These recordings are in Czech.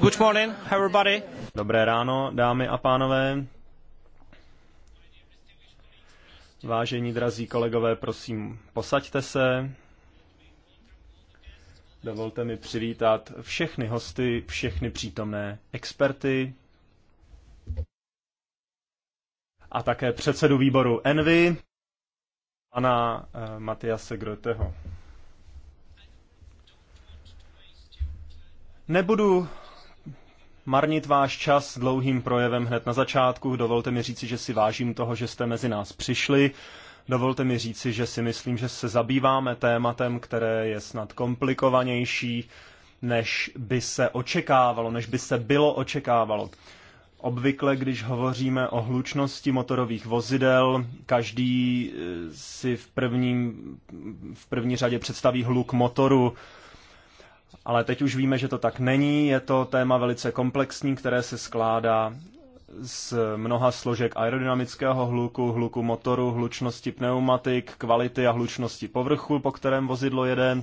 Good morning, everybody. Dobré ráno, dámy a pánové. Vážení drazí kolegové, prosím, posaďte se. Dovolte mi přivítat všechny hosty, všechny přítomné experty a také předsedu výboru Envy, pana eh, Matiase Groteho. Nebudu marnit váš čas dlouhým projevem hned na začátku. Dovolte mi říci, že si vážím toho, že jste mezi nás přišli. Dovolte mi říci, že si myslím, že se zabýváme tématem, které je snad komplikovanější, než by se očekávalo, než by se bylo očekávalo. Obvykle, když hovoříme o hlučnosti motorových vozidel, každý eh, si v, prvním, v první řadě představí hluk motoru ale teď už víme, že to tak není. Je to téma velice komplexní, které se skládá z mnoha složek aerodynamického hluku, hluku motoru, hlučnosti pneumatik, kvality a hlučnosti povrchu, po kterém vozidlo jede.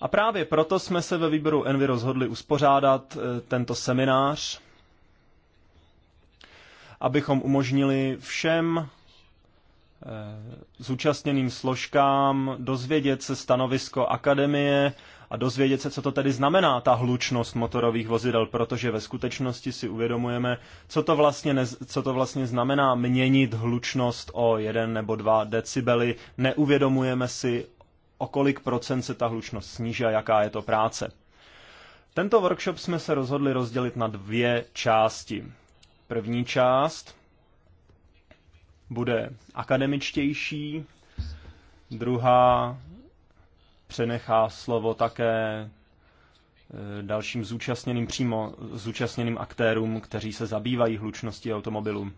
A právě proto jsme se ve výboru Envy rozhodli uspořádat eh, tento seminář, abychom umožnili všem eh, zúčastněným složkám dozvědět se stanovisko akademie, a dozvědět se, co to tedy znamená ta hlučnost motorových vozidel, protože ve skutečnosti si uvědomujeme, co to vlastně, ne, co to vlastně znamená měnit hlučnost o 1 nebo 2 decibely. Neuvědomujeme si, o kolik procent se ta hlučnost sníží a jaká je to práce. Tento workshop jsme se rozhodli rozdělit na dvě části. První část bude akademičtější, druhá přenechá slovo také eh, dalším zúčastněným přímo zúčastněným aktérům, kteří se zabývají hlučností automobilů.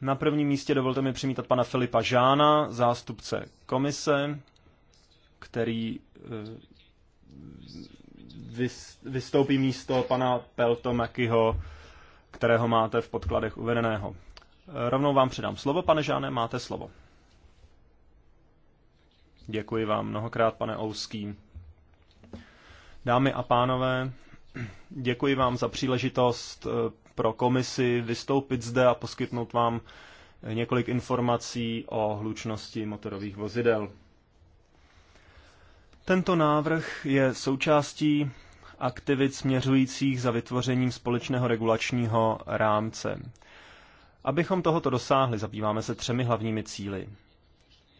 Na prvním místě dovolte mi přimítat pana Filipa Žána, zástupce komise, který eh, vystoupí místo pana Pelto Makyho, kterého máte v podkladech uvedeného. Rovnou vám předám slovo, pane Žáne, máte slovo. Děkuji vám mnohokrát, pane Ouský. Dámy a pánové, děkuji vám za příležitost eh, pro komisi vystoupit zde a poskytnout vám eh, několik informací o hlučnosti motorových vozidel. Tento návrh je součástí aktivit směřujících za vytvořením společného regulačního rámce. Abychom tohoto dosáhli, zabýváme se třemi hlavními cíly.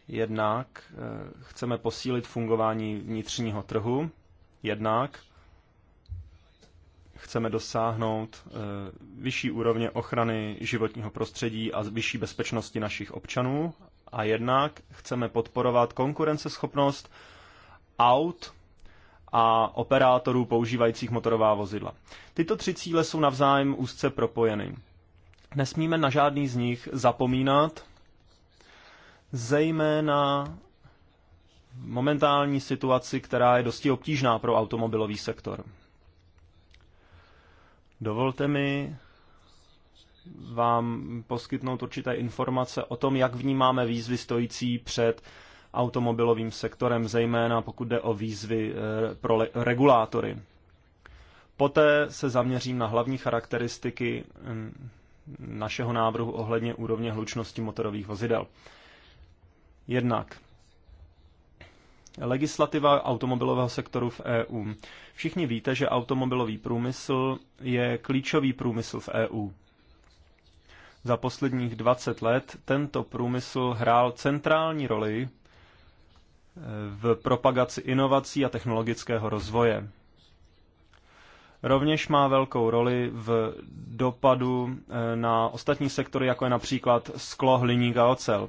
Jednak eh, chceme posílit fungování vnitřního trhu, jednak chceme dosáhnout eh, vyšší úrovně ochrany životního prostředí a vyšší bezpečnosti našich občanů a jednak chceme podporovat konkurenceschopnost aut a operátorů používajících motorová vozidla. Tyto tři cíle jsou navzájem úzce propojeny. Nesmíme na žádný z nich zapomínat zejména v momentální situaci, která je dosti obtížná pro automobilový sektor. Dovolte mi vám poskytnout určité informace o tom, jak vnímáme výzvy stojící před automobilovým sektorem, zejména pokud jde o výzvy eh, pro regulátory. Poté se zaměřím na hlavní charakteristiky hm, našeho návrhu ohledně úrovně hlučnosti motorových vozidel. Jednak Legislativa automobilového sektoru v EU. Všichni víte, že automobilový průmysl je klíčový průmysl v EU. Za posledních 20 let tento průmysl hrál centrální roli eh, v propagaci inovací a technologického rozvoje. Rovněž má velkou roli v dopadu eh, na ostatní sektory, jako je například sklo, hliník a ocel.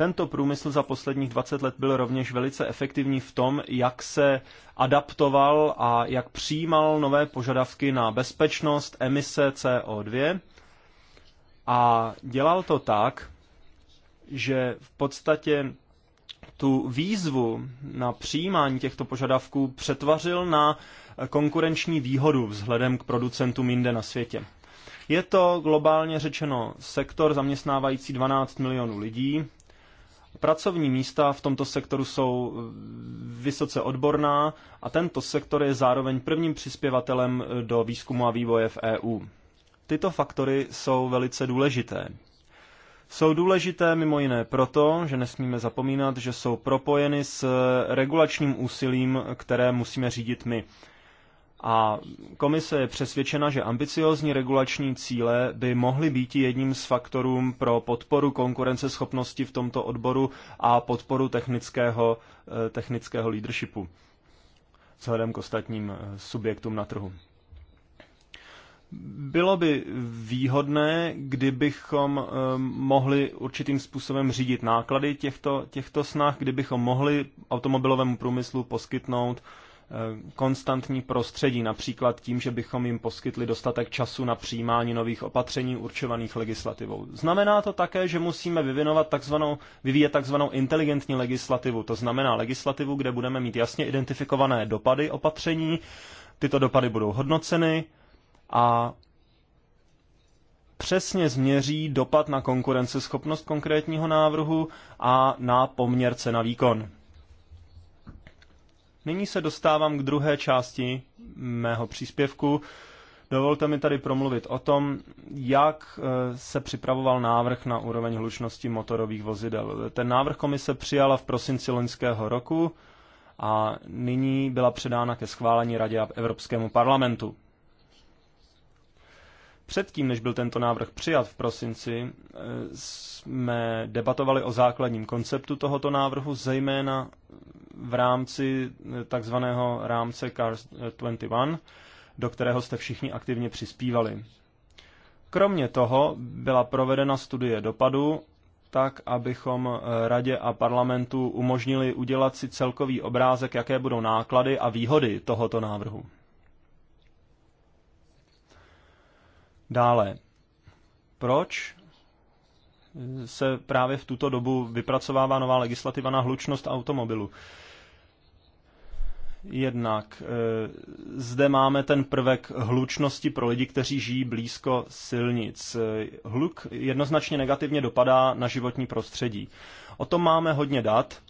Tento průmysl za posledních 20 let byl rovněž velice efektivní v tom, jak se adaptoval a jak přijímal nové požadavky na bezpečnost, emise CO2 a dělal to tak, že v podstatě tu výzvu na přijímání těchto požadavků přetvařil na konkurenční výhodu vzhledem k producentům jinde na světě. Je to globálně řečeno sektor zaměstnávající 12 milionů lidí, Pracovní místa v tomto sektoru jsou eh, vysoce odborná a tento sektor je zároveň prvním přispěvatelem eh, do výzkumu a vývoje v EU. Tyto faktory jsou velice důležité. Jsou důležité mimo jiné proto, že nesmíme zapomínat, že jsou propojeny s eh, regulačním úsilím, které musíme řídit my a komise je přesvědčena, že ambiciozní regulační cíle by mohly být jedním z faktorů pro podporu konkurenceschopnosti v tomto odboru a podporu technického, eh, technického leadershipu vzhledem k ostatním eh, subjektům na trhu. Bylo by výhodné, kdybychom eh, mohli určitým způsobem řídit náklady těchto, těchto snah, kdybychom mohli automobilovému průmyslu poskytnout Eh, konstantní prostředí, například tím, že bychom jim poskytli dostatek času na přijímání nových opatření určovaných legislativou. Znamená to také, že musíme vyvinovat takzvanou, vyvíjet takzvanou inteligentní legislativu, to znamená legislativu, kde budeme mít jasně identifikované dopady opatření, tyto dopady budou hodnoceny a přesně změří dopad na konkurenceschopnost konkrétního návrhu a na poměr na výkon. Nyní se dostávám k druhé části mého příspěvku. Dovolte mi tady promluvit o tom, jak eh, se připravoval návrh na úroveň hlučnosti motorových vozidel. Ten návrh komise přijala v prosinci loňského roku a nyní byla předána ke schválení Radě a Evropskému parlamentu. Předtím, než byl tento návrh přijat v prosinci, eh, jsme debatovali o základním konceptu tohoto návrhu, zejména v rámci eh, takzvaného rámce CARS 21, eh, do kterého jste všichni aktivně přispívali. Kromě toho byla provedena studie dopadu, tak abychom radě a parlamentu umožnili udělat si celkový obrázek, jaké budou náklady a výhody tohoto návrhu. Dále, proč se právě v tuto dobu vypracovává nová legislativa na hlučnost automobilu? Jednak eh, zde máme ten prvek hlučnosti pro lidi, kteří žijí blízko silnic. Eh, hluk jednoznačně negativně dopadá na životní prostředí. O tom máme hodně dat.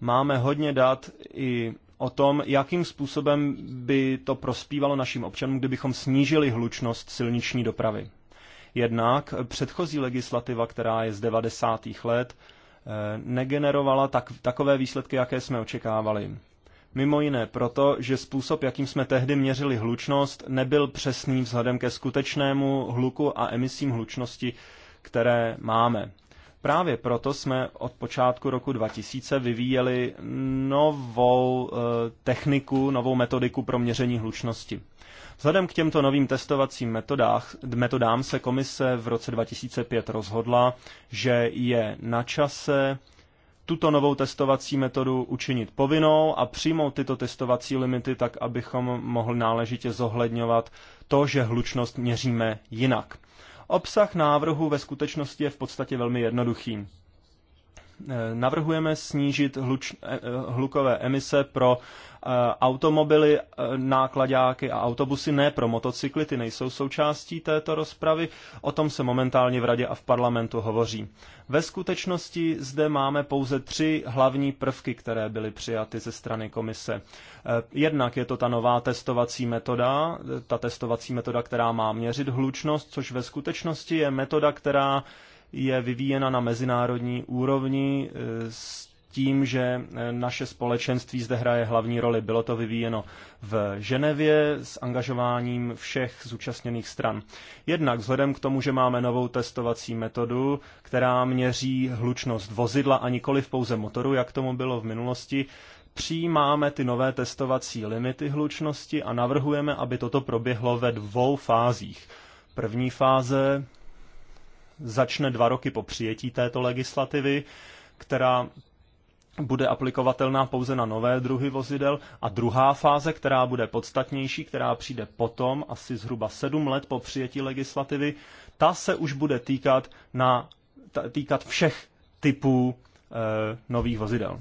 Máme hodně dat i o tom, jakým způsobem by to prospívalo našim občanům, kdybychom snížili hlučnost silniční dopravy. Jednak předchozí legislativa, která je z 90. let, eh, negenerovala tak, takové výsledky, jaké jsme očekávali. Mimo jiné proto, že způsob, jakým jsme tehdy měřili hlučnost, nebyl přesný vzhledem ke skutečnému hluku a emisím hlučnosti, které máme. Právě proto jsme od počátku roku 2000 vyvíjeli novou eh, techniku, novou metodiku pro měření hlučnosti. Vzhledem k těmto novým testovacím metodách, metodám se komise v roce 2005 rozhodla, že je na čase tuto novou testovací metodu učinit povinnou a přijmout tyto testovací limity tak, abychom mohli náležitě zohledňovat to, že hlučnost měříme jinak. Obsah návrhu ve skutečnosti je v podstatě velmi jednoduchý. Eh, navrhujeme snížit hluč, eh, hlukové emise pro eh, automobily, nákladáky a autobusy, ne pro motocykly, ty nejsou součástí této rozpravy. O tom se momentálně v Radě a v parlamentu hovoří. Ve skutečnosti zde máme pouze tři hlavní prvky, které byly přijaty ze strany komise. Jednak je to ta nová testovací metoda, ta testovací metoda, která má měřit hlučnost, což ve skutečnosti je metoda, která je vyvíjena na mezinárodní úrovni e, s tím, že e, naše společenství zde hraje hlavní roli. Bylo to vyvíjeno v Ženevě s angažováním všech zúčastněných stran. Jednak vzhledem k tomu, že máme novou testovací metodu, která měří hlučnost vozidla a v pouze motoru, jak tomu bylo v minulosti, přijímáme ty nové testovací limity hlučnosti a navrhujeme, aby toto proběhlo ve dvou fázích. První fáze začne dva roky po přijetí této legislativy, která bude aplikovatelná pouze na nové druhy vozidel a druhá fáze, která bude podstatnější, která přijde potom, asi zhruba sedm let po přijetí legislativy, ta se už bude týkat, na, týkat všech typů e, nových vozidel.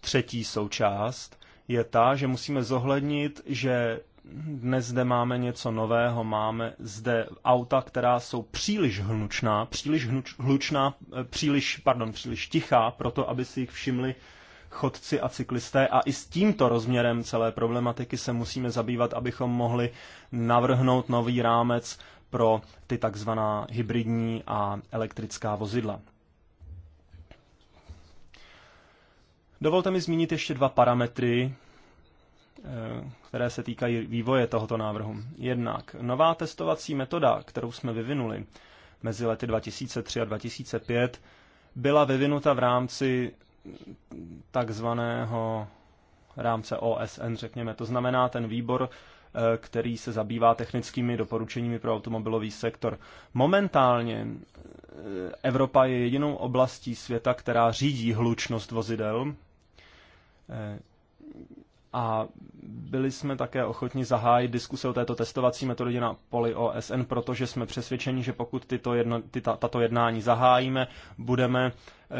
Třetí součást je ta, že musíme zohlednit, že dnes zde máme něco nového, máme zde auta, která jsou příliš hlučná, příliš hnuč, hlučná, eh, příliš, pardon, příliš tichá, proto aby si jich všimli chodci a cyklisté a i s tímto rozměrem celé problematiky se musíme zabývat, abychom mohli navrhnout nový rámec pro ty takzvaná hybridní a elektrická vozidla. Dovolte mi zmínit ještě dva parametry, Eh, které se týkají vývoje tohoto návrhu. Jednak nová testovací metoda, kterou jsme vyvinuli mezi lety 2003 a 2005, byla vyvinuta v rámci takzvaného rámce OSN, řekněme. To znamená ten výbor, eh, který se zabývá technickými doporučeními pro automobilový sektor. Momentálně eh, Evropa je jedinou oblastí světa, která řídí hlučnost vozidel a byli jsme také ochotni zahájit diskuse o této testovací metodě na poli OSN, protože jsme přesvědčeni, že pokud tyto jedno, ty, tato jednání zahájíme, budeme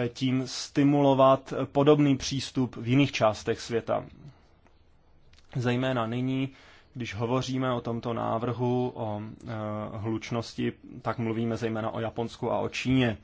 e, tím stimulovat podobný přístup v jiných částech světa. Zejména nyní, když hovoříme o tomto návrhu o e, hlučnosti, tak mluvíme zejména o Japonsku a o Číně.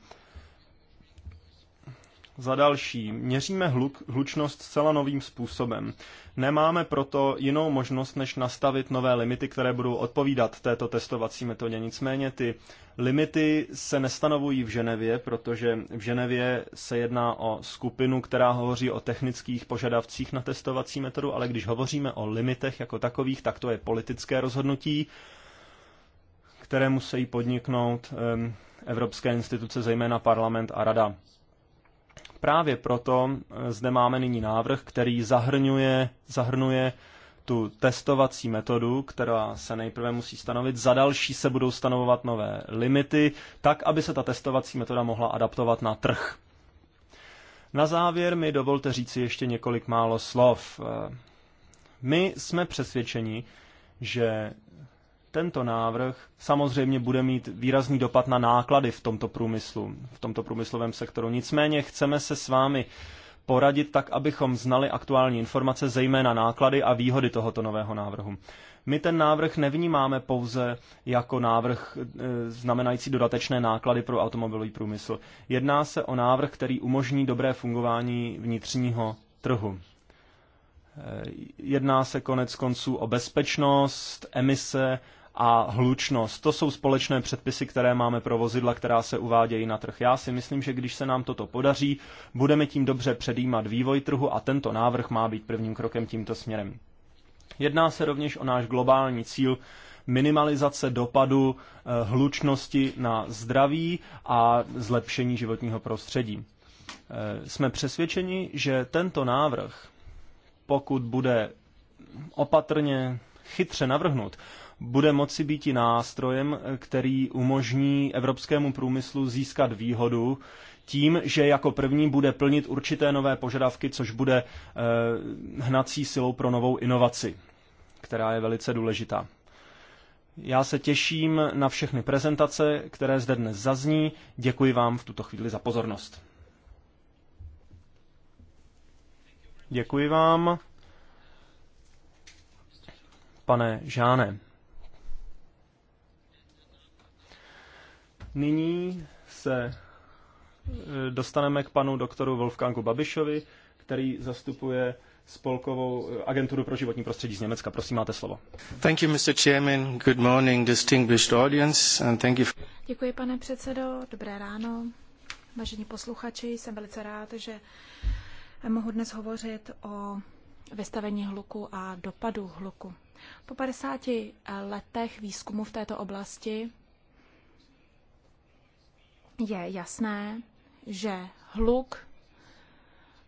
Za další, měříme hluk, hlučnost zcela novým způsobem. Nemáme proto jinou možnost, než nastavit nové limity, které budou odpovídat této testovací metodě. Nicméně ty limity se nestanovují v Ženevě, protože v Ženevě se jedná o skupinu, která hovoří o technických požadavcích na testovací metodu, ale když hovoříme o limitech jako takových, tak to je politické rozhodnutí, které musí podniknout ehm, evropské instituce, zejména parlament a rada. Právě proto eh, zde máme nyní návrh, který zahrnuje, zahrnuje tu testovací metodu, která se nejprve musí stanovit. Za další se budou stanovovat nové limity, tak aby se ta testovací metoda mohla adaptovat na trh. Na závěr mi dovolte říci ještě několik málo slov. Eh, My jsme přesvědčeni, že tento návrh samozřejmě bude mít výrazný dopad na náklady v tomto průmyslu, v tomto průmyslovém sektoru. Nicméně chceme se s vámi poradit tak, abychom znali aktuální informace, zejména náklady a výhody tohoto nového návrhu. My ten návrh nevnímáme pouze jako návrh e, znamenající dodatečné náklady pro automobilový průmysl. Jedná se o návrh, který umožní dobré fungování vnitřního trhu. E, jedná se konec konců o bezpečnost, emise, a hlučnost. To jsou společné předpisy, které máme pro vozidla, která se uvádějí na trh. Já si myslím, že když se nám toto podaří, budeme tím dobře předjímat vývoj trhu a tento návrh má být prvním krokem tímto směrem. Jedná se rovněž o náš globální cíl minimalizace dopadu eh, hlučnosti na zdraví a zlepšení životního prostředí. Eh, jsme přesvědčeni, že tento návrh, pokud bude opatrně chytře navrhnut, bude moci být i nástrojem, který umožní evropskému průmyslu získat výhodu tím, že jako první bude plnit určité nové požadavky, což bude eh, hnací silou pro novou inovaci, která je velice důležitá. Já se těším na všechny prezentace, které zde dnes zazní. Děkuji vám v tuto chvíli za pozornost. Děkuji vám, pane Žáne. Nyní se e, dostaneme k panu doktoru Wolfgangu Babišovi, který zastupuje spolkovou e, agenturu pro životní prostředí z Německa. Prosím, máte slovo. Thank you, Mr. Chairman. Good morning, distinguished audience, and thank you. For... Děkuji, pane předsedo. Dobré ráno. Vážení posluchači, jsem velice rád, že mohu dnes hovořit o vystavení hluku a dopadu hluku. Po 50 letech výzkumu v této oblasti je jasné, že hluk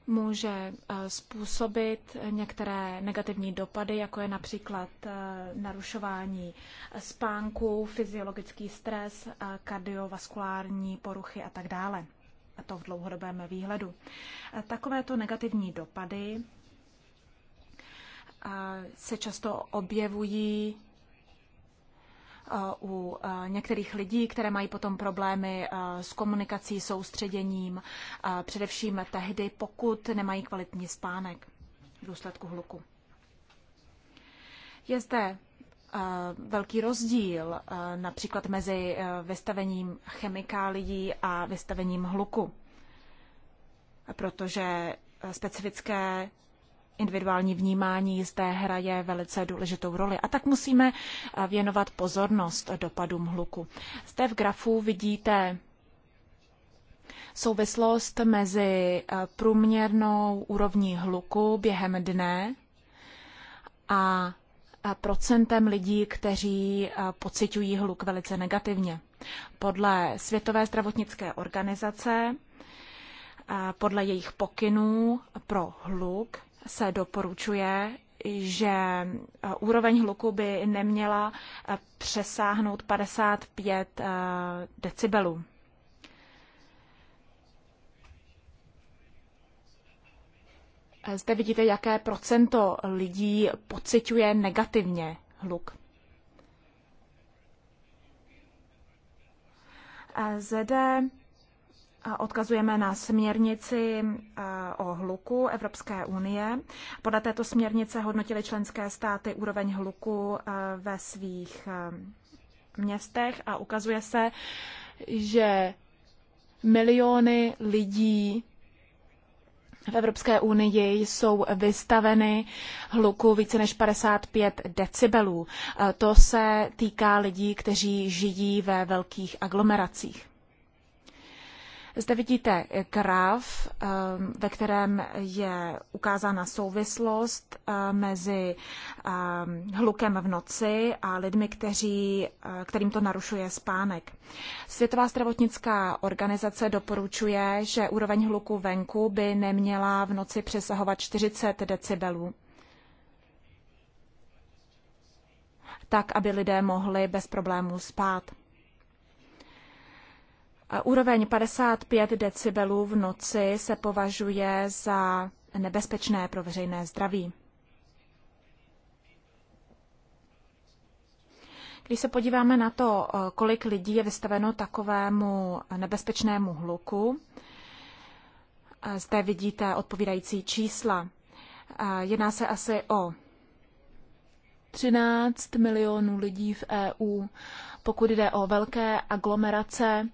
může eh, způsobit některé negativní dopady, jako je například eh, narušování spánku, fyziologický stres, eh, kardiovaskulární poruchy a tak dále. A to v dlouhodobém výhledu. Takovéto negativní dopady se často objevují Eh, u eh, některých lidí, které mají potom problémy eh, s komunikací, soustředěním, především tehdy, pokud nemají kvalitní spánek v důsledku hluku. Je zde velký rozdíl například mezi vystavením chemikálií a vystavením hluku, protože specifické individuální vnímání zde hraje velice důležitou roli. A tak musíme eh, věnovat pozornost dopadům hluku. Zde v grafu vidíte souvislost mezi eh, průměrnou úrovní hluku během dne a procentem lidí, kteří eh, pociťují hluk velice negativně. Podle Světové zdravotnické organizace, podle jejich pokynů pro hluk, se doporučuje, že eh, úroveň hluku by neměla eh, přesáhnout 55 eh, decibelů. Zde vidíte, jaké procento lidí pociťuje negativně hluk. Zde Odkazujeme na směrnici eh, o hluku Evropské unie. Podle této směrnice hodnotily členské státy úroveň hluku eh, ve svých eh, městech a ukazuje se, že miliony lidí v Evropské unii jsou vystaveny hluku více než 55 decibelů. To se týká lidí, kteří žijí ve velkých aglomeracích. Zde vidíte graf, ehm, ve kterém je ukázána souvislost ehm, mezi ehm, hlukem v noci a lidmi, kteří, eh, kterým to narušuje spánek. Světová zdravotnická organizace doporučuje, že úroveň hluku venku by neměla v noci přesahovat 40 decibelů. tak, aby lidé mohli bez problémů spát. Úroveň 55 decibelů v noci se považuje za nebezpečné pro veřejné zdraví. Když se podíváme na to, kolik lidí je vystaveno takovému nebezpečnému hluku, zde vidíte odpovídající čísla. Jedná se asi o 13 milionů lidí v EU. Pokud jde o velké aglomerace,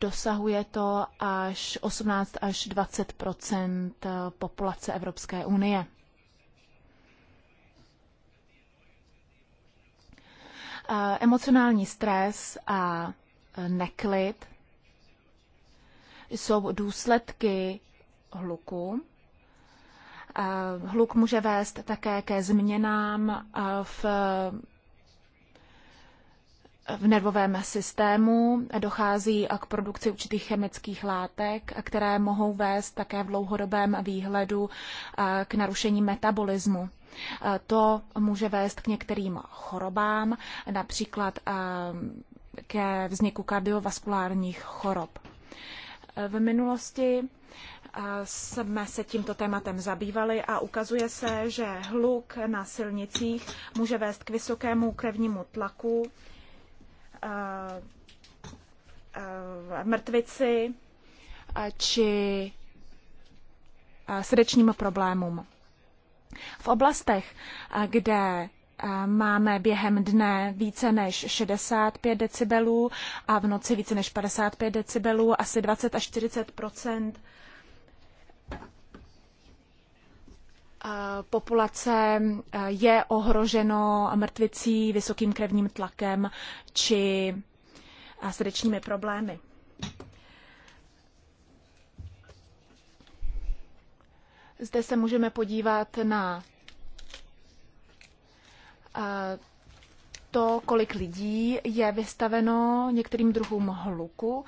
Dosahuje to až 18 až 20 eh, populace Evropské unie. Eh, emocionální stres a eh, neklid jsou důsledky hluku. Hluk může vést také ke změnám v v nervovém systému dochází k produkci určitých chemických látek, které mohou vést také v dlouhodobém výhledu eh, k narušení metabolismu. Eh, to může vést k některým chorobám, například eh, ke vzniku kardiovaskulárních chorob. V minulosti jsme se tímto tématem zabývali a ukazuje se, že hluk na silnicích může vést k vysokému krevnímu tlaku, Eh, eh, mrtvici eh, či srdečním problémům. V oblastech, kde máme během dne více než 65 decibelů a v noci více než 55 decibelů, asi 20 až 40 populace eh, je ohroženo mrtvicí, vysokým krevním tlakem či eh, srdečními problémy. Zde se můžeme podívat na eh, to, kolik lidí je vystaveno některým druhům hluku.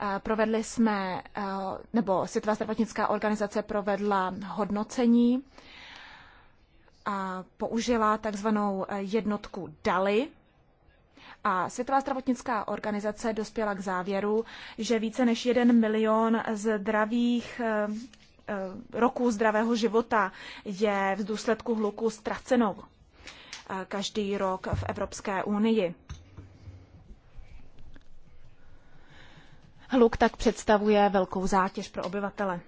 Eh, provedli jsme, eh, nebo Světová zdravotnická organizace provedla hodnocení a použila takzvanou eh, jednotku DALI. A Světová zdravotnická organizace dospěla k závěru, že více než jeden milion zdravých roků zdravého života je v důsledku hluku ztraceno každý rok v Evropské unii. Hluk tak představuje velkou zátěž pro obyvatele.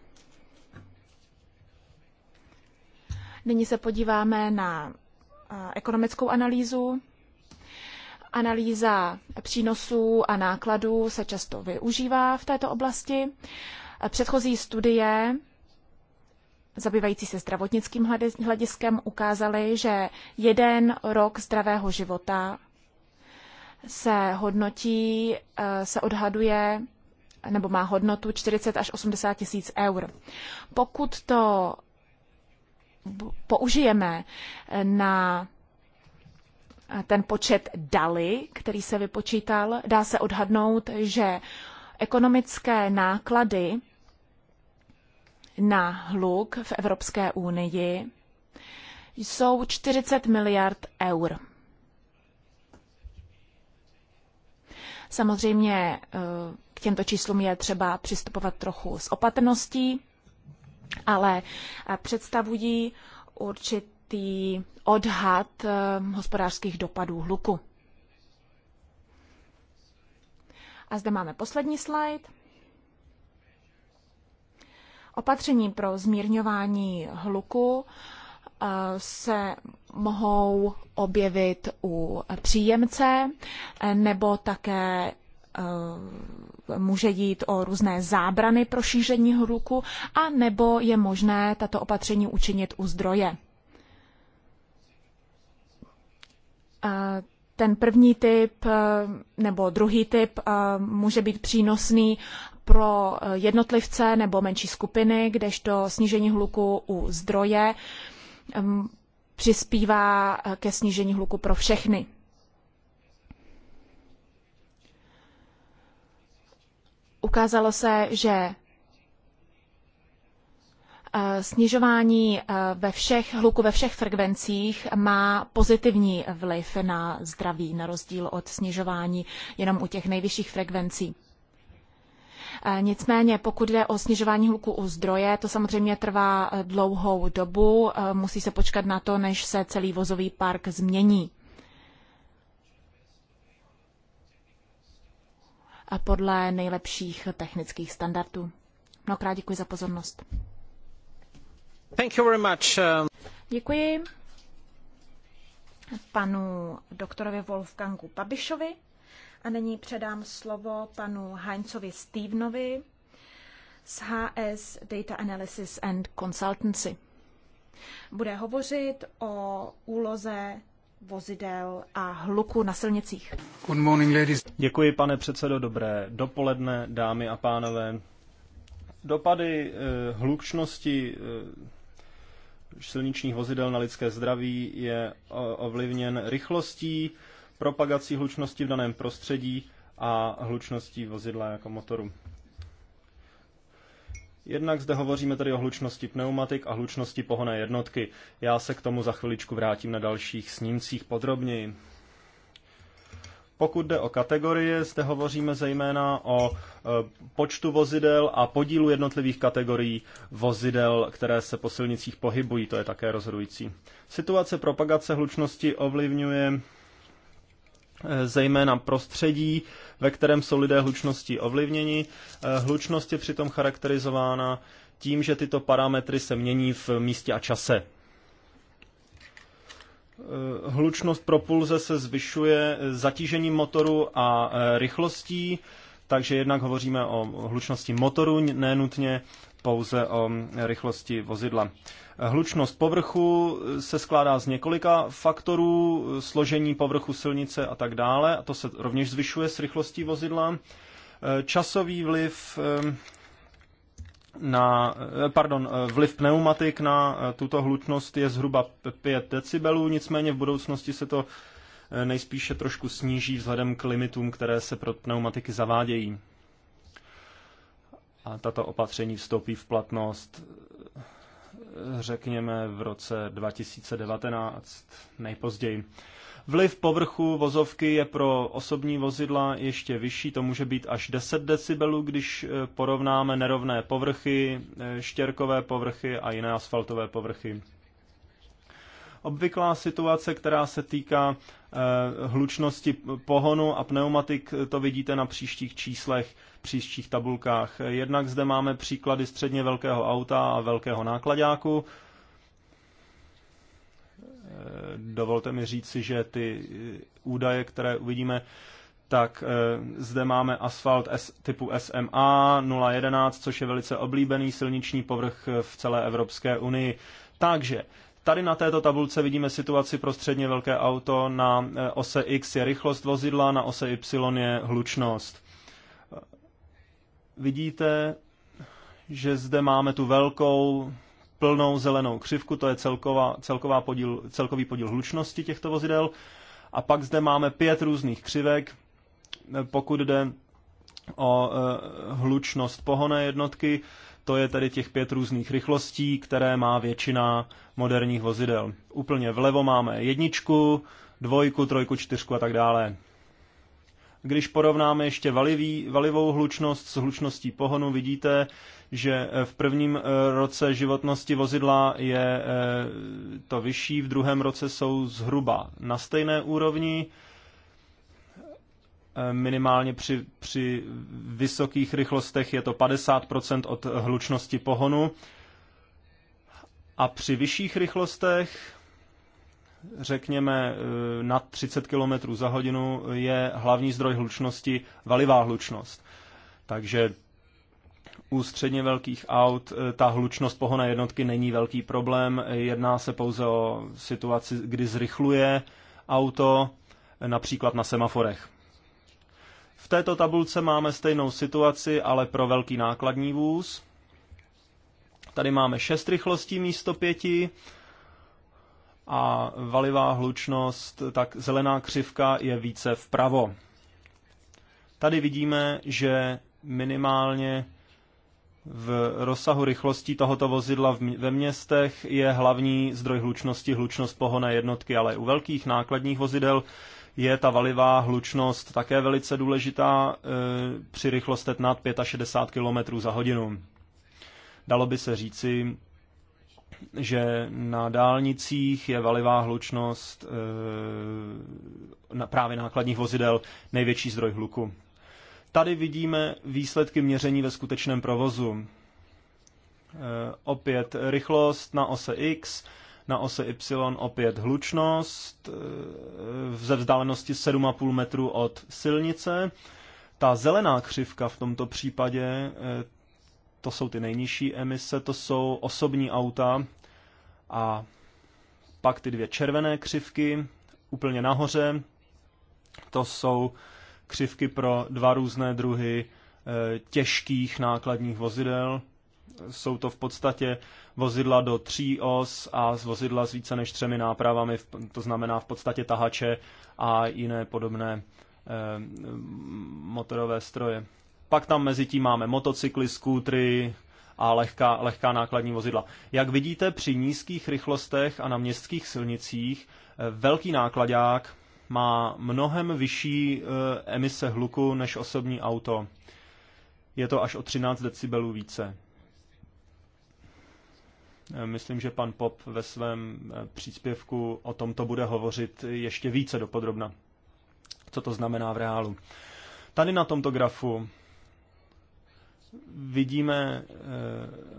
Nyní se podíváme na ekonomickou analýzu. Analýza přínosů a nákladů se často využívá v této oblasti. Předchozí studie zabývající se zdravotnickým hlediskem ukázaly, že jeden rok zdravého života se hodnotí, eh, se odhaduje nebo má hodnotu 40 až 80 tisíc eur. Pokud to použijeme eh, na eh, ten počet DALI, který se vypočítal, dá se odhadnout, že ekonomické náklady na hluk v Evropské unii jsou 40 miliard eur. Samozřejmě eh, k těmto číslům je třeba přistupovat trochu s opatrností, ale eh, představují určitý odhad eh, hospodářských dopadů hluku. A zde máme poslední slide. Opatření pro zmírňování hluku eh, se mohou objevit u příjemce eh, nebo také eh, může jít o různé zábrany pro šíření hluku a nebo je možné tato opatření učinit u zdroje. Ten první typ nebo druhý typ může být přínosný pro eh, jednotlivce nebo menší skupiny, kdežto snížení hluku u zdroje přispívá eh, ke snížení hluku pro všechny. Ukázalo se, že eh, snižování ve všech, hluku ve všech frekvencích má pozitivní vliv na zdraví, na rozdíl od snižování jenom u těch nejvyšších frekvencí. Eh, nicméně, pokud jde o snižování hluku u zdroje, to samozřejmě trvá eh, dlouhou dobu, eh, musí se počkat na to, než se celý vozový park změní. A podle nejlepších technických standardů. Mnohokrát děkuji za pozornost. Thank you very much. Um, děkuji panu doktorovi Wolfgangu Pabišovi. A nyní předám slovo panu Heinzovi Stevenovi z HS Data Analysis and Consultancy. Bude hovořit o úloze vozidel a hluku na silnicích. Good morning, ladies. Děkuji, pane předsedo. Dobré dopoledne, dámy a pánové. Dopady eh, hlučnosti eh, silničních vozidel na lidské zdraví je eh, ovlivněn rychlostí, propagací hlučnosti v daném prostředí a hlučností vozidla jako motoru. Jednak zde hovoříme tedy o hlučnosti pneumatik a hlučnosti pohonné jednotky. Já se k tomu za chviličku vrátím na dalších snímcích podrobněji. Pokud jde o kategorie, zde hovoříme zejména o e, počtu vozidel a podílu jednotlivých kategorií vozidel, které se po silnicích pohybují, to je také rozhodující. Situace propagace hlučnosti ovlivňuje Eh, zejména prostředí, ve kterém jsou lidé hlučností ovlivněni. Eh, hlučnost je přitom charakterizována tím, že tyto parametry se mění v místě a čase. Eh, hlučnost propulze se zvyšuje zatížením motoru a rychlostí, takže jednak hovoříme o hlučnosti motoru, nenutně pouze o rychlosti vozidla. Hlučnost povrchu se skládá z několika faktorů, složení povrchu silnice a tak dále, a to se rovněž zvyšuje s rychlostí vozidla. Časový vliv eh, na, eh, pardon, eh, vliv pneumatik na tuto hlučnost je zhruba 5 decibelů, nicméně v budoucnosti se to nejspíše trošku sníží vzhledem k limitům, které se pro pneumatiky zavádějí a tato opatření vstoupí v platnost, řekněme, v roce 2019 nejpozději. Vliv povrchu vozovky je pro osobní vozidla ještě vyšší, to může být až 10 decibelů, když eh, porovnáme nerovné povrchy, eh, štěrkové povrchy a jiné asfaltové povrchy. Obvyklá situace, která se týká eh, hlučnosti pohonu a pneumatik, to vidíte na příštích číslech příštích tabulkách. Jednak zde máme příklady středně velkého auta a velkého nákladáku. Dovolte mi říci, že ty údaje, které uvidíme, tak eh, zde máme asfalt S, typu SMA 011, což je velice oblíbený silniční povrch v celé Evropské unii. Takže Tady na této tabulce vidíme situaci pro středně velké auto. Na eh, ose X je rychlost vozidla, na ose Y je hlučnost vidíte, že zde máme tu velkou plnou zelenou křivku, to je celková, celková podíl, celkový podíl hlučnosti těchto vozidel. A pak zde máme pět různých křivek, pokud jde o eh, hlučnost pohonné jednotky, to je tedy těch pět různých rychlostí, které má většina moderních vozidel. Úplně vlevo máme jedničku, dvojku, trojku, čtyřku a tak dále. Když porovnáme ještě valivý, valivou hlučnost s hlučností pohonu, vidíte, že eh, v prvním eh, roce životnosti vozidla je eh, to vyšší, v druhém roce jsou zhruba na stejné úrovni, minimálně při, při vysokých rychlostech je to 50% od hlučnosti pohonu a při vyšších rychlostech řekněme eh, nad 30 km za hodinu je hlavní zdroj hlučnosti valivá hlučnost. Takže u středně velkých aut eh, ta hlučnost pohona jednotky není velký problém. Jedná se pouze o situaci, kdy zrychluje auto, eh, například na semaforech. V této tabulce máme stejnou situaci, ale pro velký nákladní vůz. Tady máme šest rychlostí místo pěti a valivá hlučnost, tak zelená křivka je více vpravo. Tady vidíme, že minimálně v rozsahu rychlostí tohoto vozidla ve městech je hlavní zdroj hlučnosti hlučnost pohonné jednotky, ale u velkých nákladních vozidel je ta valivá hlučnost také velice důležitá e, při rychlostech nad 65 km za hodinu. Dalo by se říci, že na dálnicích je valivá hlučnost eh, na právě nákladních vozidel největší zdroj hluku. Tady vidíme výsledky měření ve skutečném provozu. Eh, opět rychlost na ose X, na ose Y opět hlučnost eh, ze vzdálenosti 7,5 metru od silnice. Ta zelená křivka v tomto případě to jsou ty nejnižší emise, to jsou osobní auta a pak ty dvě červené křivky úplně nahoře, to jsou křivky pro dva různé druhy e, těžkých nákladních vozidel. Jsou to v podstatě vozidla do tří os a z vozidla s více než třemi nápravami, to znamená v podstatě tahače a jiné podobné e, motorové stroje. Pak tam mezi tím máme motocykly, skútry a lehká, lehká nákladní vozidla. Jak vidíte, při nízkých rychlostech a na městských silnicích eh, velký nákladák má mnohem vyšší eh, emise hluku než osobní auto. Je to až o 13 decibelů více. Eh, myslím, že pan Pop ve svém příspěvku o tomto bude hovořit ještě více dopodrobna, co to znamená v reálu. Tady na tomto grafu vidíme eh,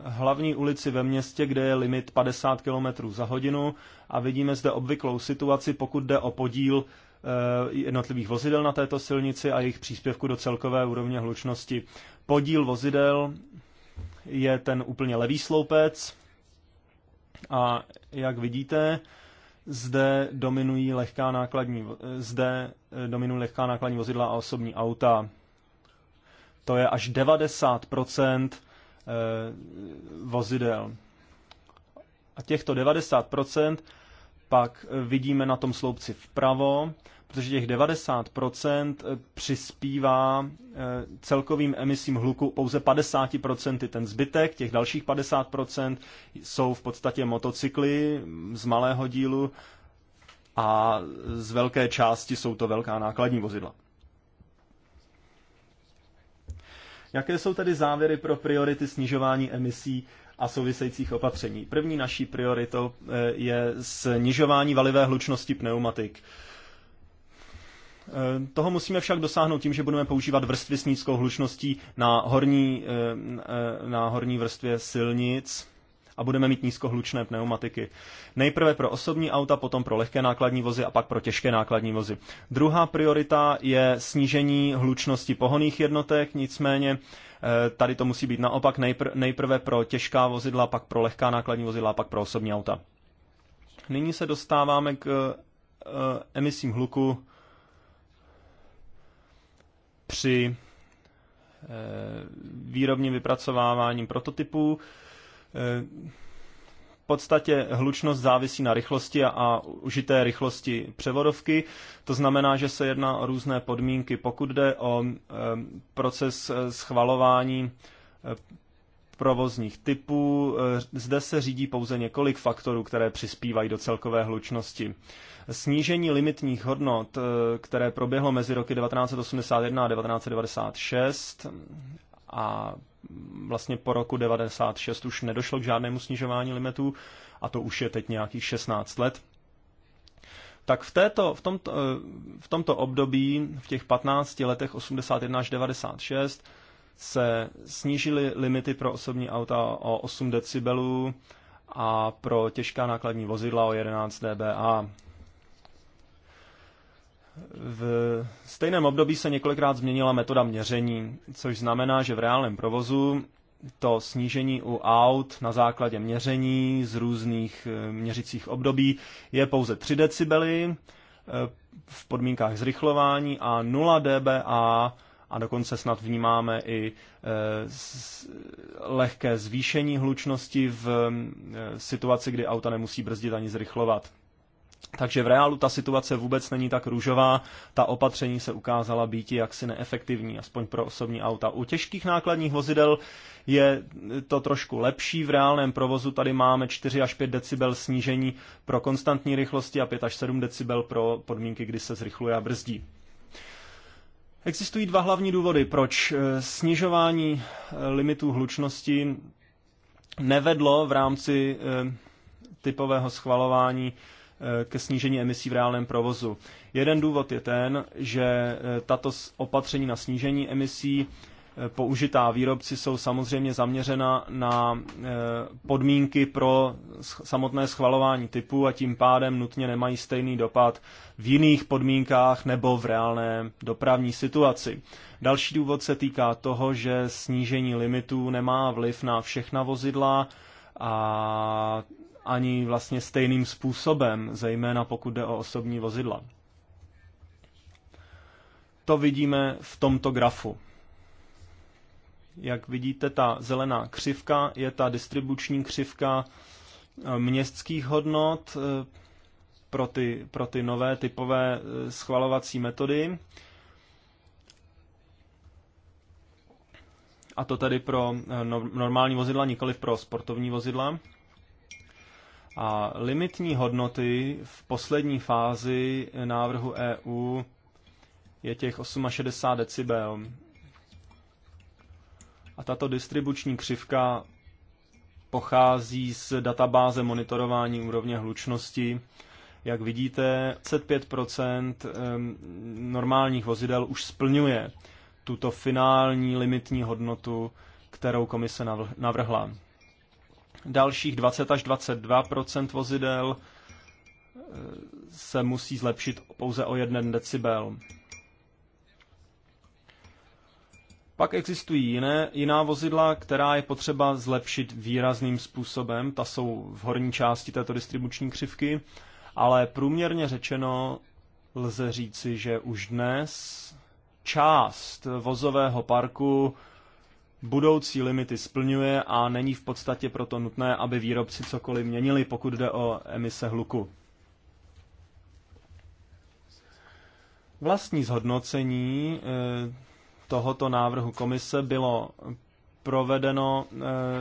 hlavní ulici ve městě, kde je limit 50 km za hodinu a vidíme zde obvyklou situaci, pokud jde o podíl eh, jednotlivých vozidel na této silnici a jejich příspěvku do celkové úrovně hlučnosti. Podíl vozidel je ten úplně levý sloupec a jak vidíte, zde dominují lehká nákladní, eh, zde dominují lehká nákladní vozidla a osobní auta. To je až 90 eh, vozidel. A těchto 90 pak eh, vidíme na tom sloupci vpravo, protože těch 90 eh, přispívá celkovým emisím hluku pouze 50 Ten zbytek, těch dalších 50 jsou v podstatě motocykly z malého dílu a z velké části jsou to velká nákladní vozidla. Jaké jsou tedy závěry pro priority snižování emisí a souvisejících opatření? První naší prioritou eh, je snižování valivé hlučnosti pneumatik. Eh, toho musíme však dosáhnout tím, že budeme používat vrstvy s nízkou hlučností na horní, eh, na horní vrstvě silnic, a budeme mít nízkohlučné pneumatiky. Nejprve pro osobní auta, potom pro lehké nákladní vozy a pak pro těžké nákladní vozy. Druhá priorita je snížení hlučnosti pohoných jednotek, nicméně eh, tady to musí být naopak nejprve pro těžká vozidla, pak pro lehká nákladní vozidla a pak pro osobní auta. Nyní se dostáváme k eh, emisím hluku při eh, výrobním vypracováváním prototypů v podstatě hlučnost závisí na rychlosti a, užité rychlosti převodovky. To znamená, že se jedná o různé podmínky. Pokud jde o proces e, schvalování e, provozních typů. E, zde se řídí pouze několik faktorů, které přispívají do celkové hlučnosti. Snížení limitních hodnot, které proběhlo mezi roky 1981 a 1996 a vlastně po roku 96 už nedošlo k žádnému snižování limitů a to už je teď nějakých 16 let. Tak v, této, v, tomto, v tomto období, v těch 15 letech 81 až 96, se snížily limity pro osobní auta o 8 decibelů a pro těžká nákladní vozidla o 11 dBA. V stejném období se několikrát změnila metoda měření, což znamená, že v reálném provozu to snížení u aut na základě měření z různých eh, měřicích období je pouze 3 decibely eh, v podmínkách zrychlování a 0 dBA a dokonce snad vnímáme i eh, lehké zvýšení hlučnosti v situaci, kdy auta nemusí brzdit ani zrychlovat. Takže v reálu ta situace vůbec není tak růžová, ta opatření se ukázala být jaksi neefektivní, aspoň pro osobní auta. U těžkých nákladních vozidel je to trošku lepší, v reálném provozu tady máme 4 až 5 decibel snížení pro konstantní rychlosti a 5 až 7 decibel pro podmínky, kdy se zrychluje a brzdí. Existují dva hlavní důvody, proč eh, snižování eh, limitů hlučnosti nevedlo v rámci eh, typového schvalování Eh, ke snížení emisí v reálném provozu. Jeden důvod je ten, že eh, tato opatření na snížení emisí eh, použitá výrobci jsou samozřejmě zaměřena na podmínky pro samotné schvalování typu a tím pádem nutně nemají stejný dopad v jiných podmínkách nebo v reálné dopravní situaci. Další důvod se týká toho, že snížení limitů nemá vliv na všechna vozidla a ani vlastně stejným způsobem, zejména pokud jde o osobní vozidla. To vidíme v tomto grafu. Jak vidíte, ta zelená křivka je ta distribuční křivka eh, městských hodnot eh, pro ty, pro ty nové typové eh, schvalovací metody. A to tedy pro normální vozidla, nikoli pro sportovní vozidla. A limitní hodnoty v poslední fázi návrhu EU je těch 68 decibel. A tato distribuční křivka pochází z databáze monitorování úrovně hlučnosti. Jak vidíte, 25 normálních vozidel už splňuje tuto finální limitní hodnotu, kterou komise navrhla. Dalších 20 až 22 vozidel eh, se musí zlepšit pouze o 1 decibel. Pak existují jiné, jiná vozidla, která je potřeba zlepšit výrazným způsobem. Ta jsou v horní části této distribuční křivky, ale průměrně řečeno lze říci, že už dnes část vozového parku budoucí limity splňuje a není v podstatě proto nutné, aby výrobci cokoliv měnili, pokud jde o emise hluku. Vlastní zhodnocení eh, tohoto návrhu komise bylo provedeno eh,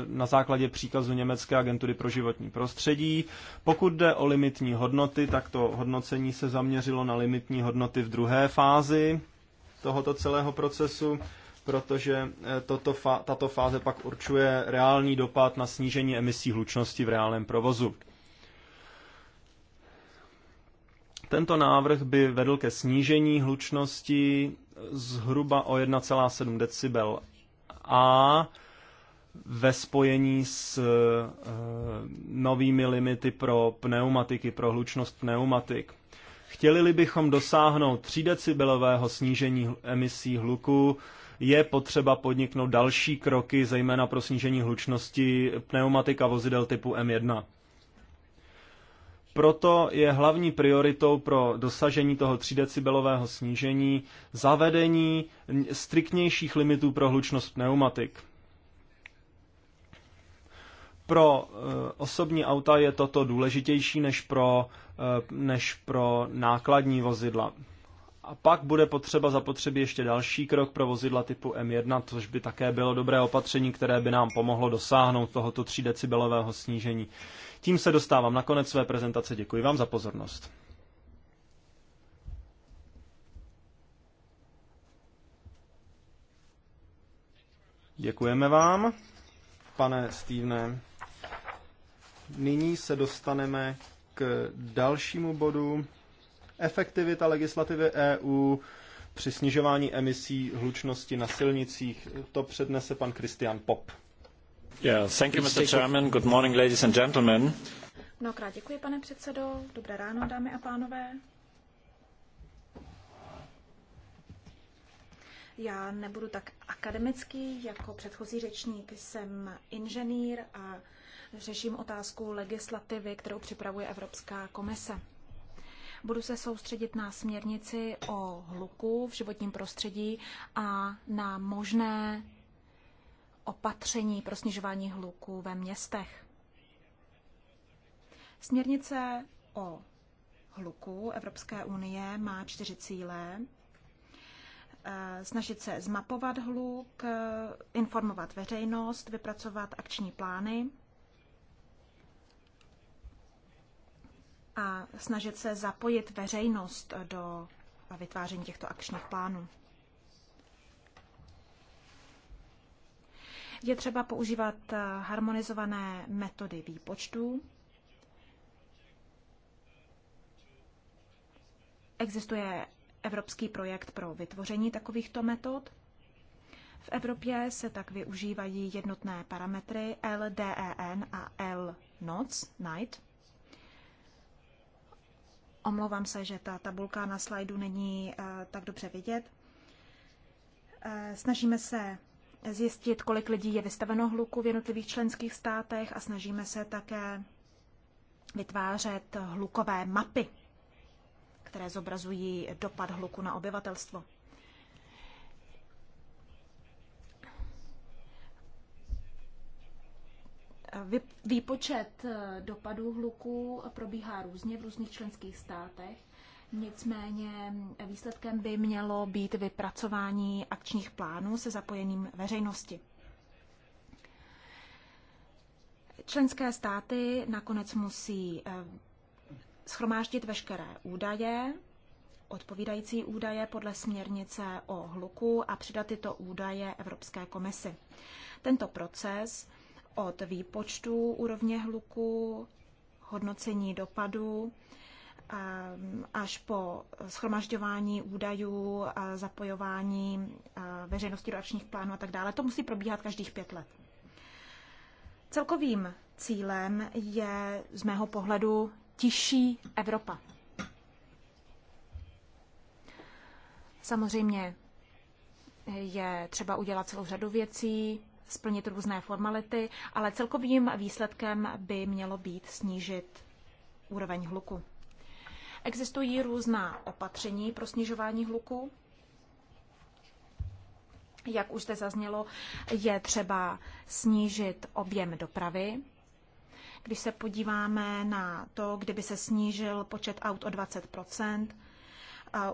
na základě příkazu Německé agentury pro životní prostředí. Pokud jde o limitní hodnoty, tak to hodnocení se zaměřilo na limitní hodnoty v druhé fázi tohoto celého procesu protože eh, toto, tato fáze pak určuje reálný dopad na snížení emisí hlučnosti v reálném provozu. Tento návrh by vedl ke snížení hlučnosti zhruba o 1,7 decibel a ve spojení s e, novými limity pro pneumatiky, pro hlučnost pneumatik. Chtěli bychom dosáhnout 3 decibelového snížení emisí hluku je potřeba podniknout další kroky, zejména pro snížení hlučnosti pneumatik a vozidel typu M1. Proto je hlavní prioritou pro dosažení toho 3 decibelového snížení zavedení striktnějších limitů pro hlučnost pneumatik. Pro eh, osobní auta je toto důležitější než pro, eh, než pro nákladní vozidla. A pak bude potřeba zapotřebí ještě další krok pro vozidla typu M1, což by také bylo dobré opatření, které by nám pomohlo dosáhnout tohoto 3 decibelového snížení. Tím se dostávám na konec své prezentace. Děkuji vám za pozornost. Děkujeme vám, pane Stevene. Nyní se dostaneme k dalšímu bodu. Efektivita legislativy EU při snižování emisí hlučnosti na silnicích. To přednese pan Christian Pop. Yeah, thank you, Mr. Chairman. Good morning, ladies and gentlemen. Mnohokrát děkuji, pane předsedo. Dobré ráno, dámy a pánové. Já nebudu tak akademický jako předchozí řečník. Jsem inženýr a řeším otázku legislativy, kterou připravuje Evropská komise. Budu se soustředit na směrnici o hluku v životním prostředí a na možné opatření pro snižování hluku ve městech. Směrnice o hluku Evropské unie má čtyři cíle. Eh, snažit se zmapovat hluk, informovat veřejnost, vypracovat akční plány a snažit se zapojit veřejnost do vytváření těchto akčních plánů. Je třeba používat eh, harmonizované metody výpočtů. Existuje evropský projekt pro vytvoření takovýchto metod. V Evropě se tak využívají jednotné parametry LDEN a LNOC, night, Omlouvám se, že ta tabulka na slajdu není eh, tak dobře vidět. Eh, snažíme se zjistit, kolik lidí je vystaveno hluku v jednotlivých členských státech a snažíme se také vytvářet hlukové mapy, které zobrazují dopad hluku na obyvatelstvo. výpočet eh, dopadů hluku probíhá různě v různých členských státech. Nicméně mm, výsledkem by mělo být vypracování akčních plánů se zapojením veřejnosti. Členské státy nakonec musí eh, schromáždit veškeré údaje, odpovídající údaje podle směrnice o hluku a přidat tyto údaje Evropské komisi. Tento proces od výpočtu úrovně hluku, hodnocení dopadu, eh, až po schromažďování údajů, zapojování eh, veřejnosti do akčních plánů a tak dále. To musí probíhat každých pět let. Celkovým cílem je z mého pohledu tiší Evropa. Samozřejmě je třeba udělat celou řadu věcí, splnit různé formality, ale celkovým výsledkem by mělo být snížit úroveň hluku. Existují různá opatření pro snižování hluku. Jak už zde zaznělo, je třeba snížit objem dopravy. Když se podíváme na to, kdyby se snížil počet aut o 20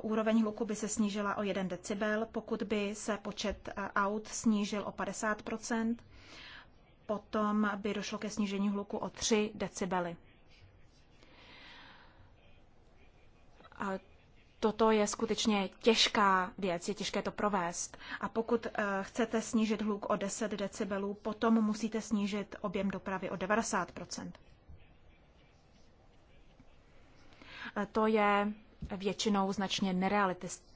úroveň hluku by se snížila o 1 decibel, pokud by se počet eh, aut snížil o 50 potom by došlo ke snížení hluku o 3 decibely. A toto je skutečně těžká věc, je těžké to provést. A pokud eh, chcete snížit hluk o 10 decibelů, potom musíte snížit objem dopravy o 90 eh, To je většinou značně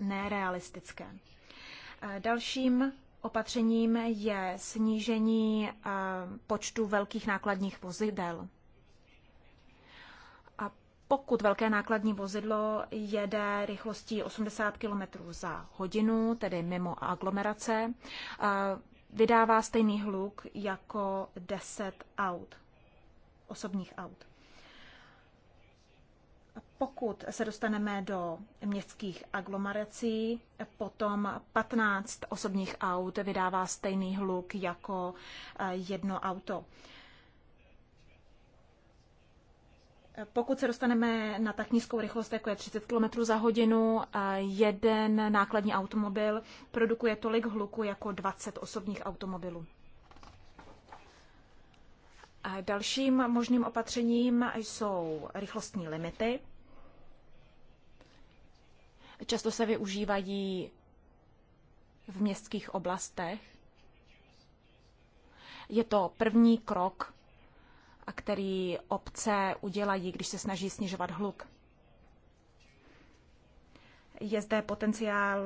nerealistické. Eh, dalším opatřením je snížení eh, počtu velkých nákladních vozidel. A pokud velké nákladní vozidlo jede rychlostí 80 km za hodinu, tedy mimo aglomerace, eh, vydává stejný hluk jako 10 aut, osobních aut pokud se dostaneme do městských aglomerací, potom 15 osobních aut vydává stejný hluk jako eh, jedno auto. Pokud se dostaneme na tak nízkou rychlost, jako je 30 km za hodinu, eh, jeden nákladní automobil produkuje tolik hluku jako 20 osobních automobilů. Dalším možným opatřením jsou rychlostní limity. Často se využívají v městských oblastech. Je to první krok, který obce udělají, když se snaží snižovat hluk. Je zde potenciál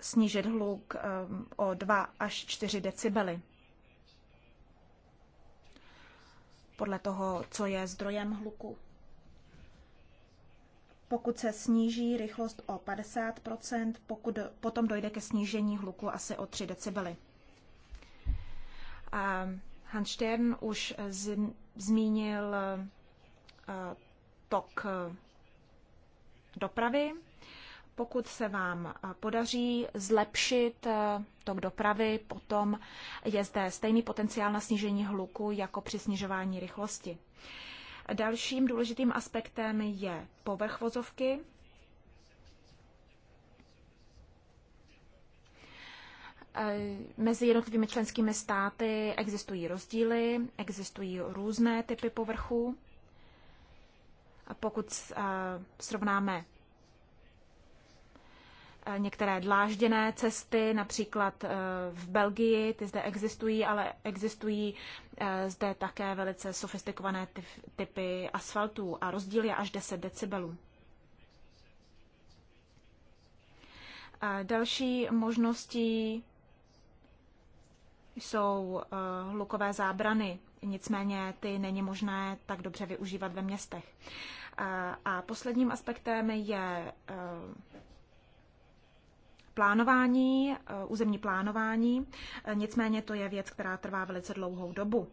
snížit hluk ehm, o 2 až 4 decibely. Podle toho, co je zdrojem hluku. Pokud se sníží rychlost o 50 pokud potom dojde ke snížení hluku asi o 3 decibely. Hans Stern už zmínil eh, tok eh, dopravy. Pokud se vám eh, podaří zlepšit tok dopravy, potom je zde stejný potenciál na snížení hluku jako při snižování rychlosti. Dalším důležitým aspektem je povrch vozovky. E, mezi jednotlivými členskými státy existují rozdíly, existují různé typy povrchů. Pokud srovnáme Eh, některé dlážděné cesty, například eh, v Belgii, ty zde existují, ale existují eh, zde také velice sofistikované typy asfaltů a rozdíl je až 10 decibelů. další možností jsou hlukové zábrany, nicméně ty není možné tak dobře využívat ve městech. A posledním aspektem je plánování, eh, územní plánování, eh, nicméně to je věc, která trvá velice dlouhou dobu.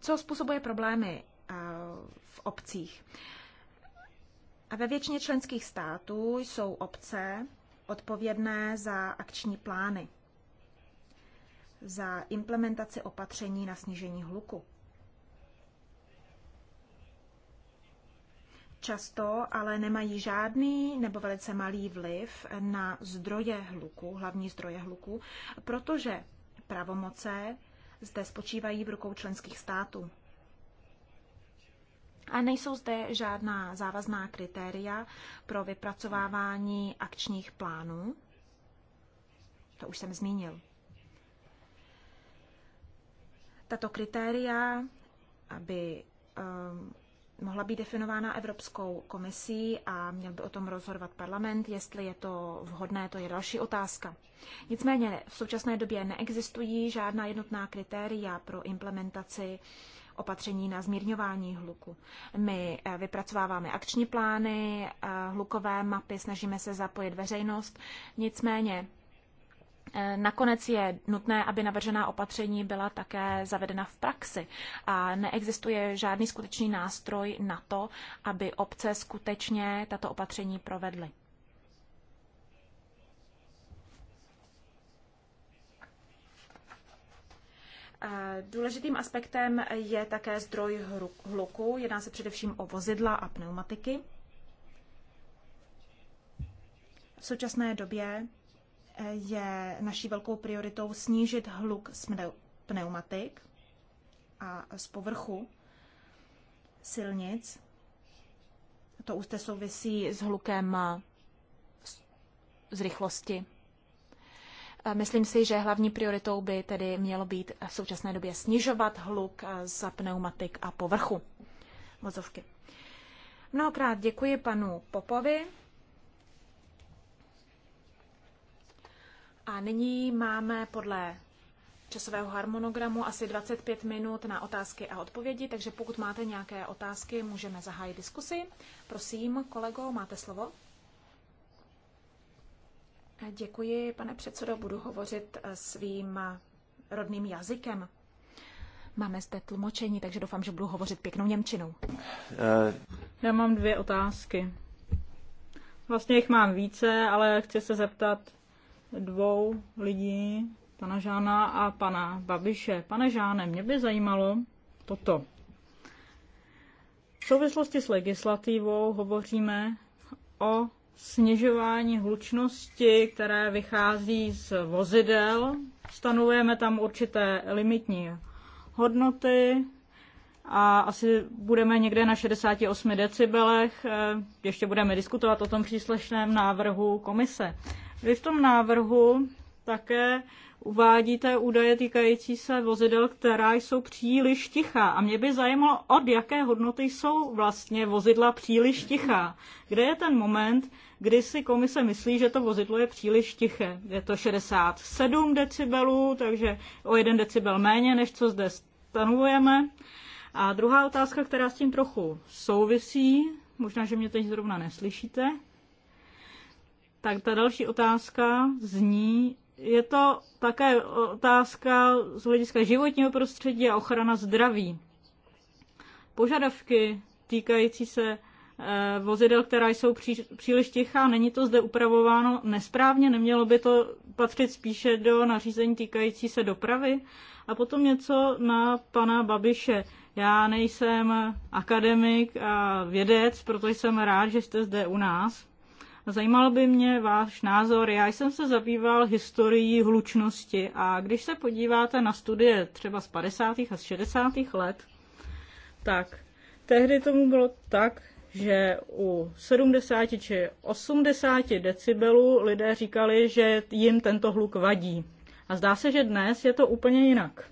Co způsobuje problémy eh, v obcích? A ve většině členských států jsou obce odpovědné za akční plány, za implementaci opatření na snížení hluku. často ale nemají žádný nebo velice malý vliv na zdroje hluku, hlavní zdroje hluku, protože pravomoce zde spočívají v rukou členských států. A nejsou zde žádná závazná kritéria pro vypracovávání akčních plánů. To už jsem zmínil. Tato kritéria aby um, mohla být definována Evropskou komisí a měl by o tom rozhodovat parlament. Jestli je to vhodné, to je další otázka. Nicméně v současné době neexistují žádná jednotná kritéria pro implementaci opatření na zmírňování hluku. My eh, vypracováváme akční plány, eh, hlukové mapy, snažíme se zapojit veřejnost. Nicméně Nakonec je nutné, aby navržená opatření byla také zavedena v praxi. A neexistuje žádný skutečný nástroj na to, aby obce skutečně tato opatření provedly. Důležitým aspektem je také zdroj hluku. Jedná se především o vozidla a pneumatiky. V současné době je naší velkou prioritou snížit hluk z pneumatik a z povrchu silnic. To už souvisí s hlukem z rychlosti. Myslím si, že hlavní prioritou by tedy mělo být v současné době snižovat hluk z pneumatik a povrchu vozovky. Mnohokrát děkuji panu Popovi. A nyní máme podle časového harmonogramu asi 25 minut na otázky a odpovědi, takže pokud máte nějaké otázky, můžeme zahájit diskusi. Prosím, kolego, máte slovo. Děkuji, pane předsedo, budu hovořit eh, svým eh, rodným jazykem. Máme zde tlumočení, takže doufám, že budu hovořit pěknou Němčinou. Eh. Já mám dvě otázky. Vlastně jich mám více, ale chci se zeptat, dvou lidí, pana Žána a pana Babiše. Pane Žáne, mě by zajímalo toto. V souvislosti s legislativou hovoříme o snižování hlučnosti, které vychází z vozidel. Stanovujeme tam určité limitní hodnoty a asi budeme někde na 68 decibelech. Ještě budeme diskutovat o tom příslušném návrhu komise. Vy v tom návrhu také uvádíte údaje týkající se vozidel, která jsou příliš tichá. A mě by zajímalo, od jaké hodnoty jsou vlastně vozidla příliš tichá. Kde je ten moment, kdy si komise myslí, že to vozidlo je příliš tiché? Je to 67 decibelů, takže o 1 decibel méně, než co zde stanovujeme. A druhá otázka, která s tím trochu souvisí, možná, že mě teď zrovna neslyšíte, tak ta další otázka zní, je to také otázka z hlediska životního prostředí a ochrana zdraví. Požadavky týkající se eh, vozidel, která jsou pří, příliš tichá, není to zde upravováno nesprávně, nemělo by to patřit spíše do nařízení týkající se dopravy. A potom něco na pana Babiše. Já nejsem akademik a vědec, protože jsem rád, že jste zde u nás. Zajímal by mě váš názor. Já jsem se zabýval historií hlučnosti a když se podíváte na studie třeba z 50. a z 60. let, tak tehdy tomu bylo tak, že u 70 či 80 decibelů lidé říkali, že jim tento hluk vadí. A zdá se, že dnes je to úplně jinak.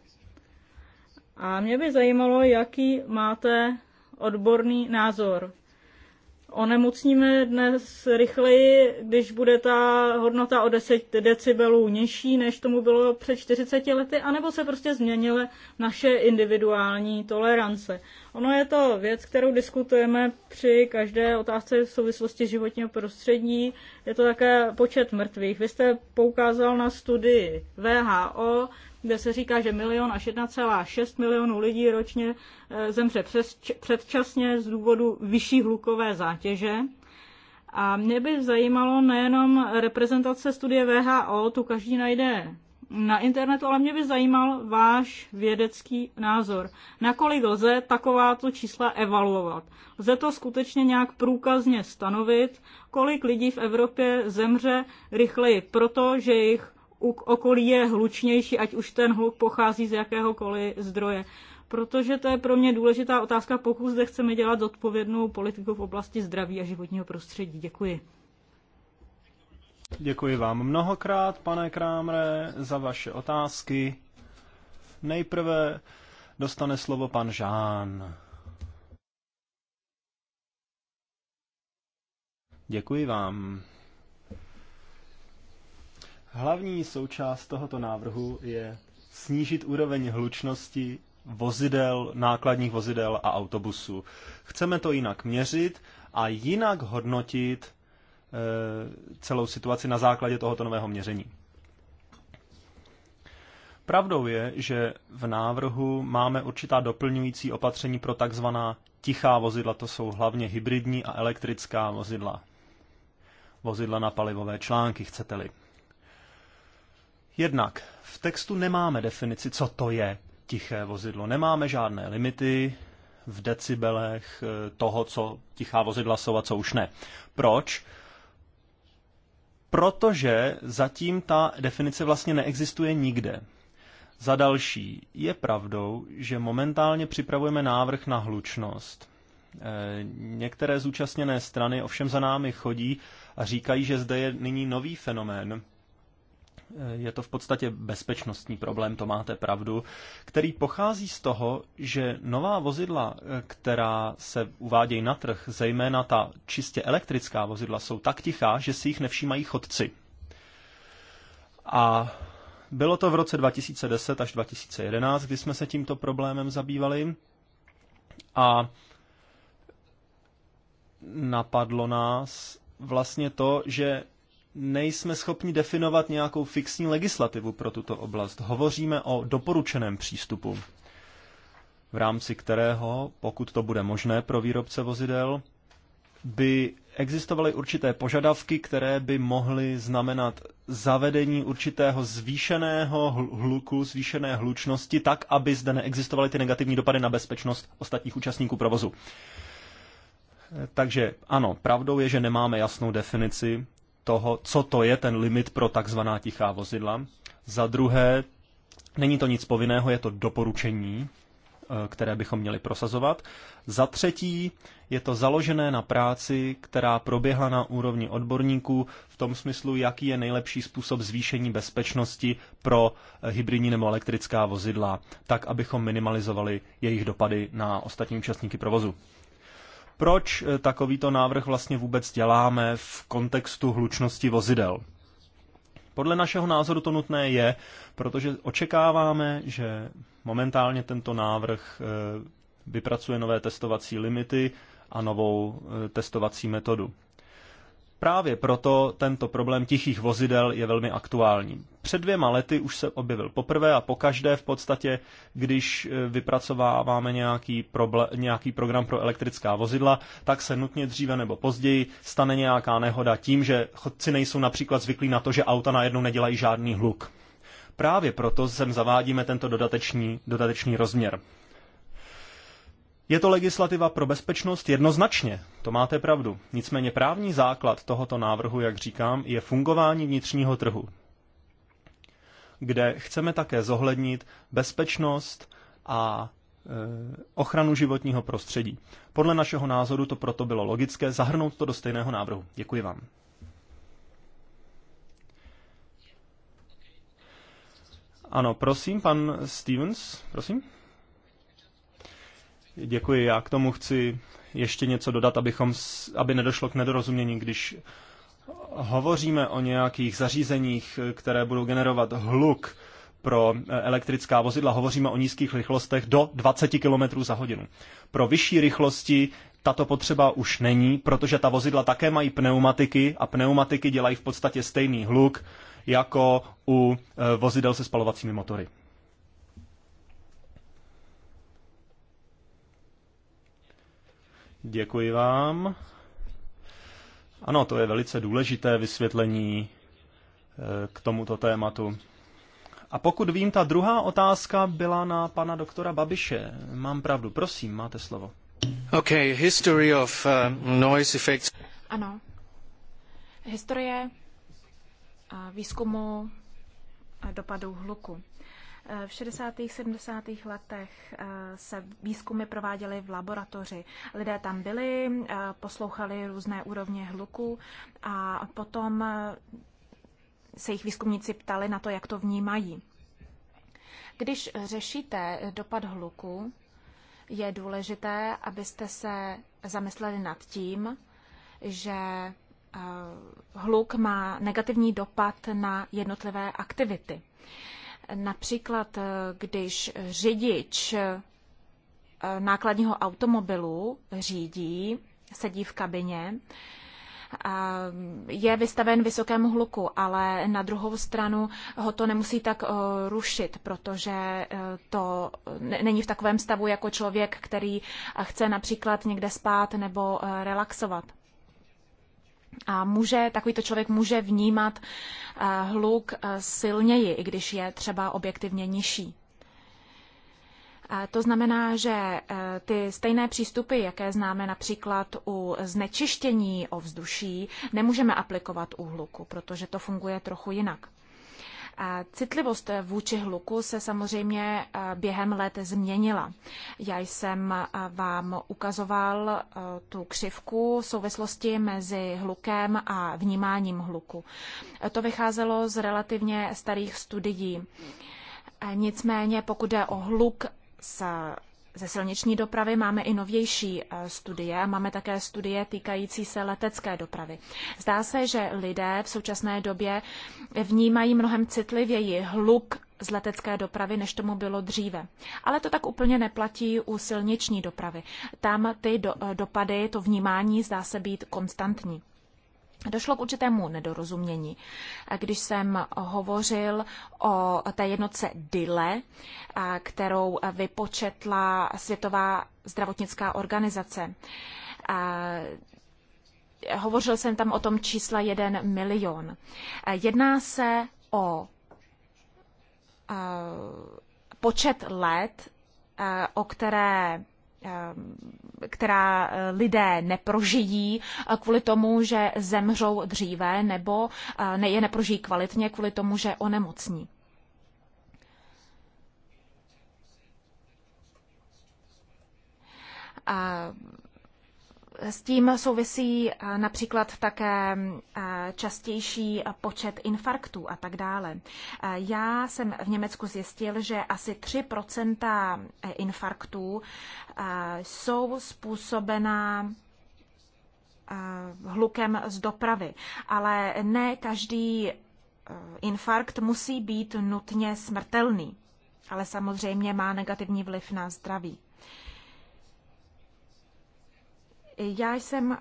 A mě by zajímalo, jaký máte odborný názor onemocníme dnes rychleji, když bude ta hodnota o 10 decibelů nižší, než tomu bylo před 40 lety, anebo se prostě změnily naše individuální tolerance. Ono je to věc, kterou diskutujeme při každé otázce v souvislosti životního prostředí. Je to také počet mrtvých. Vy jste poukázal na studii VHO, kde se říká, že milion až 1,6 milionů lidí ročně eh, zemře předčasně z důvodu vyšší hlukové zátěže. A mě by zajímalo nejenom reprezentace studie VHO, tu každý najde na internetu, ale mě by zajímal váš vědecký názor. Nakolik lze takováto čísla evaluovat? Lze to skutečně nějak průkazně stanovit, kolik lidí v Evropě zemře rychleji, protože jejich okolí je hlučnější, ať už ten hluk pochází z jakéhokoliv zdroje. Protože to je pro mě důležitá otázka, pokud zde chceme dělat odpovědnou politiku v oblasti zdraví a životního prostředí. Děkuji. Děkuji vám mnohokrát, pane Krámre, za vaše otázky. Nejprve dostane slovo pan Žán. Děkuji vám. Hlavní součást tohoto návrhu je snížit úroveň hlučnosti vozidel, nákladních vozidel a autobusů. Chceme to jinak měřit a jinak hodnotit e, celou situaci na základě tohoto nového měření. Pravdou je, že v návrhu máme určitá doplňující opatření pro takzvaná tichá vozidla, to jsou hlavně hybridní a elektrická vozidla. Vozidla na palivové články, chcete-li. Jednak v textu nemáme definici, co to je tiché vozidlo. Nemáme žádné limity v decibelech eh, toho, co tichá vozidla jsou a co už ne. Proč? Protože zatím ta definice vlastně neexistuje nikde. Za další, je pravdou, že momentálně připravujeme návrh na hlučnost. Eh, některé zúčastněné strany ovšem za námi chodí a říkají, že zde je nyní nový fenomén, Eh, je to v podstatě bezpečnostní problém, to máte pravdu, který pochází z toho, že nová vozidla, eh, která se uvádějí na trh, zejména ta čistě elektrická vozidla, jsou tak tichá, že si jich nevšímají chodci. A bylo to v roce 2010 až 2011, kdy jsme se tímto problémem zabývali. A napadlo nás vlastně to, že nejsme schopni definovat nějakou fixní legislativu pro tuto oblast. Hovoříme o doporučeném přístupu, v rámci kterého, pokud to bude možné pro výrobce vozidel, by existovaly určité požadavky, které by mohly znamenat zavedení určitého zvýšeného hluku, zvýšené hlučnosti, tak, aby zde neexistovaly ty negativní dopady na bezpečnost ostatních účastníků provozu. Takže ano, pravdou je, že nemáme jasnou definici toho, co to je ten limit pro takzvaná tichá vozidla. Za druhé, není to nic povinného, je to doporučení, eh, které bychom měli prosazovat. Za třetí, je to založené na práci, která proběhla na úrovni odborníků v tom smyslu, jaký je nejlepší způsob zvýšení bezpečnosti pro eh, hybridní nebo elektrická vozidla, tak abychom minimalizovali jejich dopady na ostatní účastníky provozu proč eh, takovýto návrh vlastně vůbec děláme v kontextu hlučnosti vozidel. Podle našeho názoru to nutné je, protože očekáváme, že momentálně tento návrh eh, vypracuje nové testovací limity a novou eh, testovací metodu. Právě proto tento problém tichých vozidel je velmi aktuální. Před dvěma lety už se objevil poprvé a pokaždé v podstatě, když e, vypracováváme nějaký, nějaký program pro elektrická vozidla, tak se nutně dříve nebo později stane nějaká nehoda tím, že chodci nejsou například zvyklí na to, že auta najednou nedělají žádný hluk. Právě proto sem zavádíme tento dodatečný, dodatečný rozměr. Je to legislativa pro bezpečnost jednoznačně, to máte pravdu. Nicméně právní základ tohoto návrhu, jak říkám, je fungování vnitřního trhu, kde chceme také zohlednit bezpečnost a e, ochranu životního prostředí. Podle našeho názoru to proto bylo logické zahrnout to do stejného návrhu. Děkuji vám. Ano, prosím, pan Stevens, prosím. Děkuji. Já k tomu chci ještě něco dodat, abychom, aby nedošlo k nedorozumění, když hovoříme o nějakých zařízeních, které budou generovat hluk pro e, elektrická vozidla, hovoříme o nízkých rychlostech do 20 km za hodinu. Pro vyšší rychlosti tato potřeba už není, protože ta vozidla také mají pneumatiky a pneumatiky dělají v podstatě stejný hluk jako u e, vozidel se spalovacími motory. Děkuji vám. Ano, to je velice důležité vysvětlení eh, k tomuto tématu. A pokud vím, ta druhá otázka byla na pana doktora Babiše. Mám pravdu, prosím, máte slovo. Okay, history of uh, noise effects. Ano. Historie výzkumu dopadů hluku. V 60. 70. letech eh, se výzkumy prováděly v laboratoři. Lidé tam byli, eh, poslouchali různé úrovně hluku a potom eh, se jich výzkumníci ptali na to, jak to vnímají. Když řešíte dopad hluku, je důležité, abyste se zamysleli nad tím, že hluk má negativní dopad na jednotlivé aktivity. Například, eh, když řidič eh, nákladního automobilu řídí, sedí v kabině, je vystaven vysokému hluku, ale na druhou stranu ho to nemusí tak eh, rušit, protože to není v takovém stavu jako člověk, který chce například někde spát nebo relaxovat a může, takovýto člověk může vnímat eh, hluk eh, silněji, i když je třeba objektivně nižší. To znamená, že eh, ty stejné přístupy, jaké známe například u znečištění ovzduší, nemůžeme aplikovat u hluku, protože to funguje trochu jinak. Citlivost vůči hluku se samozřejmě během let změnila. Já jsem vám ukazoval tu křivku souvislosti mezi hlukem a vnímáním hluku. To vycházelo z relativně starých studií. Nicméně, pokud jde o hluk z ze silniční dopravy máme i novější e, studie, a máme také studie týkající se letecké dopravy. Zdá se, že lidé v současné době vnímají mnohem citlivěji hluk z letecké dopravy, než tomu bylo dříve. Ale to tak úplně neplatí u silniční dopravy. Tam ty do, e, dopady, to vnímání zdá se být konstantní. Došlo k určitému nedorozumění. Když jsem hovořil o té jednotce DILE, kterou vypočetla Světová zdravotnická organizace, hovořil jsem tam o tom čísla 1 milion. Jedná se o počet let, o které Eh, která eh, lidé neprožijí eh, kvůli tomu, že zemřou dříve nebo je neprožijí kvalitně kvůli tomu, že onemocní. A s tím souvisí eh, například také eh, častější počet infarktů a tak dále. Eh, já jsem v Německu zjistil, že asi 3 infarktů jsou způsobená hlukem z dopravy, ale ne každý infarkt musí být nutně smrtelný, ale samozřejmě má negativní vliv na zdraví. Já jsem eh,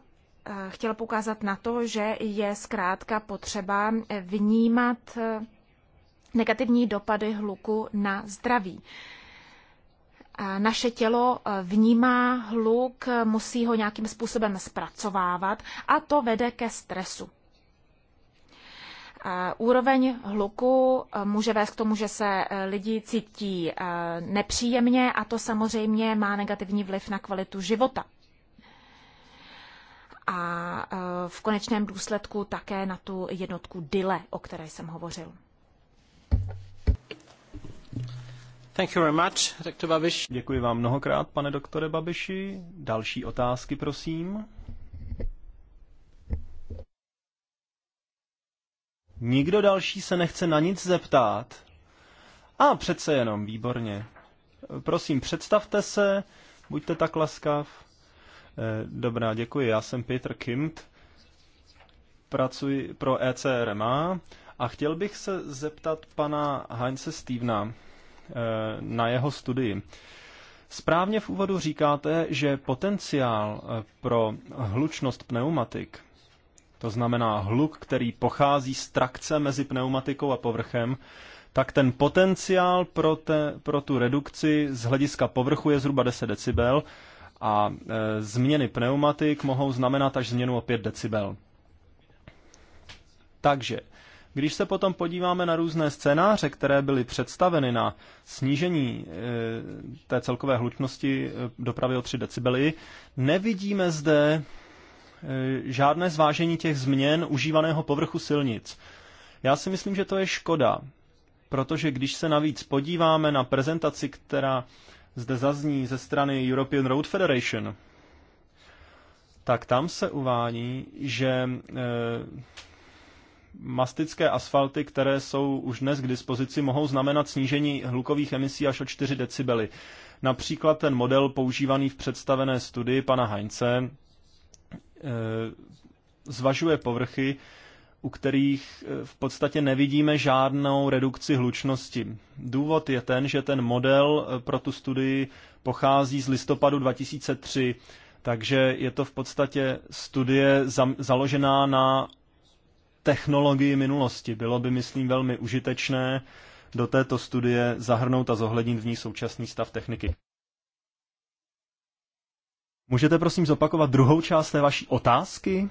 chtěla poukázat na to, že je zkrátka potřeba vnímat eh, negativní dopady hluku na zdraví. Naše tělo eh, vnímá hluk, musí ho nějakým způsobem zpracovávat a to vede ke stresu. Úroveň hluku může vést k tomu, že se lidi cítí nepříjemně a to samozřejmě má negativní vliv na kvalitu života a e, v konečném důsledku také na tu jednotku DILE, o které jsem hovořil. Thank you very much, Dr. Babiš. Děkuji vám mnohokrát, pane doktore Babiši. Další otázky, prosím. Nikdo další se nechce na nic zeptat. A přece jenom, výborně. Prosím, představte se, buďte tak laskav. Eh, dobrá, děkuji. Já jsem Petr Kimt, pracuji pro ECRMA a chtěl bych se zeptat pana Heinze Stevena eh, na jeho studii. Správně v úvodu říkáte, že potenciál eh, pro hlučnost pneumatik, to znamená hluk, který pochází z trakce mezi pneumatikou a povrchem, tak ten potenciál pro, te, pro tu redukci z hlediska povrchu je zhruba 10 decibel, a e, změny pneumatik mohou znamenat až změnu o 5 decibel. Takže, když se potom podíváme na různé scénáře, které byly představeny na snížení e, té celkové hlučnosti e, dopravy o 3 decibely, nevidíme zde žádné zvážení těch změn užívaného povrchu silnic. Já si myslím, že to je škoda, protože když se navíc podíváme na prezentaci, která zde zazní ze strany European Road Federation, tak tam se uvádí, že e, mastické asfalty, které jsou už dnes k dispozici, mohou znamenat snížení hlukových emisí až o 4 decibely. Například ten model používaný v představené studii pana Heinze e, zvažuje povrchy, u kterých eh, v podstatě nevidíme žádnou redukci hlučnosti. Důvod je ten, že ten model eh, pro tu studii pochází z listopadu 2003, takže je to v podstatě studie založená na technologii minulosti. Bylo by, myslím, velmi užitečné do této studie zahrnout a zohlednit v ní současný stav techniky. Můžete prosím zopakovat druhou část té vaší otázky?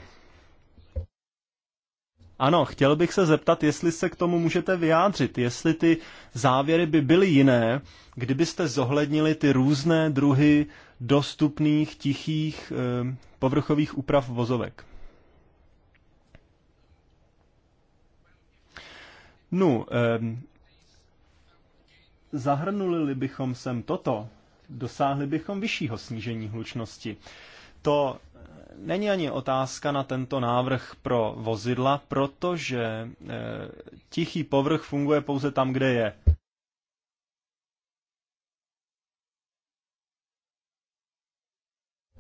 Ano, chtěl bych se zeptat, jestli se k tomu můžete vyjádřit, jestli ty závěry by byly jiné, kdybyste zohlednili ty různé druhy dostupných tichých e, povrchových úprav vozovek. No, e, ehm, zahrnuli bychom sem toto, dosáhli bychom vyššího snížení hlučnosti. To není ani otázka na tento návrh pro vozidla, protože eh, tichý povrch funguje pouze tam, kde je.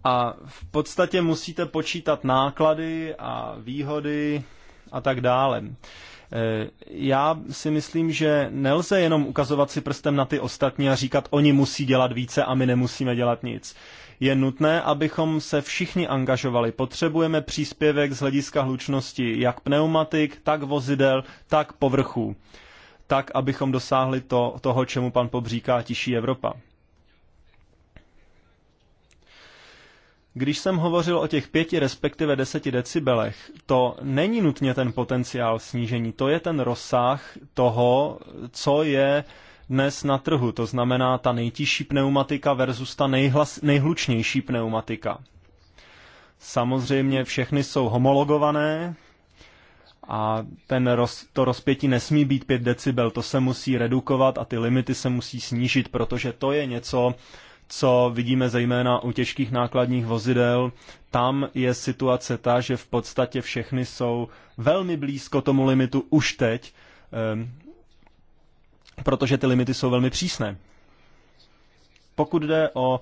A v podstatě musíte počítat náklady a výhody a tak dále. Eh, já si myslím, že nelze jenom ukazovat si prstem na ty ostatní a říkat, oni musí dělat více a my nemusíme dělat nic. Je nutné, abychom se všichni angažovali. Potřebujeme příspěvek z hlediska hlučnosti jak pneumatik, tak vozidel, tak povrchů. Tak, abychom dosáhli to, toho, čemu pan Pobříká tiší Evropa. Když jsem hovořil o těch pěti respektive deseti decibelech, to není nutně ten potenciál snížení, to je ten rozsah toho, co je uh, dnes na trhu, to znamená ta nejtižší pneumatika versus ta nejhlas, nejhlučnější pneumatika. Samozřejmě všechny jsou homologované a ten roz, to rozpětí nesmí být 5 decibel, to se musí redukovat a ty limity se musí snížit, protože to je něco, co vidíme zejména u těžkých nákladních vozidel, tam je situace ta, že v podstatě všechny jsou velmi blízko tomu limitu už teď, ehm, protože ty limity jsou velmi přísné. Pokud jde o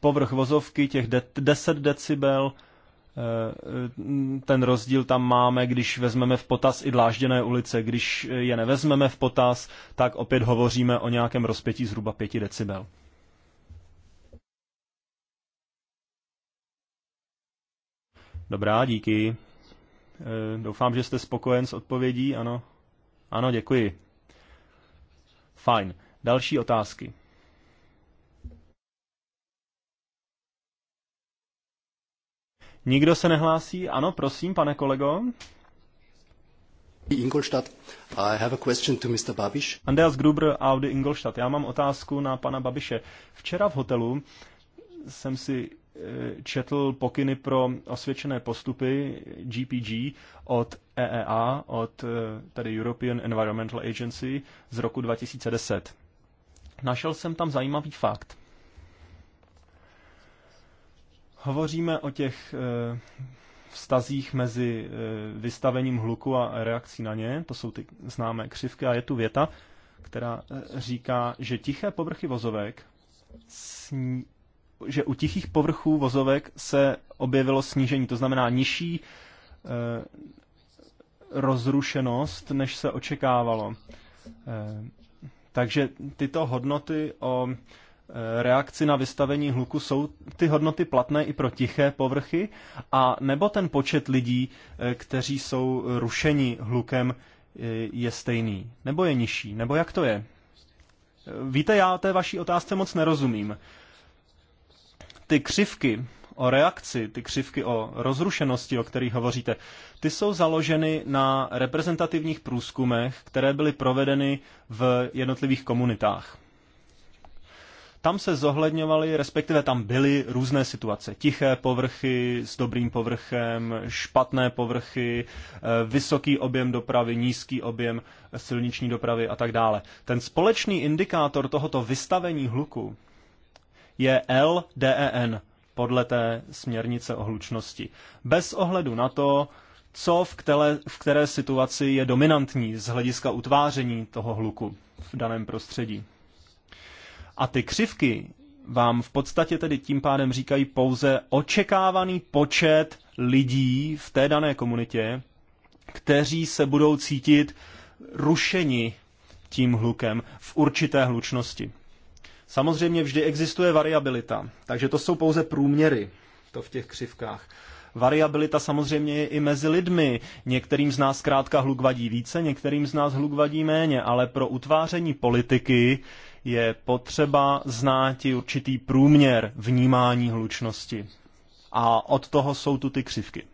povrch vozovky, těch 10 decibel, eh, ten rozdíl tam máme, když vezmeme v potaz i dlážděné ulice. Když je nevezmeme v potaz, tak opět hovoříme o nějakém rozpětí zhruba 5 decibel. Dobrá, díky. Eh, doufám, že jste spokojen s odpovědí, ano. Ano, děkuji. Fajn. Další otázky. Nikdo se nehlásí? Ano, prosím, pane kolego. Ingolstadt. I have a question to Mr. Babiš. Andreas Gruber, Audi Ingolstadt. Já mám otázku na pana Babiše. Včera v hotelu jsem si Eh, četl pokyny pro osvědčené postupy GPG od EEA, od eh, tedy European Environmental Agency z roku 2010. Našel jsem tam zajímavý fakt. Hovoříme o těch eh, vztazích mezi vystavením hluku a reakcí na ně, to jsou ty známé křivky a je tu věta, která říká, že tiché povrchy vozovek že u tichých povrchů vozovek se objevilo snížení, to znamená nižší eh, rozrušenost, než se očekávalo. Eh, takže tyto hodnoty o eh, reakci na vystavení hluku jsou ty hodnoty platné i pro tiché povrchy, a nebo ten počet lidí, kteří jsou rušeni hlukem, je stejný, nebo je nižší, nebo jak to je? Víte, já té vaší otázce moc nerozumím ty křivky o reakci, ty křivky o rozrušenosti, o kterých hovoříte, ty jsou založeny na reprezentativních průzkumech, které byly provedeny v jednotlivých komunitách. Tam se zohledňovaly, respektive tam byly různé situace. Tiché povrchy s dobrým povrchem, špatné povrchy, eh, vysoký objem dopravy, nízký objem silniční dopravy a tak dále. Ten společný indikátor tohoto vystavení hluku je LDEN podle té směrnice o hlučnosti. Bez ohledu na to, co v které, v které situaci je dominantní z hlediska utváření toho hluku v daném prostředí. A ty křivky vám v podstatě tedy tím pádem říkají pouze očekávaný počet lidí v té dané komunitě, kteří se budou cítit rušeni tím hlukem v určité hlučnosti. Samozřejmě vždy existuje variabilita, takže to jsou pouze průměry, to v těch křivkách. Variabilita samozřejmě je i mezi lidmi. Některým z nás zkrátka hluk vadí více, některým z nás hluk vadí méně, ale pro utváření politiky je potřeba znát určitý průměr vnímání hlučnosti. A od toho jsou tu ty křivky.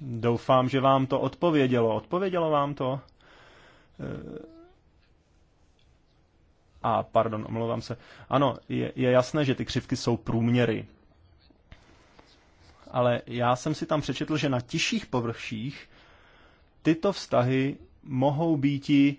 Doufám, že vám to odpovědělo. Odpovědělo vám to? Eh, a pardon, omlouvám se. Ano, je, je jasné, že ty křivky jsou průměry. Ale já jsem si tam přečetl, že na těžších površích tyto vztahy mohou být i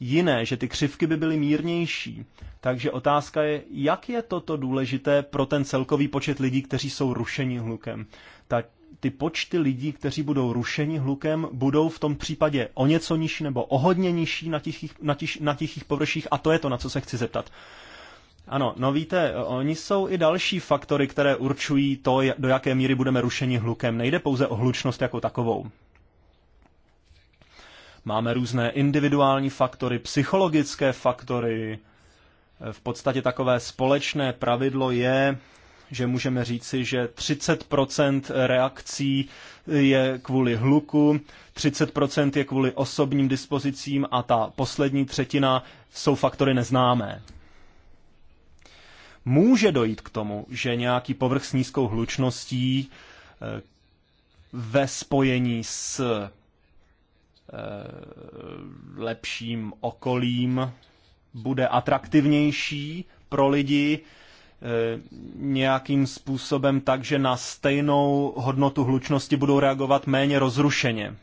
jiné, že ty křivky by byly mírnější. Takže otázka je, jak je toto důležité pro ten celkový počet lidí, kteří jsou rušeni hlukem. Ta ty počty lidí, kteří budou rušeni hlukem, budou v tom případě o něco nižší nebo o hodně nižší na tichých, na, tich, na tichých površích a to je to, na co se chci zeptat. Ano, no víte, oni jsou i další faktory, které určují to, do jaké míry budeme rušeni hlukem. Nejde pouze o hlučnost jako takovou. Máme různé individuální faktory, psychologické faktory. V podstatě takové společné pravidlo je, že můžeme říci, že 30% reakcí je kvůli hluku, 30% je kvůli osobním dispozicím a ta poslední třetina jsou faktory neznámé. Může dojít k tomu, že nějaký povrch s nízkou hlučností eh, ve spojení s eh, lepším okolím bude atraktivnější pro lidi, Eh, nějakým způsobem tak, že na stejnou hodnotu hlučnosti budou reagovat méně rozrušeně.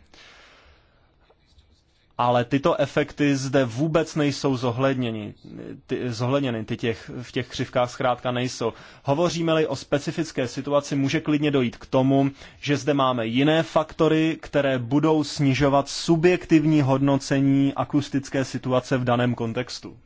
Ale tyto efekty zde vůbec nejsou zohledněny. Ty, zohledněny ty těch, v těch křivkách zkrátka nejsou. Hovoříme-li o specifické situaci, může klidně dojít k tomu, že zde máme jiné faktory, které budou snižovat subjektivní hodnocení akustické situace v daném kontextu.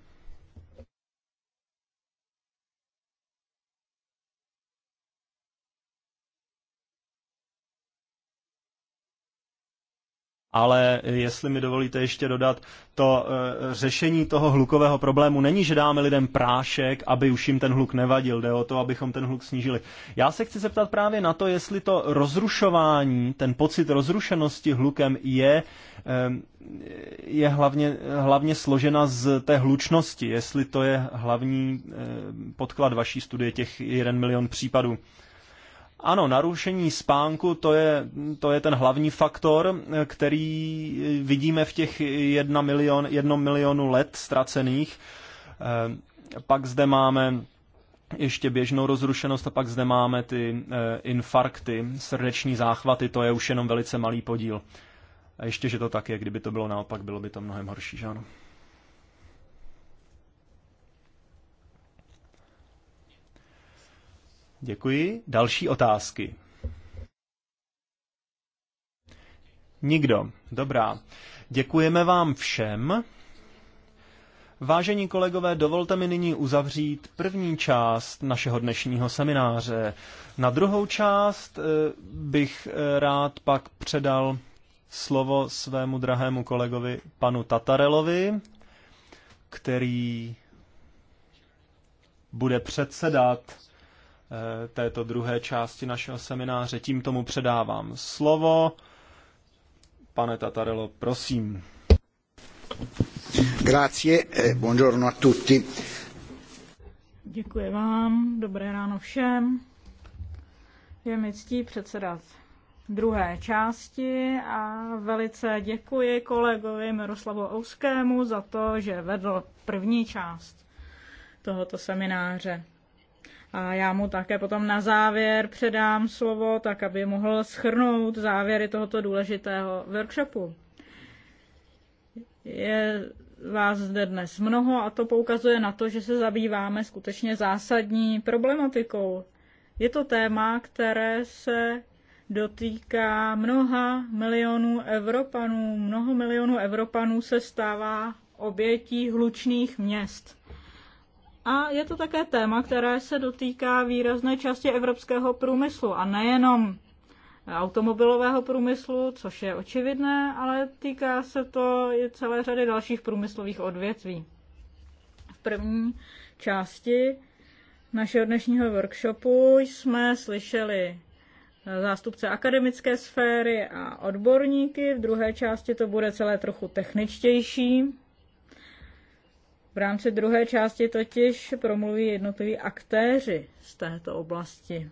ale jestli mi dovolíte ještě dodat, to eh, řešení toho hlukového problému není, že dáme lidem prášek, aby už jim ten hluk nevadil, jde o to, abychom ten hluk snížili. Já se chci zeptat právě na to, jestli to rozrušování, ten pocit rozrušenosti hlukem je, eh, je hlavně, hlavně složena z té hlučnosti, jestli to je hlavní eh, podklad vaší studie těch 1 milion případů. Ano, narušení spánku, to je, to je ten hlavní faktor, který vidíme v těch jedna milion, jednom milionu let ztracených. Eh, pak zde máme ještě běžnou rozrušenost a pak zde máme ty eh, infarkty, srdeční záchvaty, to je už jenom velice malý podíl. A ještě, že to tak je, kdyby to bylo naopak, bylo by to mnohem horší, že ano? Děkuji. Další otázky. Nikdo. Dobrá. Děkujeme vám všem. Vážení kolegové, dovolte mi nyní uzavřít první část našeho dnešního semináře. Na druhou část eh, bych eh, rád pak předal slovo svému drahému kolegovi panu Tatarelovi, který bude předsedat Eh, této druhé části našeho semináře. Tím tomu předávám slovo. Pane Tatarelo, prosím. Grazie, eh, buongiorno a tutti. Děkuji vám, dobré ráno všem. Je mi ctí předsedat druhé části a velice děkuji kolegovi Miroslavu Ouskému za to, že vedl první část tohoto semináře. A já mu také potom na závěr předám slovo, tak aby mohl schrnout závěry tohoto důležitého workshopu. Je vás zde dnes mnoho a to poukazuje na to, že se zabýváme skutečně zásadní problematikou. Je to téma, které se dotýká mnoha milionů Evropanů. Mnoho milionů Evropanů se stává obětí hlučných měst. A je to také téma, které se dotýká výrazné části evropského průmyslu a nejenom automobilového průmyslu, což je očividné, ale týká se to i celé řady dalších průmyslových odvětví. V první části našeho dnešního workshopu jsme slyšeli zástupce akademické sféry a odborníky. V druhé části to bude celé trochu techničtější. V rámci druhé části totiž promluví jednotliví aktéři z této oblasti.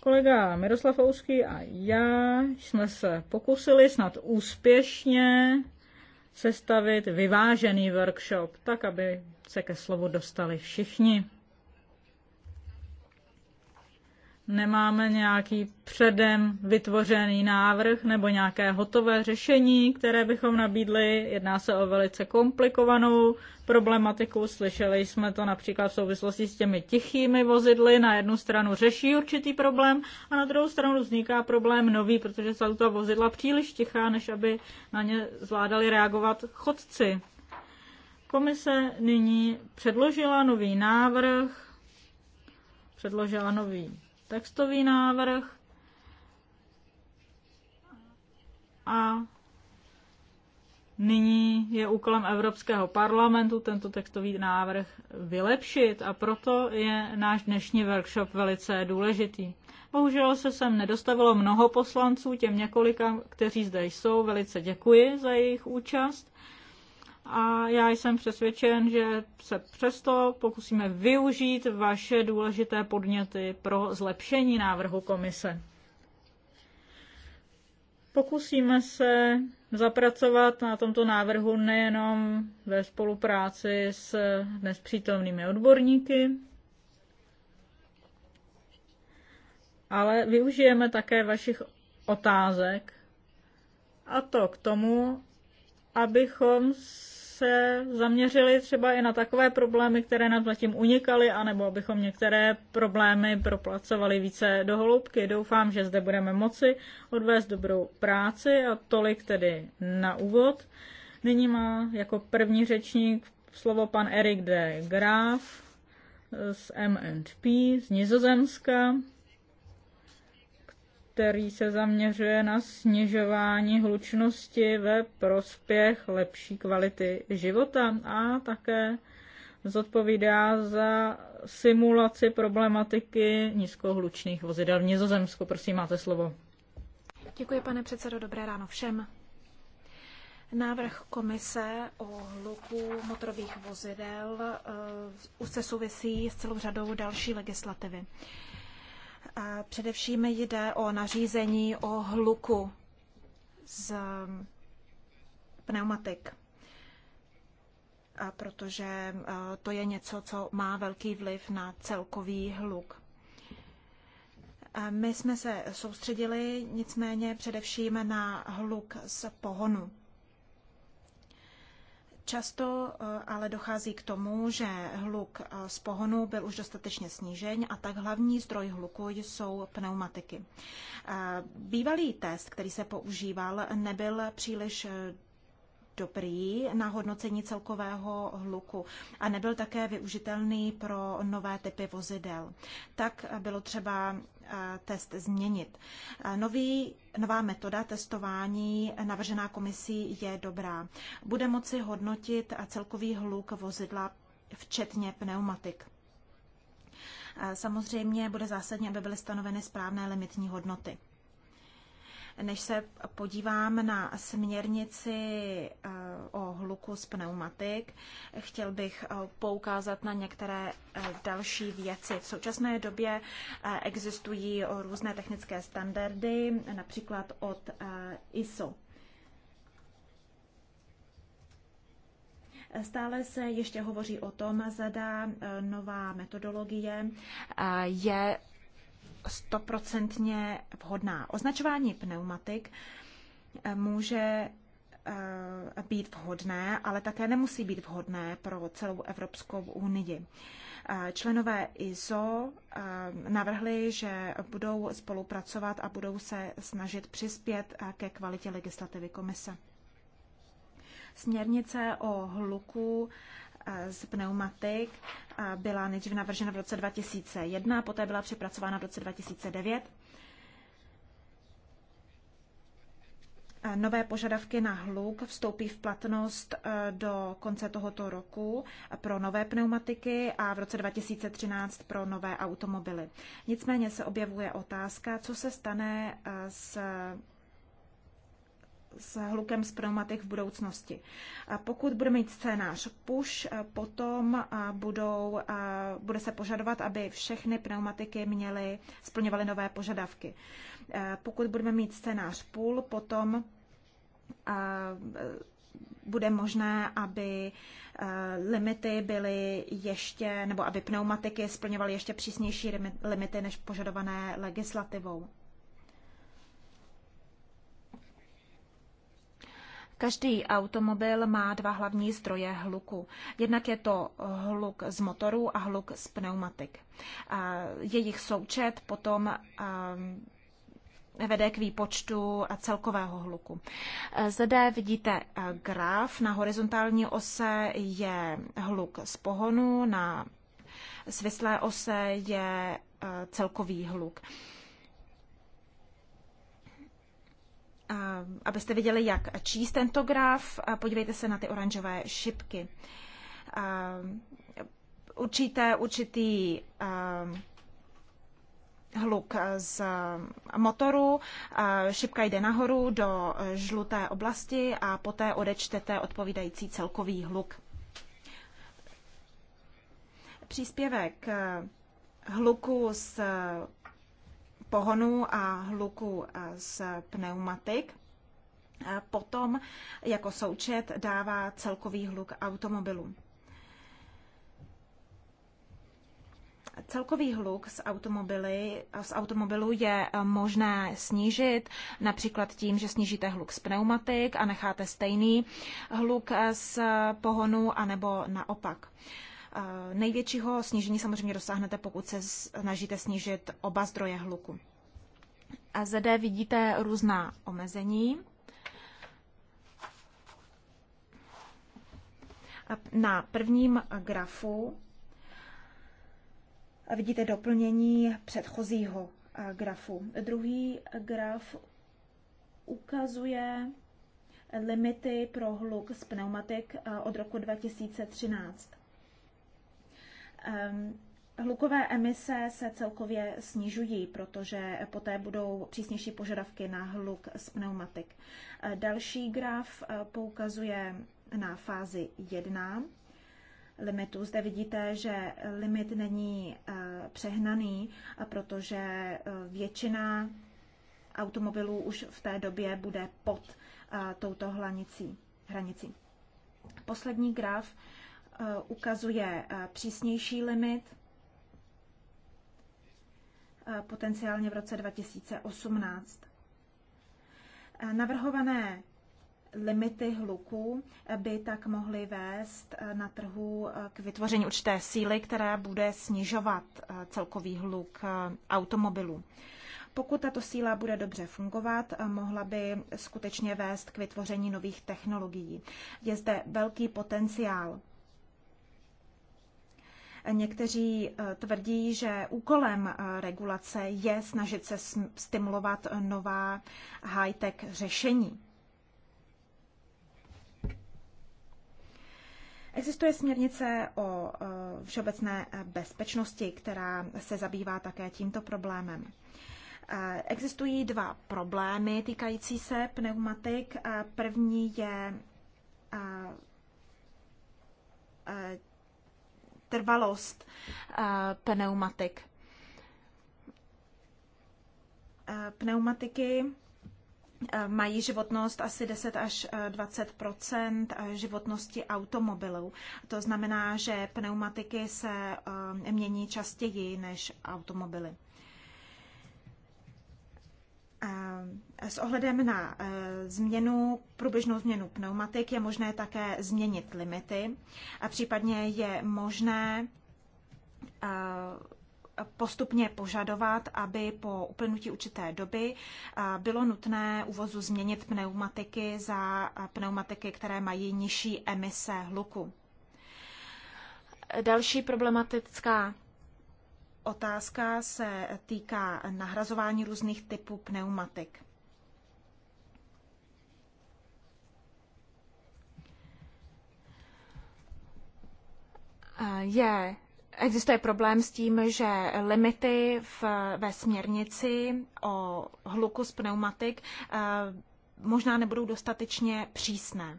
Kolega Miroslav Ouský a já jsme se pokusili snad úspěšně sestavit vyvážený workshop, tak aby se ke slovu dostali všichni. nemáme nějaký předem vytvořený návrh nebo nějaké hotové řešení, které bychom nabídli. Jedná se o velice komplikovanou problematiku. Slyšeli jsme to například v souvislosti s těmi tichými vozidly. Na jednu stranu řeší určitý problém a na druhou stranu vzniká problém nový, protože jsou to vozidla příliš tichá, než aby na ně zvládali reagovat chodci. Komise nyní předložila nový návrh, předložila nový textový návrh a nyní je úkolem Evropského parlamentu tento textový návrh vylepšit a proto je náš dnešní workshop velice důležitý. Bohužel se sem nedostavilo mnoho poslanců, těm několika, kteří zde jsou, velice děkuji za jejich účast a já jsem přesvědčen, že se přesto pokusíme využít vaše důležité podněty pro zlepšení návrhu komise. Pokusíme se zapracovat na tomto návrhu nejenom ve spolupráci s dnes přítomnými odborníky, ale využijeme také vašich otázek a to k tomu, abychom se zaměřili třeba i na takové problémy, které nám zatím unikaly, anebo abychom některé problémy proplacovali více do hloubky. Doufám, že zde budeme moci odvést dobrou práci a tolik tedy na úvod. Nyní má jako první řečník slovo pan Erik de Graaf z MNP z Nizozemska který se zaměřuje na snižování hlučnosti ve prospěch lepší kvality života a také zodpovídá za simulaci problematiky nízkohlučných vozidel v Nizozemsku. Prosím, máte slovo. Děkuji, pane předsedo. Dobré ráno všem. Návrh komise o hluku motorových vozidel uh, už se souvisí s celou řadou další legislativy. Uh, Především jde o nařízení o hluku z pneumatik, protože e, to je něco, co má velký vliv na celkový hluk. My jsme se soustředili nicméně především na hluk z pohonu. Často eh, ale dochází k tomu, že hluk eh, z pohonu byl už dostatečně snížen a tak hlavní zdroj hluku jsou pneumatiky. Eh, bývalý test, který se používal, nebyl příliš dobrý na hodnocení celkového hluku a nebyl také využitelný pro nové typy vozidel. Tak bylo třeba test změnit. Nový, nová metoda testování navržená komisí je dobrá. Bude moci hodnotit celkový hluk vozidla, včetně pneumatik. Samozřejmě bude zásadně, aby byly stanoveny správné limitní hodnoty než se podívám na směrnici eh, o hluku z pneumatik, chtěl bych eh, poukázat na některé eh, další věci. V současné době existují různé technické standardy, například od ISO. Stále se ještě hovoří o tom, zda nová metodologie je stoprocentně vhodná. Označování pneumatik eh, může eh, být vhodné, ale také nemusí být vhodné pro celou Evropskou unii. Eh, členové ISO navrhli, že budou spolupracovat a budou se snažit přispět ke kvalitě legislativy komise. Směrnice o hluku Eh, z pneumatik eh, byla nejdřív navržena v roce 2001, poté byla přepracována v roce 2009. Eh, nové požadavky na hluk vstoupí v platnost do konce tohoto roku pro nové pneumatiky a v roce 2013 pro nové automobily. Nicméně se objevuje otázka, co se stane s s hlukem z pneumatik v budoucnosti. Pokud bude mít scénář push, eh, potom eh, budou, eh, bude se požadovat, aby všechny pneumatiky měly, splňovaly nové požadavky. Pokud budeme mít scénář pull, potom bude možné, aby limity byly ještě, nebo aby pneumatiky splňovaly ještě přísnější limity než požadované legislativou. Každý automobil má dva hlavní zdroje hluku. Jednak je to hluk z motoru a hluk z pneumatik. Jejich součet potom ehm, vede k výpočtu celkového hluku. Zde vidíte eh, graf. Na horizontální ose je hluk z pohonu, na svislé ose je eh, celkový hluk. abyste viděli, jak číst tento graf, podívejte se na ty oranžové šipky. Určité, určitý hluk z motoru, šipka jde nahoru do žluté oblasti a poté odečtete odpovídající celkový hluk. Příspěvek hluku z pohonu a hluku eh, z pneumatik. Potom jako součet dává celkový hluk automobilu. Celkový hluk z, automobily, z automobilu je eh, možné snížit například tím, že snížíte hluk z pneumatik a necháte stejný hluk eh, z pohonu, anebo naopak. Největšího snížení samozřejmě dosáhnete, pokud se snažíte snížit oba zdroje hluku. A zde vidíte různá omezení. Na prvním grafu vidíte doplnění předchozího grafu. Druhý graf ukazuje limity pro hluk z pneumatik od roku 2013. Ehm, hlukové emise se celkově snižují, protože poté budou přísnější požadavky na hluk z pneumatik. Eh, další graf eh, poukazuje na fázi 1 limitu. Zde vidíte, že limit není eh, přehnaný, protože většina automobilů už v té době bude pod touto hranicí. hranicí. Poslední graf Eh, ukazuje eh, přísnější limit, eh, potenciálně v roce 2018. Navrhované limity hluku by tak mohly vést na trhu k vytvoření určité síly, která bude snižovat celkový hluk automobilů. Pokud tato síla bude dobře fungovat, mohla by skutečně vést k vytvoření nových technologií. Je zde velký potenciál Někteří eh, tvrdí, že úkolem eh, regulace je snažit se stimulovat eh, nová high-tech řešení. Existuje směrnice o všeobecné bezpečnosti, která se zabývá také tímto problémem. Existují dva problémy týkající se pneumatik. První je trvalost eh, pneumatik. Eh, pneumatiky eh, mají životnost asi 10 až 20 životnosti automobilů. To znamená, že pneumatiky se mění častěji než automobily. S ohledem na eh, změnu, průběžnou změnu pneumatik je možné také změnit limity a případně je možné eh, postupně požadovat, aby po uplynutí určité doby eh, bylo nutné uvozu změnit pneumatiky za pneumatiky, které mají nižší emise hluku. Další problematická otázka se týká nahrazování různých typů pneumatik. je, existuje problém s tím, že limity v, ve směrnici o hluku z pneumatik eh, možná nebudou dostatečně přísné.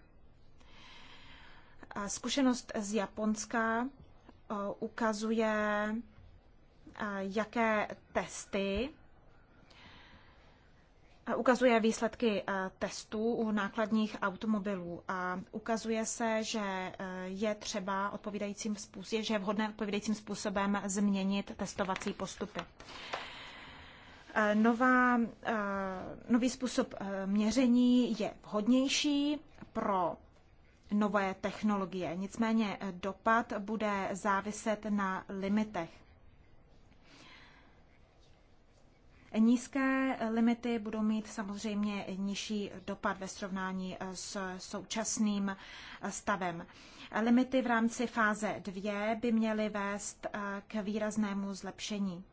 Eh, zkušenost z Japonska eh, ukazuje, jaké testy ukazuje výsledky eh, testů u nákladních automobilů a ukazuje se, že eh, je třeba odpovídajícím způsobem, že je vhodné odpovídajícím způsobem změnit testovací postupy. Eh, nová, nový způsob měření je vhodnější pro nové technologie, nicméně dopad bude záviset na limitech. Nízké limity budou mít samozřejmě nižší dopad ve srovnání eh, s současným eh, stavem. Limity v rámci fáze 2 by měly vést eh, k výraznému zlepšení.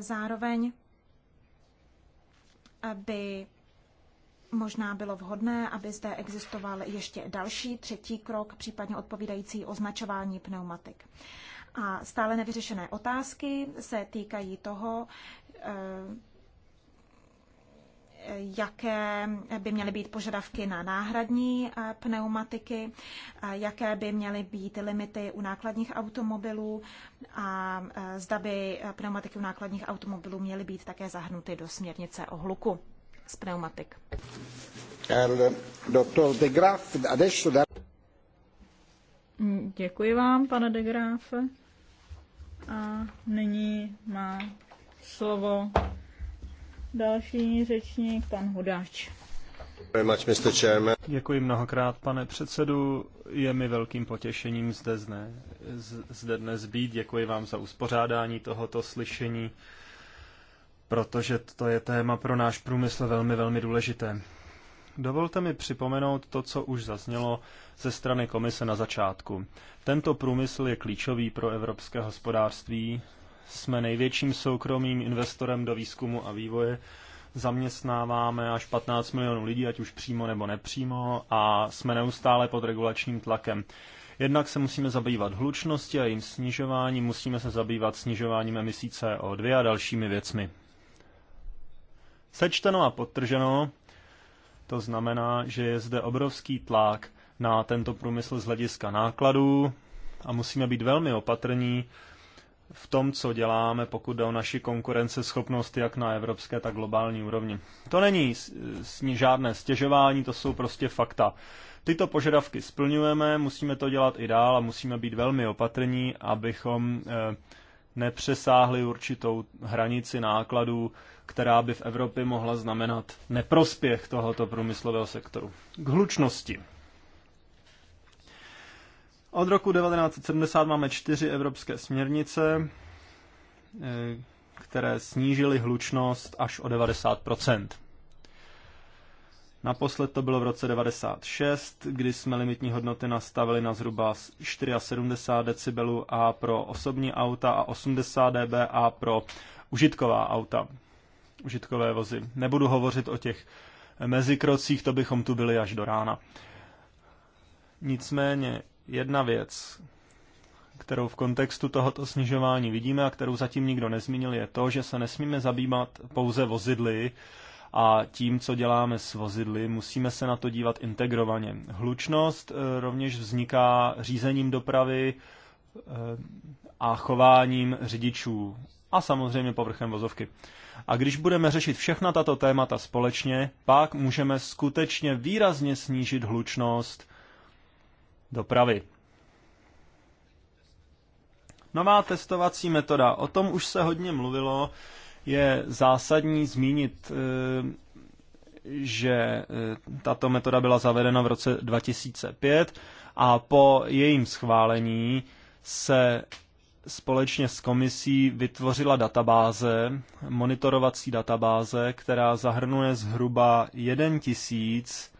Zároveň by Možná bylo vhodné, aby zde existoval ještě další, třetí krok, případně odpovídající označování pneumatik. A stále nevyřešené otázky se týkají toho, eh, jaké by měly být požadavky na náhradní eh, pneumatiky, eh, jaké by měly být limity u nákladních automobilů a zda by pneumatiky u nákladních automobilů měly být také zahrnuty do směrnice o hluku z pneumatik. Doktor de adesso da... Mm, děkuji vám, pane de Graaf. A nyní má slovo další řečník, pan Hudáč. Děkuji mnohokrát, pane předsedu. Je mi velkým potěšením zde, zne, zde dnes být. Děkuji vám za uspořádání tohoto slyšení protože to je téma pro náš průmysl velmi, velmi důležité. Dovolte mi připomenout to, co už zaznělo ze strany komise na začátku. Tento průmysl je klíčový pro evropské hospodářství. Jsme největším soukromým investorem do výzkumu a vývoje. Zaměstnáváme až 15 milionů lidí, ať už přímo nebo nepřímo, a jsme neustále pod regulačním tlakem. Jednak se musíme zabývat hlučnosti a jim snižováním, musíme se zabývat snižováním emisí CO2 a dalšími věcmi. Sečteno a podtrženo, to znamená, že je zde obrovský tlak na tento průmysl z hlediska nákladů a musíme být velmi opatrní v tom, co děláme, pokud jde o naši konkurenceschopnost jak na evropské, tak globální úrovni. To není žádné stěžování, to jsou prostě fakta. Tyto požadavky splňujeme, musíme to dělat i dál a musíme být velmi opatrní, abychom eh, nepřesáhli určitou hranici nákladů, která by v Evropě mohla znamenat neprospěch tohoto průmyslového sektoru. K hlučnosti. Od roku 1970 máme čtyři evropské směrnice, eh, které snížily hlučnost až o 90 Naposled to bylo v roce 96, kdy jsme limitní hodnoty nastavili na zhruba 74 decibelů a pro osobní auta a 80 dB a pro užitková auta užitkové vozy. Nebudu hovořit o těch mezikrocích, to bychom tu byli až do rána. Nicméně jedna věc, kterou v kontextu tohoto snižování vidíme a kterou zatím nikdo nezmínil, je to, že se nesmíme zabývat pouze vozidly a tím, co děláme s vozidly, musíme se na to dívat integrovaně. Hlučnost eh, rovněž vzniká řízením dopravy eh, a chováním řidičů a samozřejmě povrchem vozovky. A když budeme řešit všechna tato témata společně, pak můžeme skutečně výrazně snížit hlučnost dopravy. Nová testovací metoda, o tom už se hodně mluvilo, je zásadní zmínit, eh, že eh, tato metoda byla zavedena v roce 2005 a po jejím schválení se společně s komisí vytvořila databáze, monitorovací databáze, která zahrnuje zhruba 1 tisíc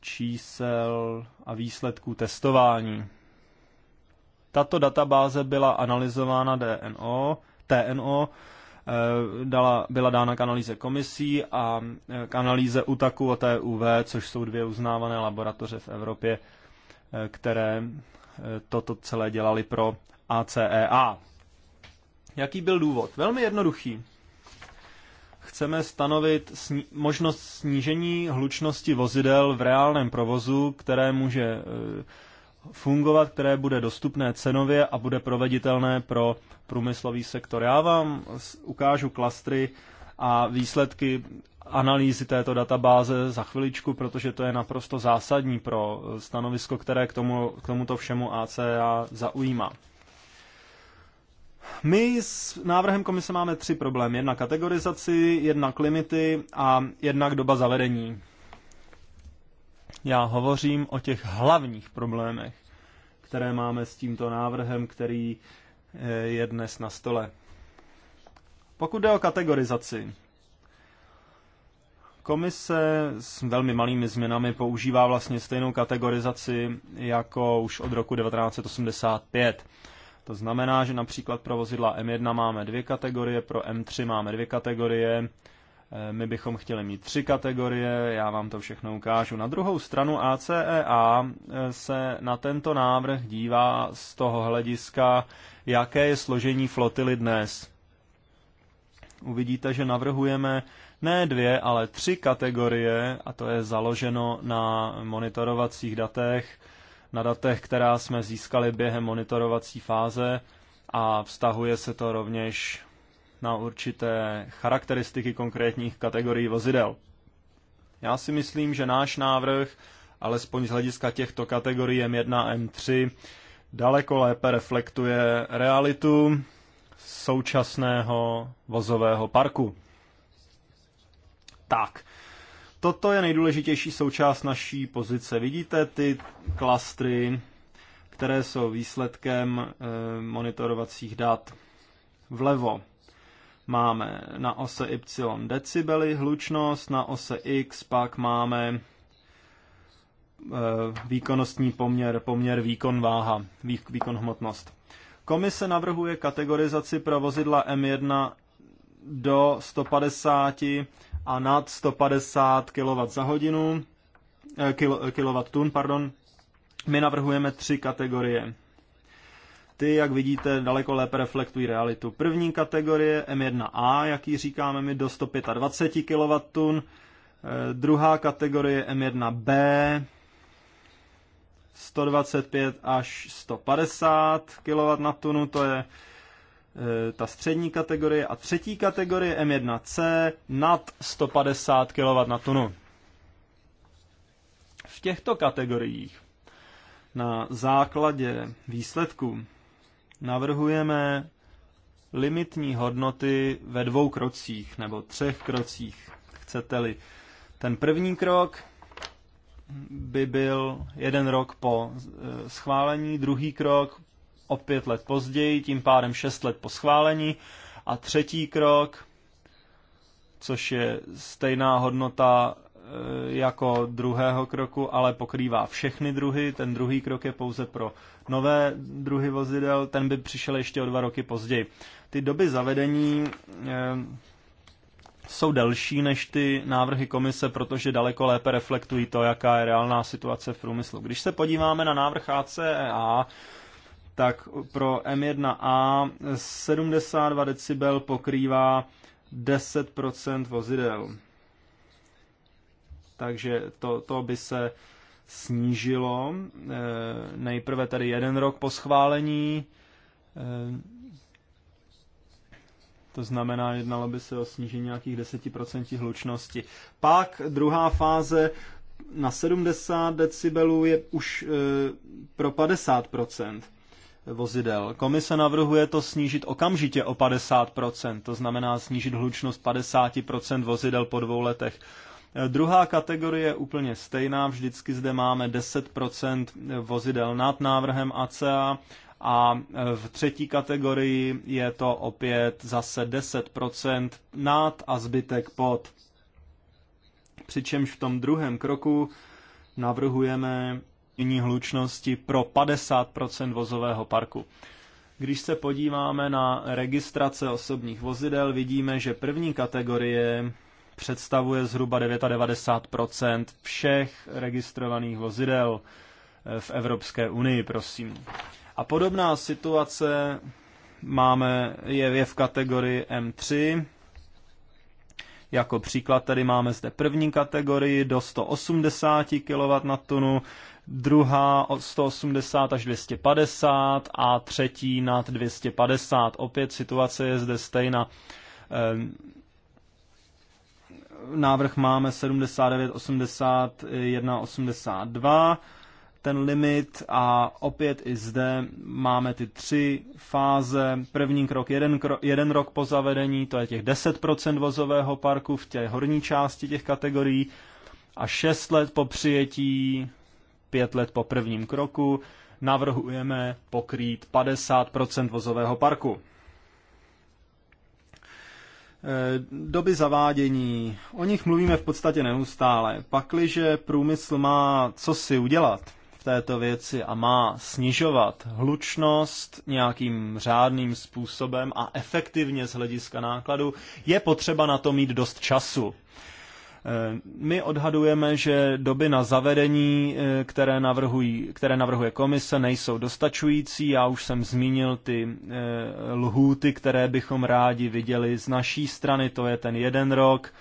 čísel a výsledků testování. Tato databáze byla analyzována DNO, TNO, eh, dala, byla dána k analýze komisí a eh, k analýze UTAKu a TUV, což jsou dvě uznávané laboratoře v Evropě, eh, které toto celé dělali pro ACEA. E Jaký byl důvod? Velmi jednoduchý. Chceme stanovit sni- možnost snížení hlučnosti vozidel v reálném provozu, které může e, fungovat, které bude dostupné cenově a bude proveditelné pro průmyslový sektor. Já vám ukážu klastry a výsledky analýzy této databáze za chviličku, protože to je naprosto zásadní pro stanovisko, které k, tomu, k tomuto všemu ACA zaujímá. My s návrhem komise máme tři problémy. Jedna kategorizaci, jedna limity a jednak doba zavedení. Já hovořím o těch hlavních problémech, které máme s tímto návrhem, který eh, je dnes na stole. Pokud jde o kategorizaci, Komise s velmi malými změnami používá vlastně stejnou kategorizaci jako už od roku 1985. To znamená, že například pro vozidla M1 máme dvě kategorie, pro M3 máme dvě kategorie, eh, my bychom chtěli mít tři kategorie, já vám to všechno ukážu. Na druhou stranu ACEA e eh, se na tento návrh dívá z toho hlediska, jaké je složení flotily dnes. Uvidíte, že navrhujeme ne dvě, ale tři kategorie, a to je založeno na monitorovacích datech, na datech, která jsme získali během monitorovací fáze a vztahuje se to rovněž na určité charakteristiky konkrétních kategorií vozidel. Já si myslím, že náš návrh, alespoň z hlediska těchto kategorií M1 a M3, daleko lépe reflektuje realitu současného vozového parku tak. Toto je nejdůležitější součást naší pozice. Vidíte ty klastry, které jsou výsledkem eh, monitorovacích dat. Vlevo máme na ose Y decibely hlučnost, na ose X pak máme eh, výkonnostní poměr, poměr výkon váha, výkon hmotnost. Komise navrhuje kategorizaci pro vozidla M1 do 150 a nad 150 kWh za hodinu, eh, kilo, eh, tun, pardon, my navrhujeme tři kategorie. Ty, jak vidíte, daleko lépe reflektují realitu. První kategorie M1A, jaký říkáme my, do 125 tun. Eh, druhá kategorie M1B, 125 až 150 kW na tunu to je Eh, ta střední kategorie a třetí kategorie M1C nad 150 kW na tunu. V těchto kategoriích na základě výsledků navrhujeme limitní hodnoty ve dvou krocích nebo třech krocích, chcete-li. Ten první krok by byl jeden rok po eh, schválení, druhý krok o pět let později, tím pádem šest let po schválení. A třetí krok, což je stejná hodnota e, jako druhého kroku, ale pokrývá všechny druhy. Ten druhý krok je pouze pro nové druhy vozidel, ten by přišel ještě o dva roky později. Ty doby zavedení e, jsou delší než ty návrhy komise, protože daleko lépe reflektují to, jaká je reálná situace v průmyslu. Když se podíváme na návrh ACEA, tak pro M1A 72 decibel pokrývá 10% vozidel. Takže to, to by se snížilo. Eh, nejprve tady jeden rok po schválení. Eh, to znamená, jednalo by se o snížení nějakých 10% hlučnosti. Pak druhá fáze na 70 decibelů je už eh, pro 50% vozidel. Komise navrhuje to snížit okamžitě o 50%, to znamená snížit hlučnost 50% vozidel po dvou letech. Druhá kategorie je úplně stejná, vždycky zde máme 10% vozidel nad návrhem ACA a v třetí kategorii je to opět zase 10% nad a zbytek pod. Přičemž v tom druhém kroku navrhujeme snížení hlučnosti pro 50 vozového parku. Když se podíváme na registrace osobních vozidel, vidíme, že první kategorie představuje zhruba 99 všech registrovaných vozidel eh, v Evropské unii, prosím. A podobná situace máme, je, je v kategorii M3. Jako příklad tady máme zde první kategorii do 180 kW na tunu, druhá od 180 až 250 a třetí nad 250. Opět situace je zde stejná. Ehm, návrh máme 79, 81, 82 ten limit a opět i zde máme ty tři fáze. První krok jeden, krok, jeden rok po zavedení, to je těch 10% vozového parku v té horní části těch kategorií a 6 let po přijetí pět let po prvním kroku navrhujeme pokrýt 50 vozového parku. E, doby zavádění. O nich mluvíme v podstatě neustále. Pakliže průmysl má co si udělat v této věci a má snižovat hlučnost nějakým řádným způsobem a efektivně z hlediska nákladu, je potřeba na to mít dost času. Eh, my odhadujeme, že doby na zavedení, eh, které, navrhují, které navrhuje komise, nejsou dostačující. Já už jsem zmínil ty eh, lhůty, které bychom rádi viděli z naší strany, to je ten jeden rok,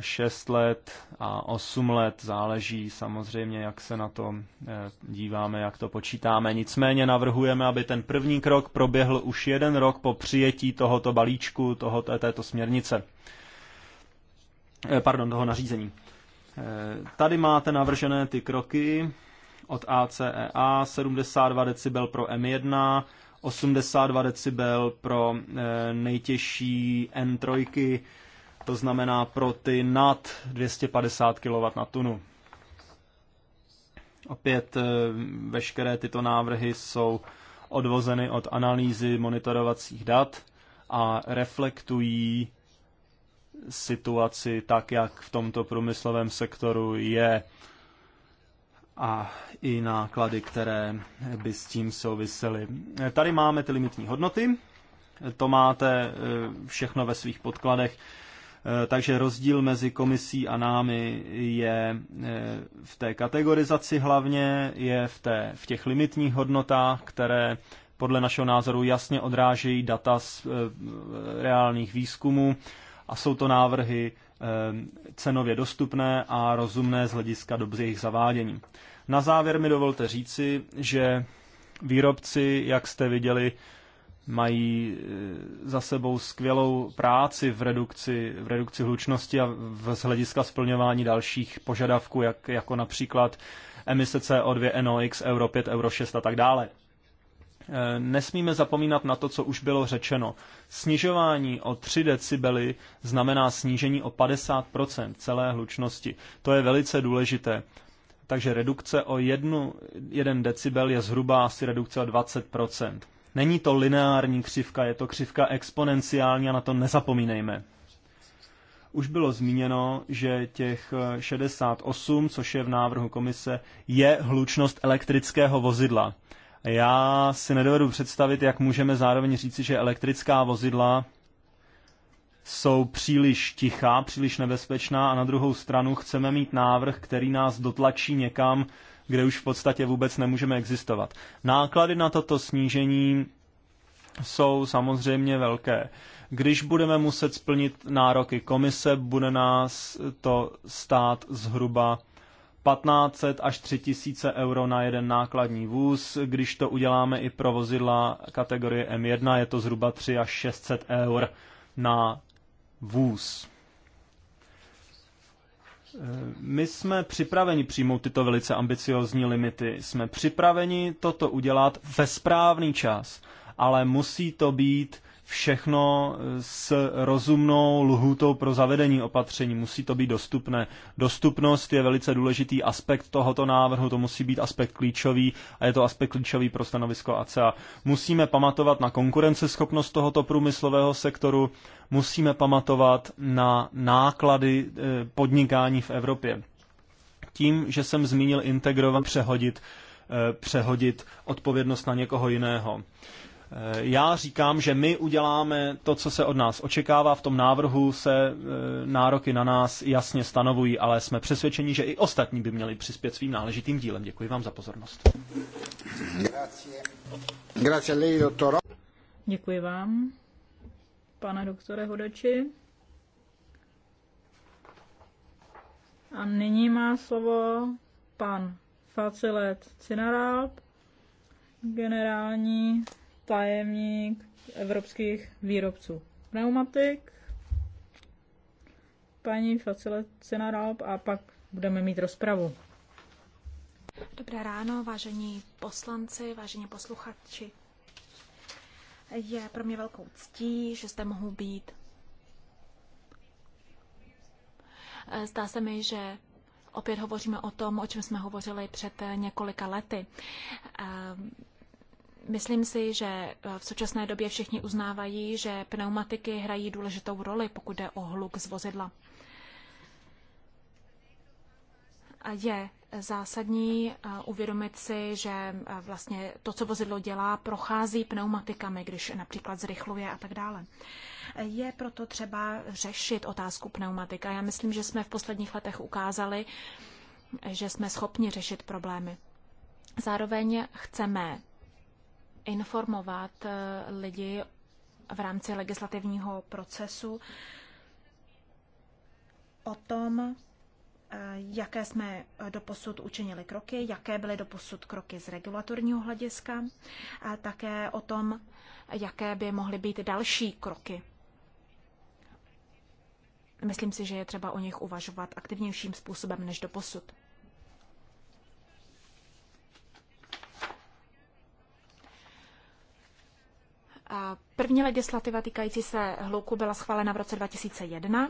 šest let a osm let, záleží samozřejmě, jak se na to díváme, jak to počítáme. Nicméně navrhujeme, aby ten první krok proběhl už jeden rok po přijetí tohoto balíčku, tohoto, této směrnice. Eh, pardon, toho nařízení. Eh, tady máte navržené ty kroky od ACEA 72 e decibel pro M1, 82 decibel pro eh, nejtěžší N3, to znamená pro ty nad 250 kW na tunu. Opět veškeré tyto návrhy jsou odvozeny od analýzy monitorovacích dat a reflektují situaci tak, jak v tomto průmyslovém sektoru je a i náklady, které by s tím souvisely. Tady máme ty limitní hodnoty, to máte eh, všechno ve svých podkladech, eh, takže rozdíl mezi komisí a námi je eh, v té kategorizaci hlavně, je v, té, v těch limitních hodnotách, které podle našeho názoru jasně odrážejí data z reálných výzkumů a jsou to návrhy ehm, cenově dostupné a rozumné z hlediska dobře jejich zavádění. Na závěr mi dovolte říci, že výrobci, jak jste viděli, mají eh, za sebou skvělou práci v redukci, v redukci hlučnosti a v, z hlediska splňování dalších požadavků, jak, jako například emise CO2, NOx, Euro 5, Euro 6 a tak dále. Eh, nesmíme zapomínat na to, co už bylo řečeno. Snižování o 3 decibely znamená snížení o 50% celé hlučnosti. To je velice důležité. Takže redukce o 1, decibel je zhruba asi redukce o 20%. Není to lineární křivka, je to křivka exponenciální a na to nezapomínejme. Už bylo zmíněno, že těch 68, eh, což je v návrhu komise, je hlučnost elektrického vozidla. Já si nedovedu představit, jak můžeme zároveň říci, že elektrická vozidla jsou příliš tichá, příliš nebezpečná a na druhou stranu chceme mít návrh, který nás dotlačí někam, kde už v podstatě vůbec nemůžeme existovat. Náklady na toto snížení jsou samozřejmě velké. Když budeme muset splnit nároky komise, bude nás to stát zhruba 1500 až 3000 euro na jeden nákladní vůz. Když to uděláme i pro vozidla kategorie M1, je to zhruba 3 až 600 eur na vůz. My jsme připraveni přijmout tyto velice ambiciozní limity. Jsme připraveni toto udělat ve správný čas, ale musí to být všechno s rozumnou lhůtou pro zavedení opatření. Musí to být dostupné. Dostupnost je velice důležitý aspekt tohoto návrhu, to musí být aspekt klíčový a je to aspekt klíčový pro stanovisko ACA. Musíme pamatovat na konkurenceschopnost tohoto průmyslového sektoru, musíme pamatovat na náklady eh, podnikání v Evropě. Tím, že jsem zmínil integrovat, přehodit, eh, přehodit odpovědnost na někoho jiného. Eh, já říkám, že my uděláme to, co se od nás očekává. V tom návrhu se eh, nároky na nás jasně stanovují, ale jsme přesvědčeni, že i ostatní by měli přispět svým náležitým dílem. Děkuji vám za pozornost. Děkuji vám, pane doktore Hodači. A nyní má slovo pan Facilet Cinaralp, generální tajemník evropských výrobců pneumatik, paní Facilena Ralp a pak budeme mít rozpravu. Dobré ráno, vážení poslanci, vážení posluchači. Je pro mě velkou ctí, že zde mohu být. Zdá se mi, že opět hovoříme o tom, o čem jsme hovořili před několika lety. Myslím si, že eh, v současné době všichni uznávají, že pneumatiky hrají důležitou roli, pokud jde o hluk z vozidla. Je zásadní eh, uvědomit si, že eh, vlastně to, co vozidlo dělá, prochází pneumatikami, když například zrychluje a tak dále. Je proto třeba řešit otázku pneumatika. Já myslím, že jsme v posledních letech ukázali, že jsme schopni řešit problémy. Zároveň chceme informovat eh, lidi v rámci legislativního procesu o tom, eh, jaké jsme doposud učinili kroky, jaké byly doposud kroky z regulatorního hlediska, a také o tom, jaké by mohly být další kroky. Myslím si, že je třeba o nich uvažovat aktivnějším způsobem než doposud. První legislativa týkající se hluku byla schválena v roce 2001.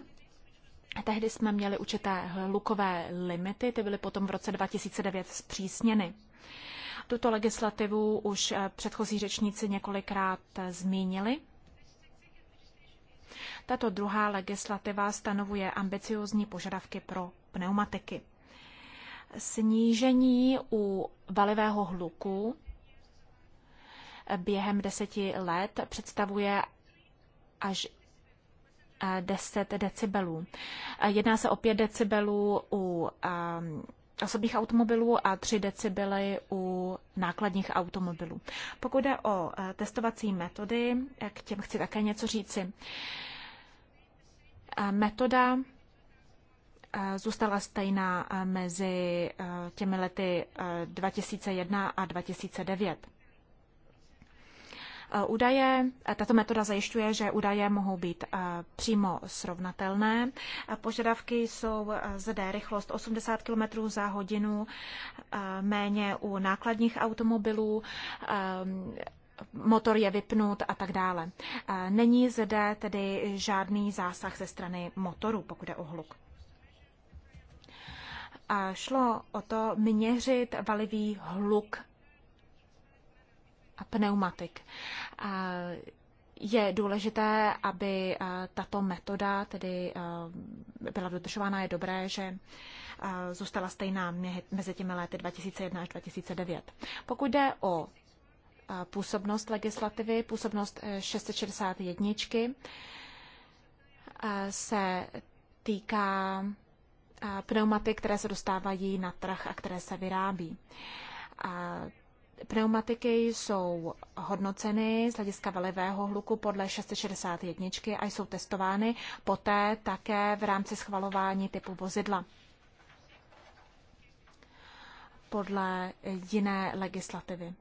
Tehdy jsme měli určité hlukové limity, ty byly potom v roce 2009 zpřísněny. Tuto legislativu už eh, předchozí řečníci několikrát eh, zmínili. Tato druhá legislativa stanovuje ambiciozní požadavky pro pneumatiky. Snížení u valivého hluku během deseti let představuje až 10 eh, decibelů. Eh, jedná se o 5 decibelů u eh, osobních automobilů a 3 decibely u nákladních automobilů. Pokud jde o testovací metody, k těm chci také něco říci. Metoda zůstala stejná mezi těmi lety 2001 a 2009. Eh, údaje. Eh, tato metoda zajišťuje, že údaje mohou být eh, přímo srovnatelné. Požadavky jsou zde rychlost 80 km za hodinu, méně u nákladních automobilů, motor je vypnut a tak dále. Není zde tedy žádný zásah ze strany motoru, pokud je o hluk. A šlo o to měřit valivý hluk pneumatik. Je důležité, aby tato metoda tedy byla dodržována. Je dobré, že zůstala stejná mezi těmi lety 2001 až 2009. Pokud jde o působnost legislativy, působnost 661 e, se týká pneumatik, které se dostávají na trh a které se vyrábí. Pneumatiky jsou hodnoceny z hlediska velivého hluku podle 661 a jsou testovány poté také v rámci schvalování typu vozidla podle jiné legislativy.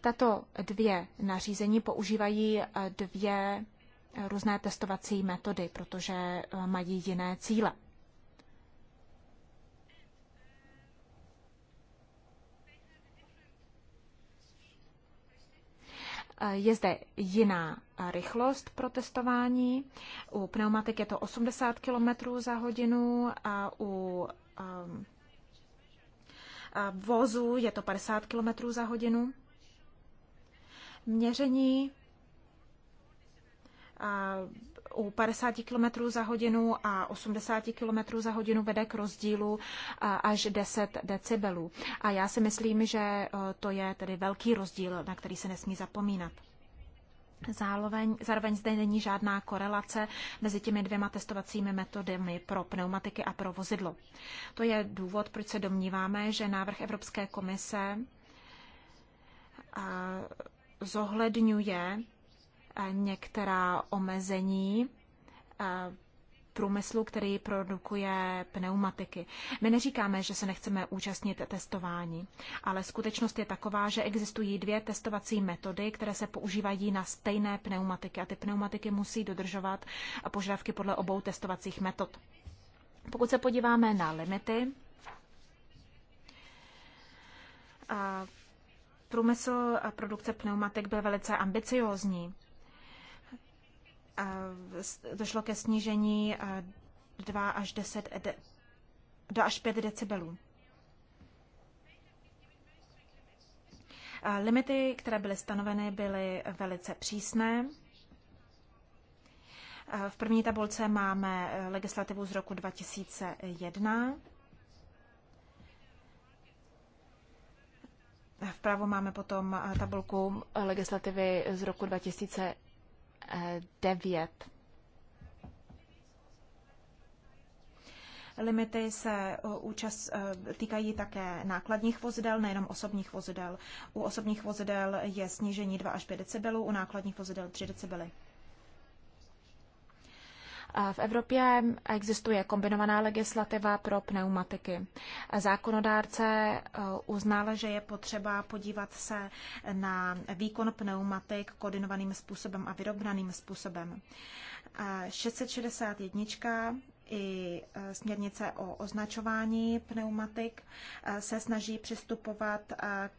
Tato dvě nařízení používají eh, dvě různé testovací metody, protože eh, mají jiné cíle. Je zde jiná rychlost pro testování. U pneumatik je to 80 km za hodinu a u um, vozu je to 50 km za hodinu. Měření u 50 km za hodinu a 80 km za hodinu vede k rozdílu až 10 decibelů. A já si myslím, že e, to je tedy velký rozdíl, na který se nesmí zapomínat. Zároveň, zároveň zde není žádná korelace mezi těmi dvěma testovacími metodami pro pneumatiky a pro vozidlo. To je důvod, proč se domníváme, že návrh Evropské komise zohledňuje Eh, některá omezení eh, průmyslu, který produkuje pneumatiky. My neříkáme, že se nechceme účastnit testování, ale skutečnost je taková, že existují dvě testovací metody, které se používají na stejné pneumatiky a ty pneumatiky musí dodržovat požadavky podle obou testovacích metod. Pokud se podíváme na limity, eh, průmysl a produkce pneumatik byl velice ambiciózní došlo ke snížení 2 až 10 de, 2 až 5 decibelů. Limity, které byly stanoveny, byly velice přísné. V první tabulce máme e, legislativu z roku 2001. Vpravo máme potom tabulku legislativy z roku 2001. 9. Limity se eh, účast, eh, týkají také nákladních vozidel, nejenom osobních vozidel. U osobních vozidel je snížení 2 až 5 decibelů, u nákladních vozidel 3 decibely. V Evropě existuje kombinovaná legislativa pro pneumatiky. Zákonodárce eh, uznal, že je potřeba podívat se na výkon pneumatik koordinovaným způsobem a vyrovnaným způsobem. 661 i eh, směrnice o označování pneumatik eh, se snaží přistupovat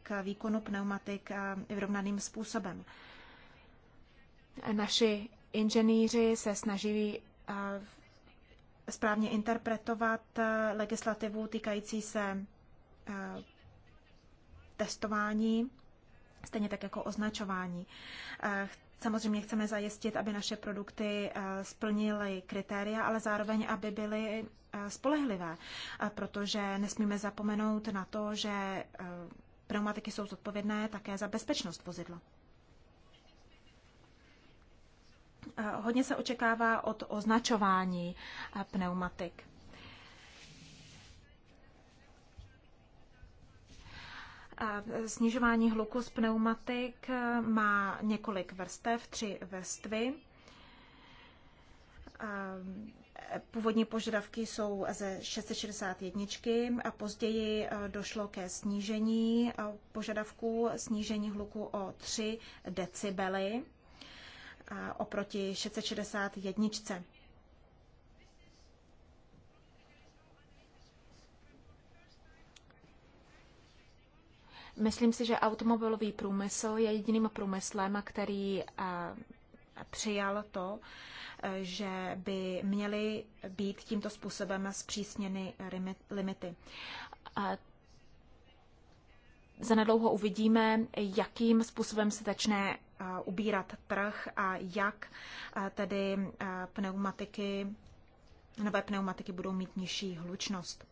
k výkonu pneumatik vyrovnaným způsobem. Naši inženýři se snaží správně interpretovat eh, legislativu týkající se eh, testování, stejně tak jako označování. Eh, samozřejmě chceme zajistit, aby naše produkty splnily kritéria, ale zároveň, aby byly spolehlivé, protože nesmíme zapomenout na to, že pneumatiky jsou zodpovědné také za bezpečnost vozidla. Hodně se očekává od označování pneumatik. Snižování hluku z pneumatik e, má několik vrstev, tři vrstvy. E, původní požadavky jsou ze 661 a později e, došlo ke snížení požadavků, snížení hluku o 3 decibely oproti 661. Myslím si, že automobilový průmysl je jediným průmyslem, který eh, přijal to, eh, že by měly být tímto způsobem zpřísněny limity. Zanedlouho uvidíme, jakým způsobem se začne ubírat trh a jak tedy pneumatiky, nové pneumatiky budou mít nižší hlučnost.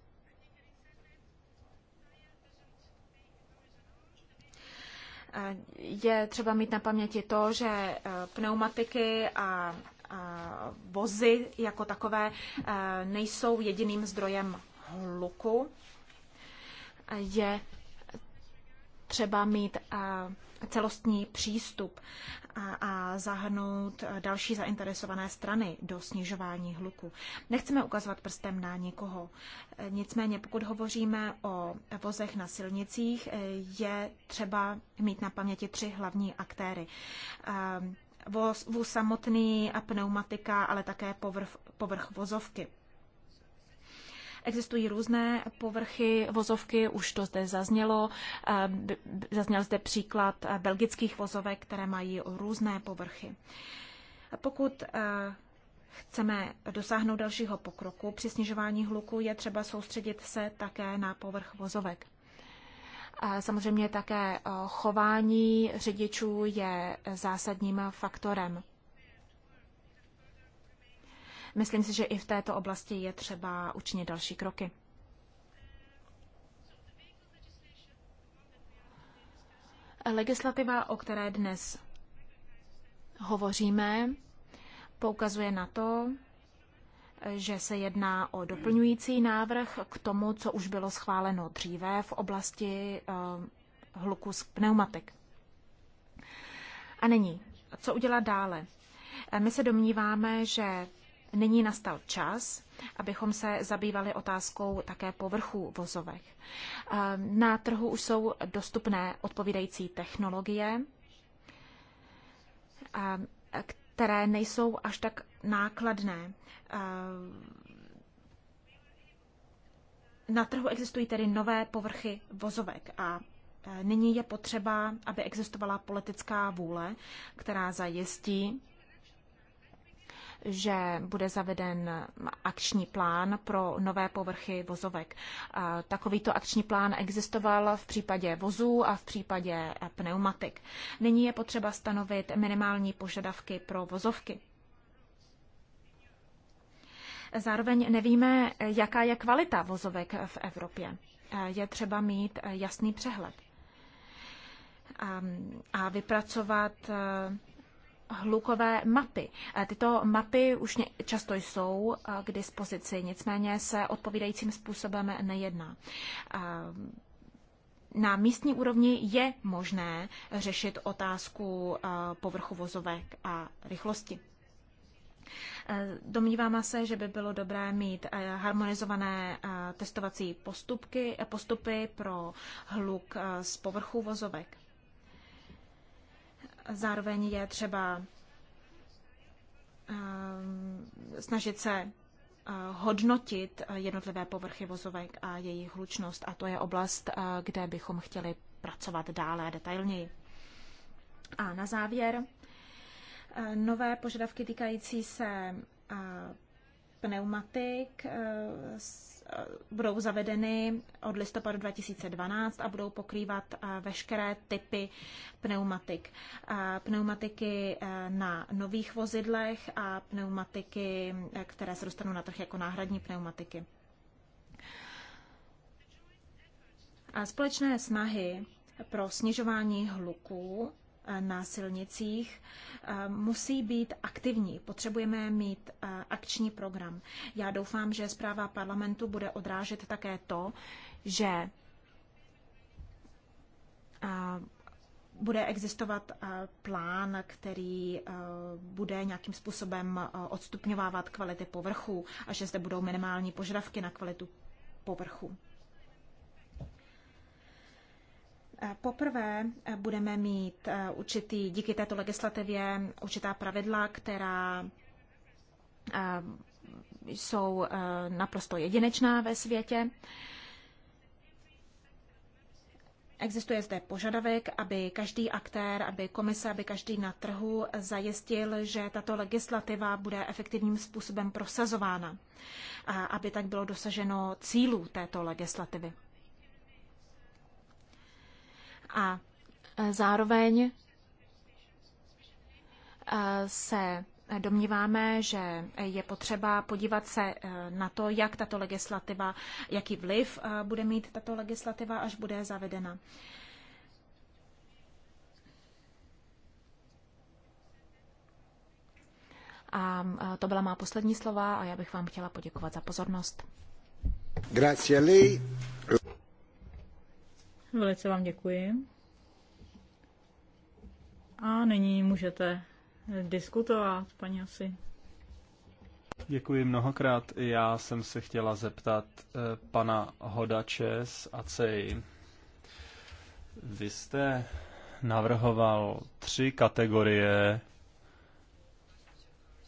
Je třeba mít na paměti to, že e, pneumatiky a vozy jako takové e, nejsou jediným zdrojem hluku. Je třeba mít e, celostní přístup a, a zahrnout další zainteresované strany do snižování hluku. Nechceme ukazovat prstem na nikoho. Nicméně, pokud hovoříme o vozech na silnicích, je třeba mít na paměti tři hlavní aktéry. Ehm, voz, vůz samotný, a pneumatika, ale také povrch, povrch vozovky. Existují různé povrchy vozovky, už to zde zaznělo. Ehm, zazněl zde příklad eh, belgických vozovek, které mají různé povrchy. Pokud eh, chceme dosáhnout dalšího pokroku při snižování hluku, je třeba soustředit se také na povrch vozovek. Samozřejmě také eh, chování řidičů je zásadním faktorem. Myslím si, že i v této oblasti je třeba učinit další kroky. Legislativa, o které dnes hovoříme, poukazuje na to, že se jedná o doplňující návrh k tomu, co už bylo schváleno dříve v oblasti eh, hluku z pneumatik. A není. Co udělat dále? Eh, my se domníváme, že nyní nastal čas, abychom se zabývali otázkou také povrchu vozovek. Ehm, na trhu už jsou dostupné odpovídající technologie, ehm, které nejsou až tak nákladné. Ehm, na trhu existují tedy nové povrchy vozovek a nyní je potřeba, aby existovala politická vůle, která zajistí, že bude zaveden akční plán pro nové povrchy vozovek. Takovýto akční plán existoval v případě vozů a v případě pneumatik. Nyní je potřeba stanovit minimální požadavky pro vozovky. Zároveň nevíme, jaká je kvalita vozovek v Evropě. Je třeba mít jasný přehled a, a vypracovat hlukové mapy. Eh, tyto mapy už často jsou eh, k dispozici, nicméně se odpovídajícím způsobem nejedná. Eh, na místní úrovni je možné řešit otázku povrchu vozovek a rychlosti. Domníváme se, že by bylo dobré mít harmonizované testovací postupky, postupy pro hluk z povrchu vozovek. Zároveň je třeba eh, snažit se eh, hodnotit eh, jednotlivé povrchy vozovek a jejich hlučnost. A to je oblast, kde bychom chtěli pracovat dále a detailněji. A na závěr nové požadavky týkající se pneumatik eh, eh, budou zavedeny od listopadu 2012 a budou pokrývat eh, veškeré typy pneumatik. Pneumatiky na nových vozidlech a pneumatiky, které se dostanou na trh jako náhradní pneumatiky. A společné snahy pro snižování hluku Eh, na silnicích, eh, musí být aktivní. Potřebujeme mít eh, akční program. Já doufám, že zpráva parlamentu bude odrážet také to, že bude existovat plán, který bude nějakým způsobem odstupňovávat kvality povrchu a že zde budou minimální požadavky na kvalitu povrchu. Poprvé eh, budeme mít eh, určitý, díky této legislativě určitá pravidla, která eh, jsou naprosto jedinečná ve světě. Existuje zde požadavek, aby každý aktér, aby komise, aby každý na trhu zajistil, že tato legislativa bude efektivním způsobem prosazována, aby tak bylo dosaženo cílů této legislativy. A e, zároveň e, se domníváme, že je potřeba podívat se e, na to, jak tato legislativa, jaký vliv bude mít tato legislativa, až bude zavedena. A to byla má poslední slova a já bych vám chtěla poděkovat za pozornost. Grazie lei. Velice vám děkuji. A nyní můžete diskutovat, paní Asi. Děkuji mnohokrát. Já jsem se chtěla zeptat eh, pana Hodače z ACEI. Vy jste navrhoval tři kategorie,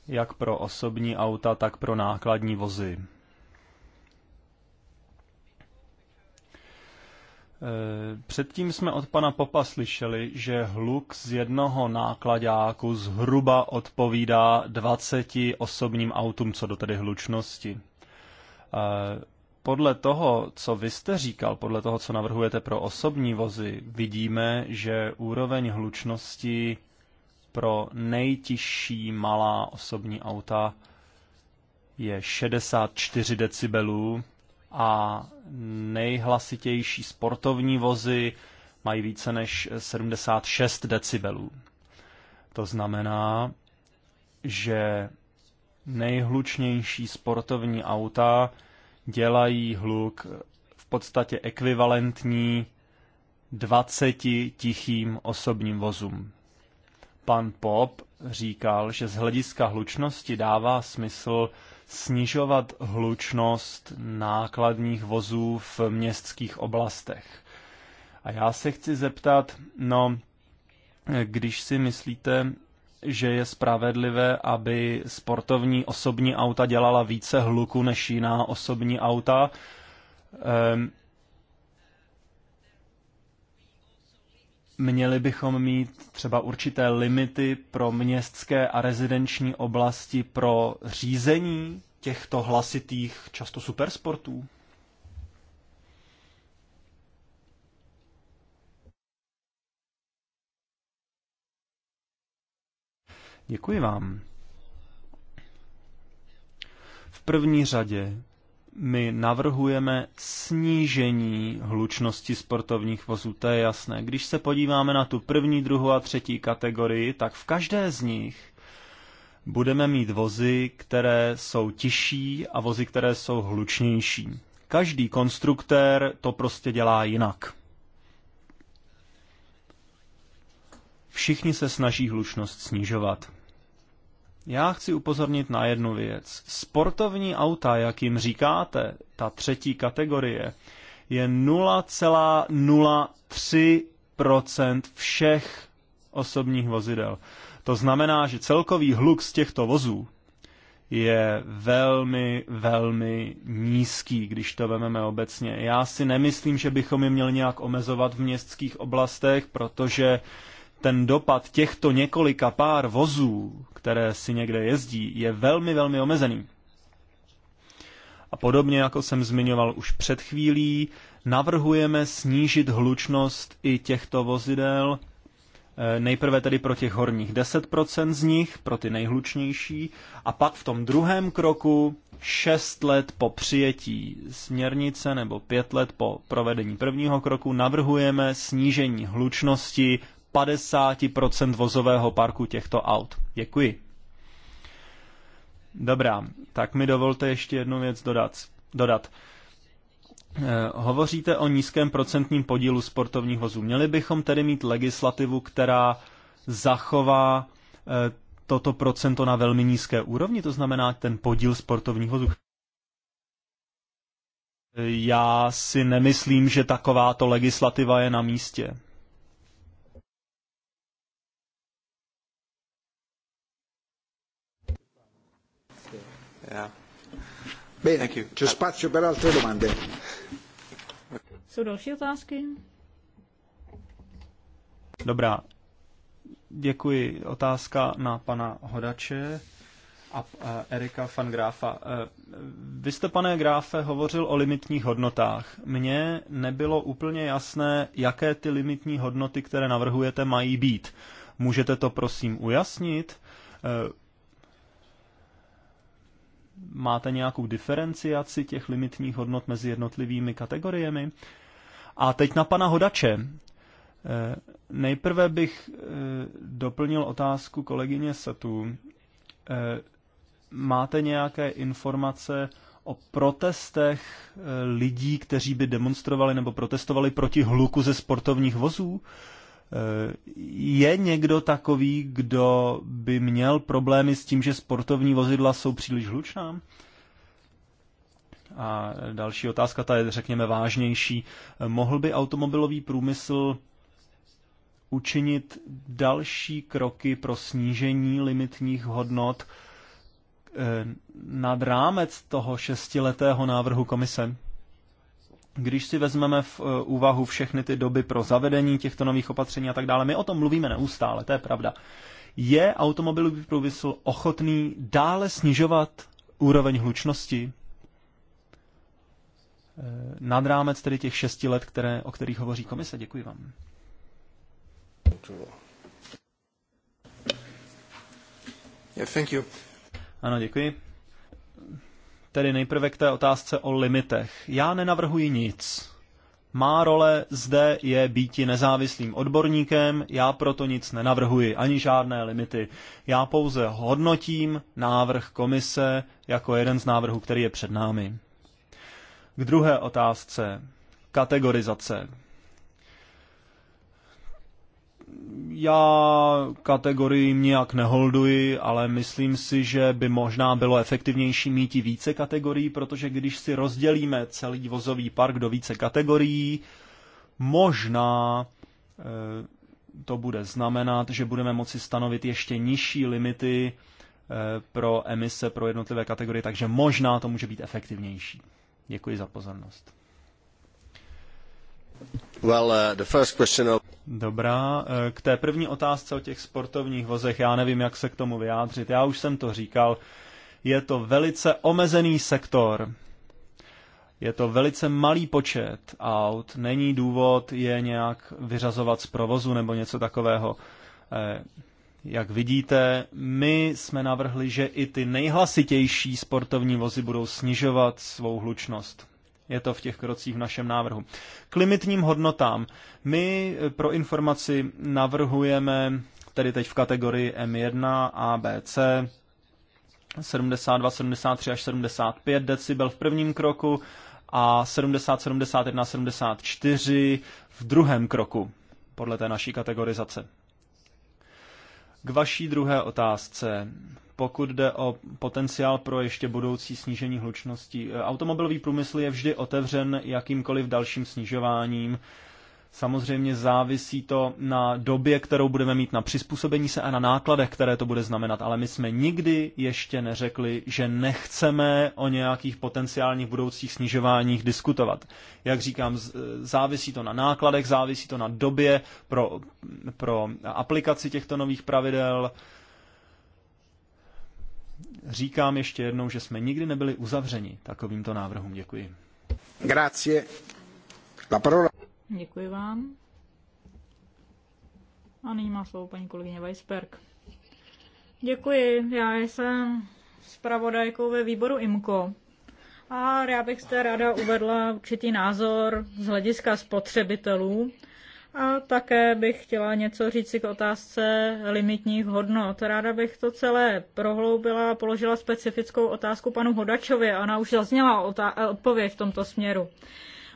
jak pro osobní auta, tak pro nákladní vozy. Eh, předtím jsme od pana Popa slyšeli, že hluk z jednoho nákladáku zhruba odpovídá 20 osobním autům, co do tedy hlučnosti. Eh, podle toho, co vy jste říkal, podle toho, co navrhujete pro osobní vozy, vidíme, že úroveň hlučnosti pro nejtižší malá osobní auta je 64 decibelů, a nejhlasitější sportovní vozy mají více než 76 decibelů. To znamená, že nejhlučnější sportovní auta dělají hluk v podstatě ekvivalentní 20 tichým osobním vozům. Pan Pop říkal, že z hlediska hlučnosti dává smysl snižovat hlučnost nákladních vozů v městských oblastech. A já se chci zeptat, no, když si myslíte, že je spravedlivé, aby sportovní osobní auta dělala více hluku než jiná osobní auta, ehm, Měli bychom mít třeba určité limity pro městské a rezidenční oblasti pro řízení těchto hlasitých, často supersportů? Děkuji vám. V první řadě my navrhujeme snížení hlučnosti sportovních vozů, to je jasné. Když se podíváme na tu první, druhou a třetí kategorii, tak v každé z nich budeme mít vozy, které jsou tiší a vozy, které jsou hlučnější. Každý konstruktér to prostě dělá jinak. Všichni se snaží hlučnost snižovat. Já chci upozornit na jednu věc. Sportovní auta, jak jim říkáte, ta třetí kategorie, je 0,03% všech osobních vozidel. To znamená, že celkový hluk z těchto vozů je velmi, velmi nízký, když to vememe obecně. Já si nemyslím, že bychom je měli nějak omezovat v městských oblastech, protože ten dopad těchto několika pár vozů, které si někde jezdí, je velmi, velmi omezený. A podobně, jako jsem zmiňoval už před chvílí, navrhujeme snížit hlučnost i těchto vozidel, eh, nejprve tedy pro těch horních 10% z nich, pro ty nejhlučnější, a pak v tom druhém kroku 6 let po přijetí směrnice nebo 5 let po provedení prvního kroku navrhujeme snížení hlučnosti 50% vozového parku těchto aut. Děkuji. Dobrá, tak mi dovolte ještě jednu věc dodat. dodat. Eh, hovoříte o nízkém procentním podílu sportovních vozů. Měli bychom tedy mít legislativu, která zachová eh, toto procento na velmi nízké úrovni, to znamená ten podíl sportovních vozů. Eh, já si nemyslím, že takováto legislativa je na místě. Bene, C'è spazio per altre domande. Jsou další otázky? Dobrá. Děkuji. Otázka na pana Hodače a eh, Erika van Grafa. Eh, vy jste, pane Gráfe, hovořil o limitních hodnotách. Mně nebylo úplně jasné, jaké ty limitní hodnoty, které navrhujete, mají být. Můžete to prosím ujasnit? Eh, máte nějakou diferenciaci těch limitních hodnot mezi jednotlivými kategoriemi? A teď na pana Hodače. Eh, nejprve bych eh, doplnil otázku kolegyně Setu. Eh, máte nějaké informace o protestech lidí, kteří by demonstrovali nebo protestovali proti hluku ze sportovních vozů? Eh, je někdo takový, kdo by měl problémy s tím, že sportovní vozidla jsou příliš hlučná? A další otázka, ta je řekněme vážnější. Mohl by automobilový průmysl učinit další kroky pro snížení limitních hodnot eh, nad rámec toho šestiletého návrhu komise? Když si vezmeme v eh, úvahu všechny ty doby pro zavedení těchto nových opatření a tak dále, my o tom mluvíme neustále, to je pravda. Je automobilový průmysl ochotný dále snižovat úroveň hlučnosti? Eh, nad rámec tedy těch šesti let, které, o kterých hovoří komise. Děkuji vám. Yeah, thank you. Ano, děkuji. Tedy nejprve k té otázce o limitech. Já nenavrhuji nic. Má role zde je býti nezávislým odborníkem, já proto nic nenavrhuji, ani žádné limity. Já pouze hodnotím návrh komise jako jeden z návrhů, který je před námi. K druhé otázce. Kategorizace. já kategorii nějak neholduji, ale myslím si, že by možná bylo efektivnější mít i více kategorií, protože když si rozdělíme celý vozový park do více kategorií, možná eh, to bude znamenat, že budeme moci stanovit ještě nižší limity eh, pro emise pro jednotlivé kategorie, takže možná to může být efektivnější. Děkuji za pozornost. Well, uh, the first question of... Dobrá, e, k té první otázce o těch sportovních vozech, já nevím, jak se k tomu vyjádřit. Já už jsem to říkal, je to velice omezený sektor. Je to velice malý počet aut, není důvod je nějak vyřazovat z provozu nebo něco takového. E, jak vidíte, my jsme navrhli, že i ty nejhlasitější sportovní vozy budou snižovat svou hlučnost. Je to v těch krocích v našem návrhu. K limitním hodnotám. My eh, pro informaci navrhujeme, tedy teď v kategorii M1 a BC, 72, 73 až 75 decibel v prvním kroku a 70, 71, 74 v druhém kroku, podle té naší kategorizace. K vaší druhé otázce pokud jde o potenciál pro ještě budoucí snížení hlučnosti. Eh, automobilový průmysl je vždy otevřen jakýmkoliv dalším snižováním. Samozřejmě závisí to na době, kterou budeme mít na přizpůsobení se a na nákladech, které to bude znamenat, ale my jsme nikdy ještě neřekli, že nechceme o nějakých potenciálních budoucích snižováních diskutovat. Jak říkám, závisí to na nákladech, závisí to na době pro, pro aplikaci těchto nových pravidel, Říkám ještě jednou, že jsme nikdy nebyli uzavřeni takovýmto návrhům. Děkuji. Grazie. La parola. Děkuji vám. A nyní má slovo paní kolegyně Weisberg. Děkuji. Já jsem zpravodajkou ve výboru IMKO. A já bych zde ráda uvedla určitý názor z hlediska spotřebitelů a také bych chtěla něco říci k otázce limitních hodnot. Ráda bych to celé prohloubila a položila specifickou otázku panu Hodačovi. Ona už zazněla eh, odpověď v tomto směru.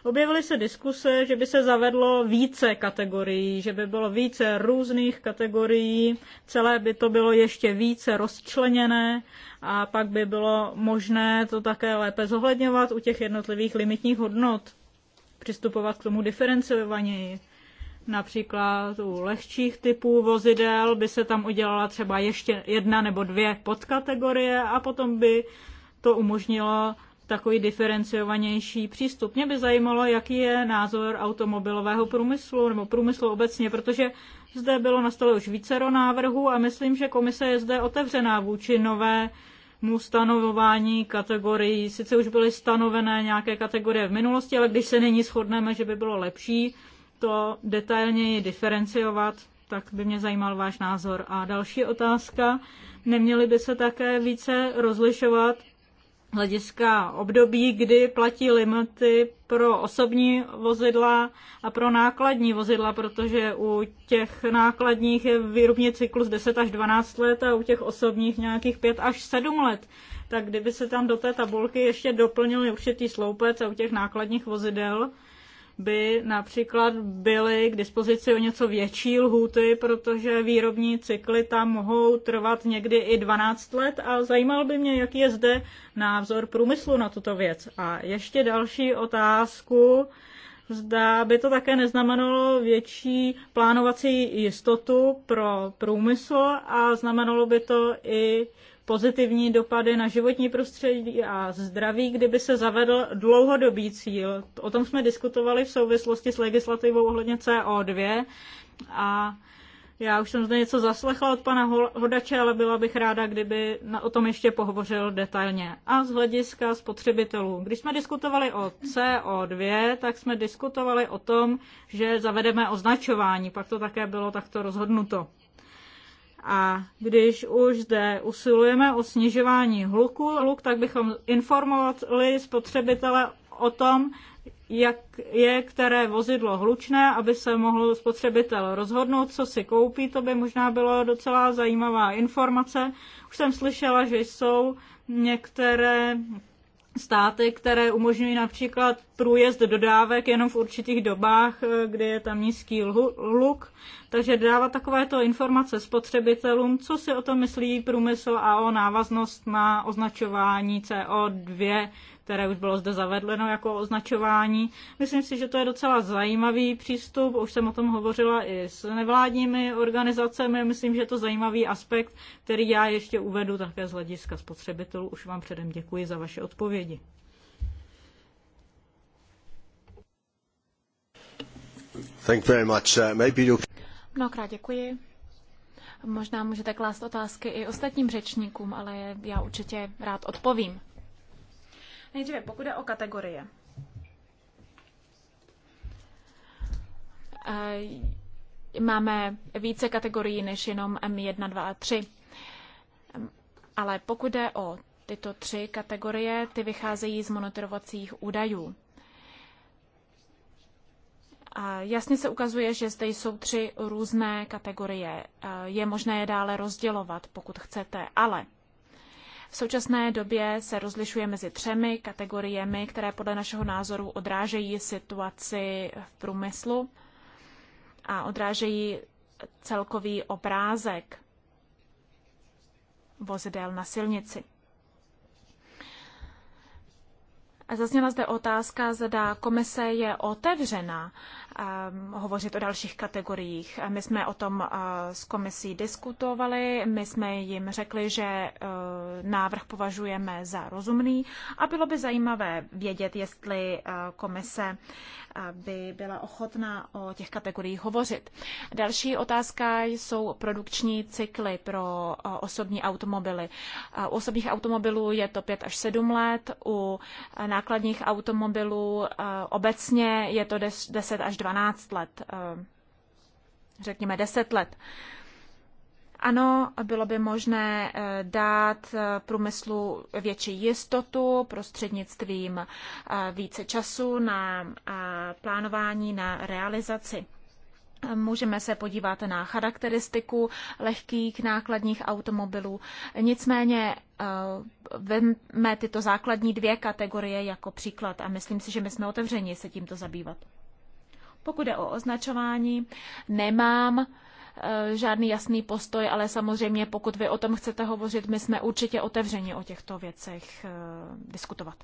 Objevily se diskuse, že by se zavedlo více kategorií, že by bylo více různých kategorií, celé by to bylo ještě více rozčleněné a pak by bylo možné to také lépe zohledňovat u těch jednotlivých limitních hodnot, přistupovat k tomu diferencovaněji. Například u lehčích typů vozidel by se tam udělala třeba ještě jedna nebo dvě podkategorie a potom by to umožnilo takový diferenciovanější přístup. Mě by zajímalo, jaký je názor automobilového průmyslu nebo průmyslu obecně, protože zde bylo na stole už vícero návrhů a myslím, že komise je zde otevřená vůči novému stanovování kategorií. Sice už byly stanovené nějaké kategorie v minulosti, ale když se nyní shodneme, že by bylo lepší to detailněji diferenciovat, tak by mě zajímal váš názor. A další otázka, neměly by se také více rozlišovat hlediska období, kdy platí limity pro osobní vozidla a pro nákladní vozidla, protože u těch nákladních je výrobní cyklus 10 až 12 let a u těch osobních nějakých 5 až 7 let. Tak kdyby se tam do té tabulky ještě doplnil určitý sloupec a u těch nákladních vozidel, by například byly k dispozici o něco větší lhůty, protože výrobní cykly tam mohou trvat někdy i 12 let a zajímal by mě, jaký je zde názor průmyslu na tuto věc. A ještě další otázku. Zda by to také neznamenalo větší plánovací jistotu pro průmysl a znamenalo by to i pozitivní dopady na životní prostředí a zdraví, kdyby se zavedl dlouhodobý cíl. O tom jsme diskutovali v souvislosti s legislativou ohledně CO2 a já už jsem zde něco zaslechla od pana Hodače, ale byla bych ráda, kdyby o tom ještě pohovořil detailně. A z hlediska spotřebitelů. Když jsme diskutovali o CO2, tak jsme diskutovali o tom, že zavedeme označování. Pak to také bylo takto rozhodnuto. A když už zde usilujeme o snižování hluku, hluk, tak bychom informovali spotřebitele o tom, jak je které vozidlo hlučné, aby se mohl spotřebitel rozhodnout, co si koupí. To by možná bylo docela zajímavá informace. Už jsem slyšela, že jsou některé státy, které umožňují například průjezd dodávek jenom v určitých dobách, eh, kde je tam nízký luk. Takže dávat takovéto informace spotřebitelům, co si o tom myslí průmysl a o návaznost na označování CO2 které už bylo zde zavedleno jako označování. Myslím si, že to je docela zajímavý přístup, už jsem o tom hovořila i s nevládními organizacemi, myslím, že je to zajímavý aspekt, který já ještě uvedu také z hlediska spotřebitelů. Už vám předem děkuji za vaše odpovědi. Thank very much. Uh, maybe you... Mnohokrát děkuji. Možná můžete klást otázky i ostatním řečníkům, ale já určitě rád odpovím. Nejdříve, pokud je o kategorie. Eh, máme více kategorií než jenom M1, 2 a 3. Ale pokud jde o tyto tři kategorie, ty vycházejí z monitorovacích údajů. A jasně se ukazuje, že zde jsou tři různé kategorie. Eh, je možné je dále rozdělovat, pokud chcete, ale v současné době se rozlišuje mezi třemi kategoriemi, které podle našeho názoru odrážejí situaci v průmyslu a odrážejí celkový obrázek vozidel na silnici. Zazněla zde otázka, zda komise je otevřená Ehm, hovořit o dalších kategoriích. Ehm, my jsme o tom eh, s komisí diskutovali, my jsme jim řekli, že eh, návrh považujeme za rozumný a bylo by zajímavé vědět, jestli eh, komise aby byla ochotná o těch kategoriích hovořit. Další otázka jsou produkční cykly pro e, osobní automobily. E, u osobních automobilů je to 5 až 7 let, u e, nákladních automobilů obecně je to 10 až 12 let, řekněme 10 let. Ano, bylo by možné eh, dát eh, průmyslu větší jistotu prostřednictvím eh, více času na plánování, na realizaci. Můžeme se podívat na charakteristiku lehkých nákladních automobilů. Nicméně veme tyto základní dvě kategorie jako příklad a myslím si, že my jsme otevřeni se tímto zabývat. Pokud je o označování, nemám Eh, žádný jasný postoj, ale samozřejmě pokud vy o tom chcete hovořit, my jsme určitě otevřeni o těchto věcech eh, diskutovat.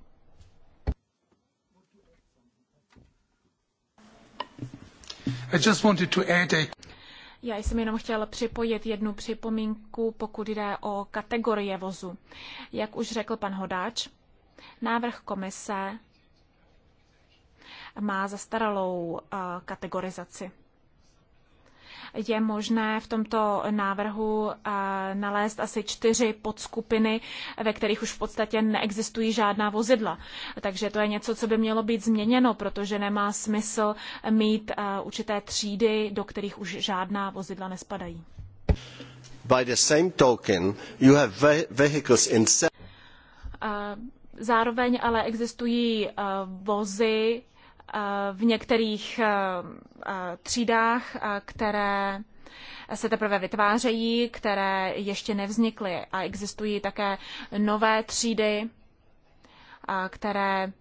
I just wanted to add a... Já jsem jenom chtěla připojit jednu připomínku, pokud jde o kategorie vozu. Jak už řekl pan Hodáč, návrh komise má zastaralou eh, kategorizaci je možné v tomto návrhu eh, nalézt asi čtyři podskupiny, ve kterých už v podstatě neexistují žádná vozidla. Takže to je něco, co by mělo být změněno, protože nemá smysl mít eh, určité třídy, do kterých už žádná vozidla nespadají. By the same token, you have vehicles in... Eh, zároveň ale existují vozy, Eh, v některých eh, eh, třídách, které se teprve vytvářejí, které ještě nevznikly a existují také nové třídy, které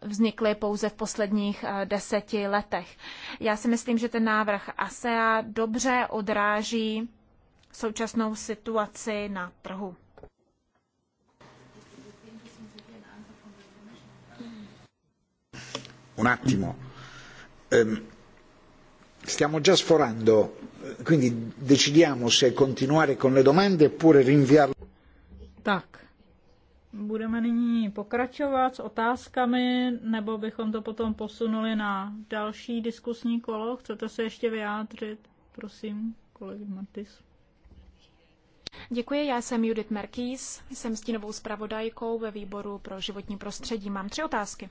vznikly pouze v posledních deseti letech. Já si myslím, že ten návrh ASEA e dobře odráží současnou situaci na trhu. un attimo. Ehm, stiamo già sforando, quindi decidiamo se continuare con le domande oppure rinviarle. Tak, budeme nyní pokračovat s otázkami, nebo bychom to potom posunuli na další diskusní kolo. Chcete se ještě vyjádřit? Prosím, kolega Martis. Děkuji, já jsem Judith Merkýs, jsem stínovou zpravodajkou ve výboru pro životní prostředí. Mám tři otázky.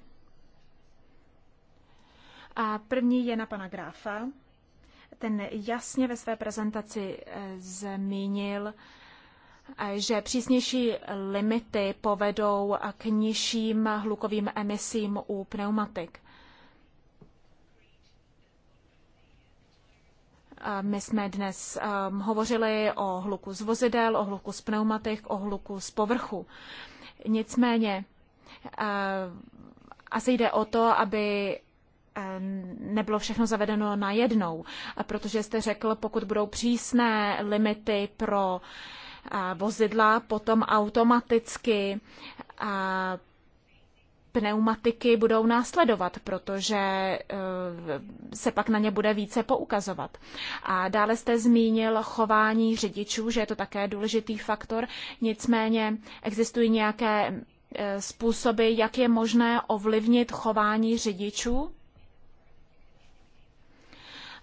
A první je na pana Gráfa. Ten jasně ve své prezentaci eh, zmínil, eh, že přísnější limity povedou k nižším hlukovým emisím u pneumatik. My jsme dnes eh, hovořili o hluku z vozidel, o hluku z pneumatik, o hluku z povrchu. Nicméně asi jde o to, aby nebylo všechno zavedeno najednou, protože jste řekl, pokud budou přísné limity pro vozidla, potom automaticky pneumatiky budou následovat, protože e, se pak na ně bude více poukazovat. A dále jste zmínil chování řidičů, že je to také důležitý faktor, nicméně existují nějaké e, způsoby, jak je možné ovlivnit chování řidičů?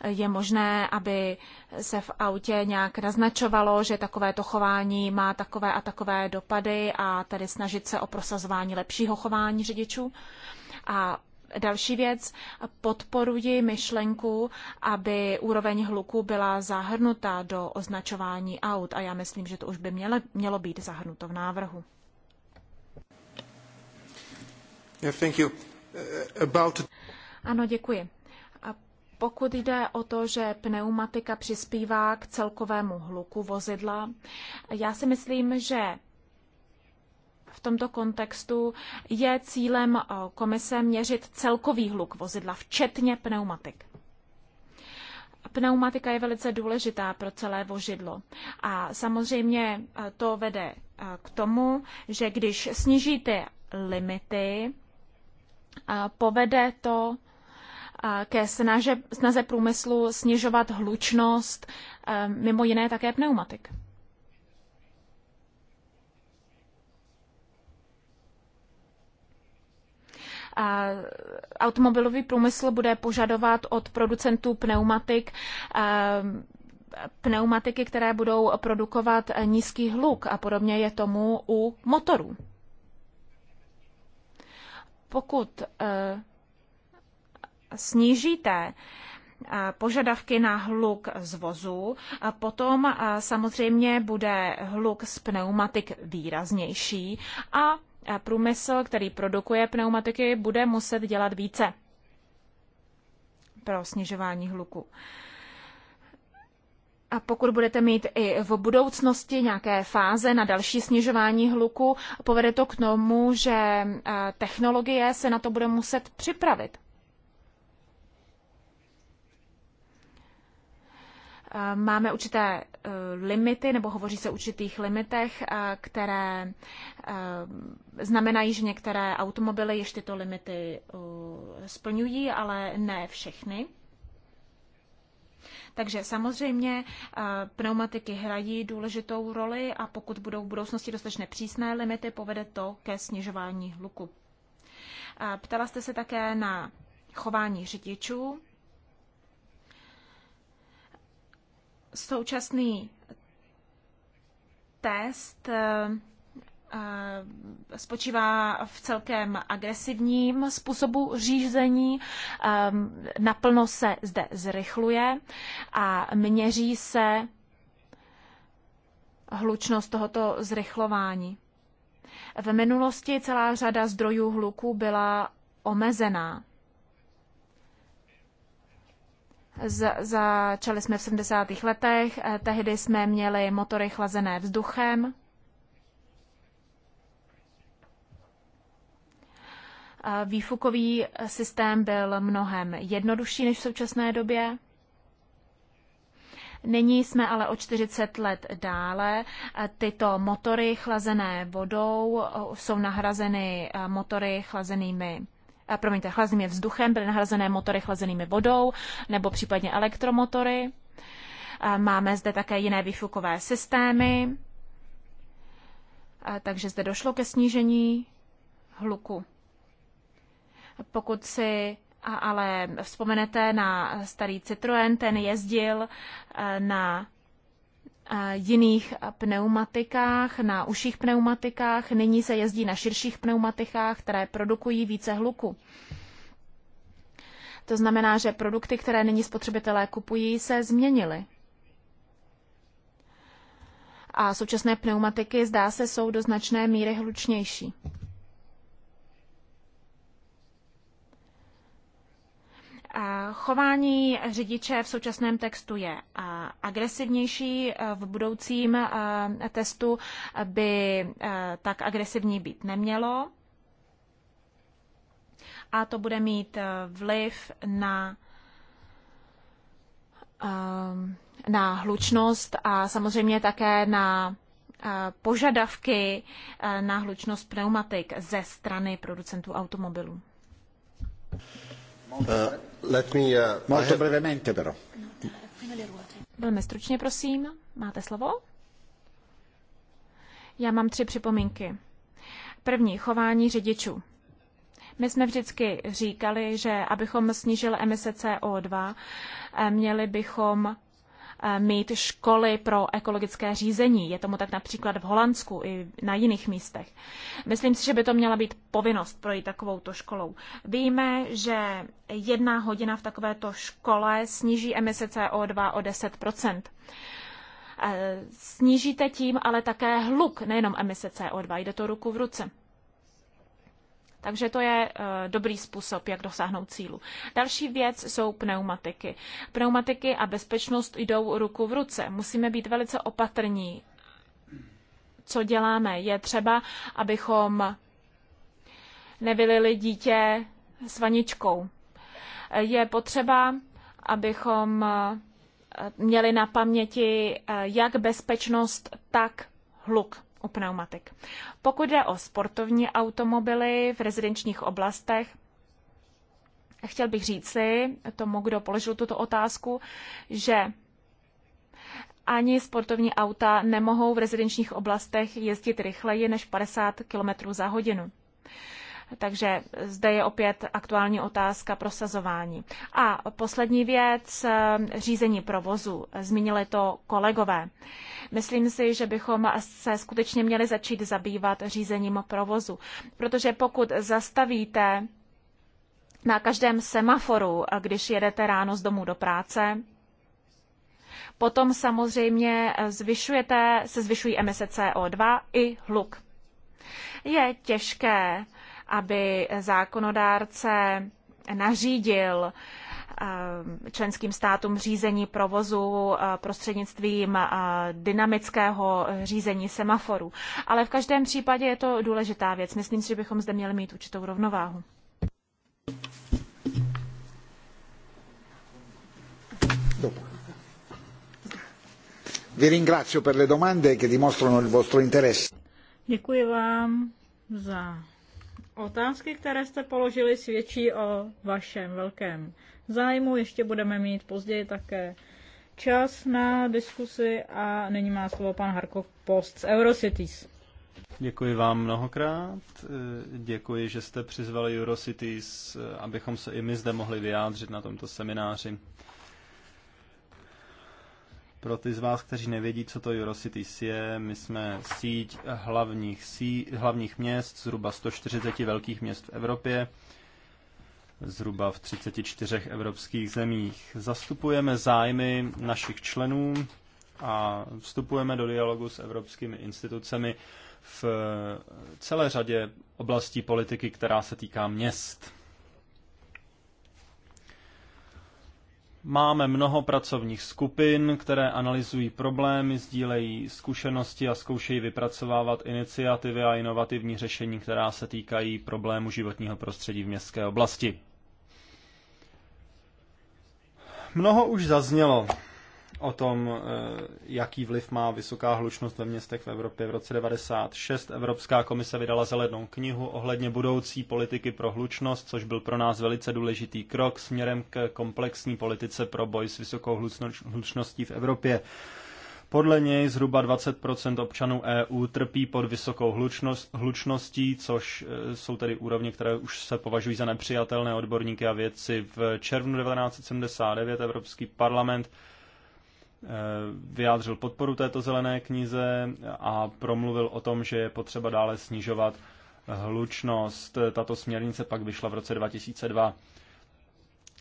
Je možné, aby se v autě nějak naznačovalo, že takovéto chování má takové a takové dopady a tedy snažit se o prosazování lepšího chování řidičů. A Další věc, podporuji myšlenku, aby úroveň hluku byla zahrnuta do označování aut a já myslím, že to už by mělo, mělo být zahrnuto v návrhu. Yeah, thank you. Uh, about... Ano, děkuji. Pokud jde o to, že pneumatika přispívá k celkovému hluku vozidla, já si myslím, že v tomto kontextu je cílem eh, komise měřit celkový hluk vozidla, včetně pneumatik. Pneumatika je velice důležitá pro celé vozidlo. A samozřejmě eh, to vede eh, k tomu, že když snížíte limity, povede to ke snaže, snaze průmyslu snižovat hlučnost, eh, mimo jiné také pneumatik. automobilový průmysl bude požadovat od producentů pneumatik eh, pneumatiky, které budou produkovat nízký hluk a podobně je tomu u motorů. Pokud eh, snížíte eh, požadavky na hluk z vozu, potom eh, samozřejmě bude hluk z pneumatik výraznější a eh, průmysl, který produkuje pneumatiky, bude muset dělat více pro snižování hluku. A pokud budete mít i v budoucnosti nějaké fáze na další snižování hluku, povede to k tomu, že technologie se na to bude muset připravit. Eh, máme určité eh, limity, nebo hovoří se o určitých limitech, eh, které znamenají, že některé automobily ještě tyto limity splňují, ale ne všechny. Takže samozřejmě pneumatiky hrají důležitou roli a pokud budou v budoucnosti dostatečně přísné limity, povede to ke snižování hluku. Ptala jste se také na chování řidičů. Současný test eh, eh, spočívá v celkem agresivním způsobu řízení. Eh, naplno se zde zrychluje a měří se hlučnost tohoto zrychlování. V minulosti celá řada zdrojů hluku byla omezená začali jsme v 70. letech, eh, tehdy jsme měli motory chlazené vzduchem. Eh, výfukový systém byl mnohem jednodušší než v současné době. Nyní jsme ale o 40 let dále. Eh, tyto motory chlazené vodou jsou nahrazeny motory chlazenými promiňte, chladným vzduchem, byly nahrazené motory chlazenými vodou nebo případně elektromotory. Máme zde také jiné výfukové systémy, takže zde došlo ke snížení hluku. Pokud si ale vzpomenete na starý Citroën, ten jezdil e, na jiných pneumatikách, na uších pneumatikách, nyní se jezdí na širších pneumatikách, které produkují více hluku. To znamená, že produkty, které nyní spotřebitelé kupují, se změnily. A současné pneumatiky, zdá se, jsou do značné míry hlučnější. Chování řidiče v současném textu je agresivnější, e, v budoucím e, testu by e, tak agresivní být nemělo. A to bude mít vliv na, na hlučnost a samozřejmě také na požadavky na hlučnost pneumatik ze strany producentů automobilů. Uh, uh, Molto brevemente però. Velmi stručně, prosím. Máte slovo? Já mám tři připomínky. První, chování řidičů. My jsme vždycky říkali, že abychom snížili emise CO2, eh, měli bychom Eh, mít školy pro ekologické řízení. Je tomu tak například v Holandsku i na jiných místech. Myslím si, že by to měla být povinnost projít takovouto školou. Víme, že jedna hodina v takovéto škole sníží emise CO2 o 10 eh, Snížíte tím ale také hluk, nejenom emise CO2, jde to ruku v ruce. Takže to je eh, dobrý způsob, jak dosáhnout cílu. Další věc jsou pneumatiky. Pneumatiky a bezpečnost jdou ruku v ruce. Musíme být velice opatrní, co děláme. Je třeba, abychom nevylili dítě s vaničkou. Eh, je potřeba, abychom eh, měli na paměti jak bezpečnost, tak hluk u pneumatik. Pokud jde o sportovní automobily v rezidenčních oblastech, chtěl bych říci tomu, kdo položil tuto otázku, že ani sportovní auta nemohou v rezidenčních oblastech jezdit rychleji než 50 km za hodinu. Takže zde je opět aktuální otázka prosazování. A poslední věc, eh, řízení provozu. Zmínili to kolegové. Myslím si, že bychom se skutečně měli začít zabývat řízením provozu, protože pokud zastavíte na každém semaforu, eh, když jedete ráno z domu do práce, Potom samozřejmě eh, zvyšujete, se zvyšují emise CO2 i hluk. Je těžké aby zákonodárce nařídil ehm, členským státům řízení provozu eh, prostřednictvím eh, dynamického řízení semaforu. Ale v každém případě je to důležitá věc. Myslím si, že bychom zde měli mít určitou rovnováhu. Vi ringrazio per le domande che dimostrano il vostro interesse. Děkuji vám za Otázky, které jste položili, svědčí o vašem velkém zájmu. Ještě budeme mít později také čas na diskusi a nyní má slovo pan Harkov Post z Eurocities. Děkuji vám mnohokrát. Děkuji, že jste přizvali Eurocities, abychom se i my zde mohli vyjádřit na tomto semináři. Pro ty z vás, kteří nevědí, co to Eurocities je, my jsme síť hlavních, sí, hlavních měst, zhruba 140 velkých měst v Evropě, zhruba v 34 evropských zemích. Zastupujeme zájmy našich členů a vstupujeme do dialogu s evropskými institucemi v celé řadě oblastí politiky, která se týká měst. Máme mnoho pracovních skupin, které analyzují problémy, sdílejí zkušenosti a zkoušejí vypracovávat iniciativy a inovativní řešení, která se týkají problému životního prostředí v městské oblasti. Mnoho už zaznělo o tom, eh, jaký vliv má vysoká hlučnost ve městech v Evropě. V roce 1996 Evropská komise vydala zelenou knihu ohledně budoucí politiky pro hlučnost, což byl pro nás velice důležitý krok směrem k komplexní politice pro boj s vysokou hlučností v Evropě. Podle něj zhruba 20 občanů EU trpí pod vysokou hlučnost, hlučností, což eh, jsou tedy úrovně, které už se považují za nepřijatelné odborníky a vědci. V červnu 1979 Evropský parlament Eh, vyjádřil podporu této zelené knize a promluvil o tom, že je potřeba dále snižovat hlučnost. Tato směrnice pak vyšla v roce 2002.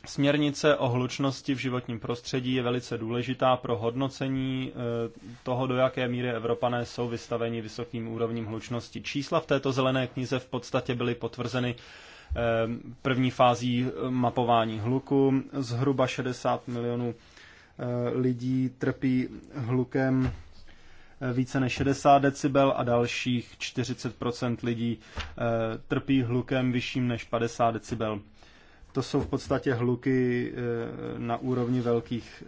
Směrnice o hlučnosti v životním prostředí je velice důležitá pro hodnocení eh, toho, do jaké míry Evropané jsou vystaveni vysokým úrovním hlučnosti. Čísla v této zelené knize v podstatě byly potvrzeny eh, první fází mapování hluku. Zhruba 60 milionů Eh, lidí trpí hlukem eh, více než 60 decibel a dalších 40 lidí eh, trpí hlukem vyšším než 50 decibel. To jsou v podstatě hluky na úrovni velkých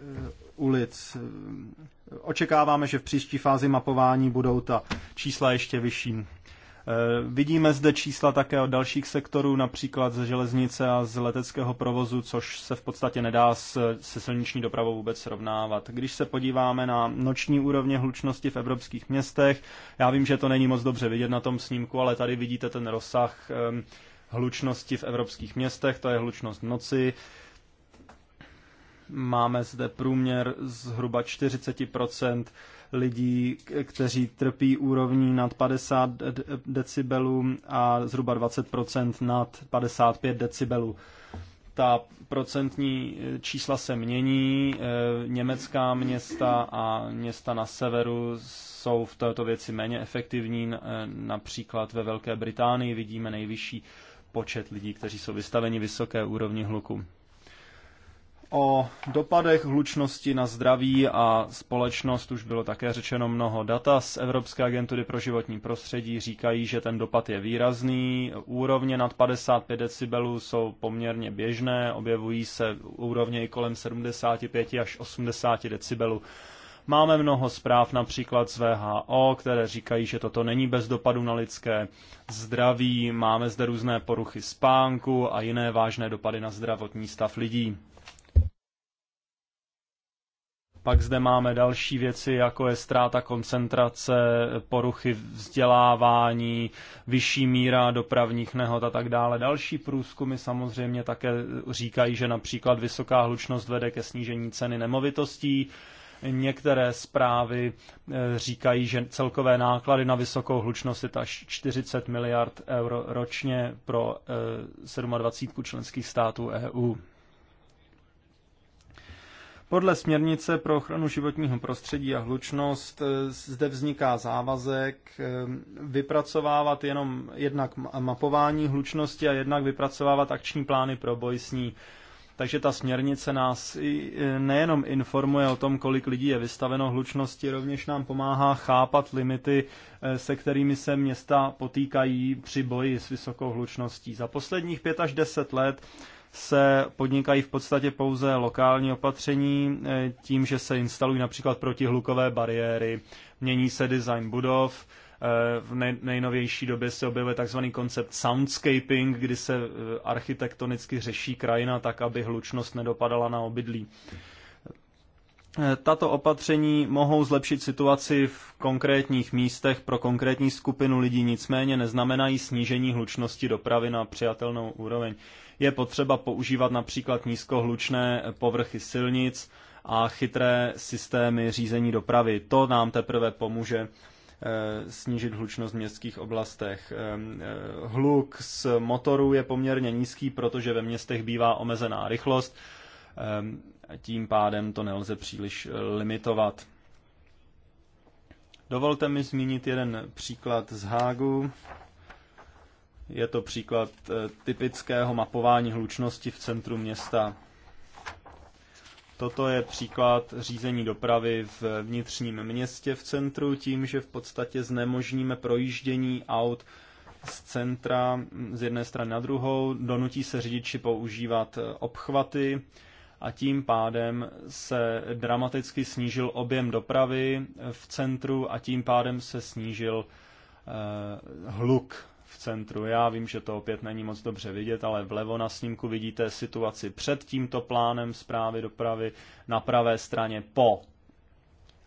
ulic. Očekáváme, že v příští fázi mapování budou ta čísla ještě vyšší. Eh, vidíme zde čísla také od dalších sektorů, například ze železnice a z leteckého provozu, což se v podstatě nedá se silniční dopravou vůbec srovnávat. Když se podíváme na noční úrovně hlučnosti v evropských městech, já vím, že to není moc dobře vidět na tom snímku, ale tady vidíte ten rozsah eh, hlučnosti v evropských městech, to je hlučnost noci. Máme zde průměr zhruba 40 lidí, kteří trpí úrovní nad 50 decibelů a zhruba 20% nad 55 decibelů. Ta procentní eh, čísla se mění, eh, německá města a města na severu jsou v této věci méně efektivní, eh, například ve Velké Británii vidíme nejvyšší počet lidí, kteří jsou vystaveni vysoké úrovni hluku. O dopadech hlučnosti na zdraví a společnost už bylo také řečeno mnoho data. Z Evropské agentury pro životní prostředí říkají, že ten dopad je výrazný. Úrovně nad 55 decibelů jsou poměrně běžné, objevují se úrovně i kolem 75 až 80 decibelů. Máme mnoho zpráv například z VHO, které říkají, že toto není bez dopadu na lidské zdraví, máme zde různé poruchy spánku a jiné vážné dopady na zdravotní stav lidí. Pak zde máme další věci, jako je ztráta koncentrace, poruchy vzdělávání, vyšší míra dopravních nehod a tak dále. Další průzkumy samozřejmě také říkají, že například vysoká hlučnost vede ke snížení ceny nemovitostí. Některé zprávy eh, říkají, že celkové náklady na vysokou hlučnost je až 40 miliard euro ročně pro 27 eh, členských států EU. Podle směrnice pro ochranu životního prostředí a hlučnost eh, zde vzniká závazek eh, vypracovávat jenom jednak mapování hlučnosti a jednak vypracovávat akční plány pro boj s ní. Takže ta směrnice nás eh, nejenom informuje o tom, kolik lidí je vystaveno hlučnosti, rovněž nám pomáhá chápat limity, se kterými se města potýkají při boji s vysokou hlučností. Za posledních 5 až 10 let se podnikají v podstatě pouze lokální opatření, eh, tím, že se instalují například protihlukové bariéry, mění se design budov, eh, v nejnovější době se objevuje takzvaný koncept soundscaping, kdy se eh, architektonicky řeší krajina tak, aby hlučnost nedopadala na obydlí. Tato opatření mohou zlepšit situaci v konkrétních místech pro konkrétní skupinu lidí, nicméně neznamenají snížení hlučnosti dopravy na přijatelnou úroveň. Je potřeba používat například nízkohlučné povrchy silnic a chytré systémy řízení dopravy. To nám teprve pomůže eh, snížit hlučnost v městských oblastech. Ehm, eh, hluk z motorů je poměrně nízký, protože ve městech bývá omezená rychlost, ehm, tím pádem to nelze příliš eh, limitovat. Dovolte mi zmínit jeden příklad z Hágu. Je to příklad eh, typického mapování hlučnosti v centru města. Toto je příklad řízení dopravy v vnitřním městě v centru tím, že v podstatě znemožníme projíždění aut z centra mm, z jedné strany na druhou, donutí se řidiči používat eh, obchvaty a tím pádem se dramaticky snížil objem dopravy eh, v centru a tím pádem se snížil hluk v centru. Já vím, že to opět není moc dobře vidět, ale vlevo na snímku vidíte situaci před tímto plánem zprávy dopravy, na pravé straně po.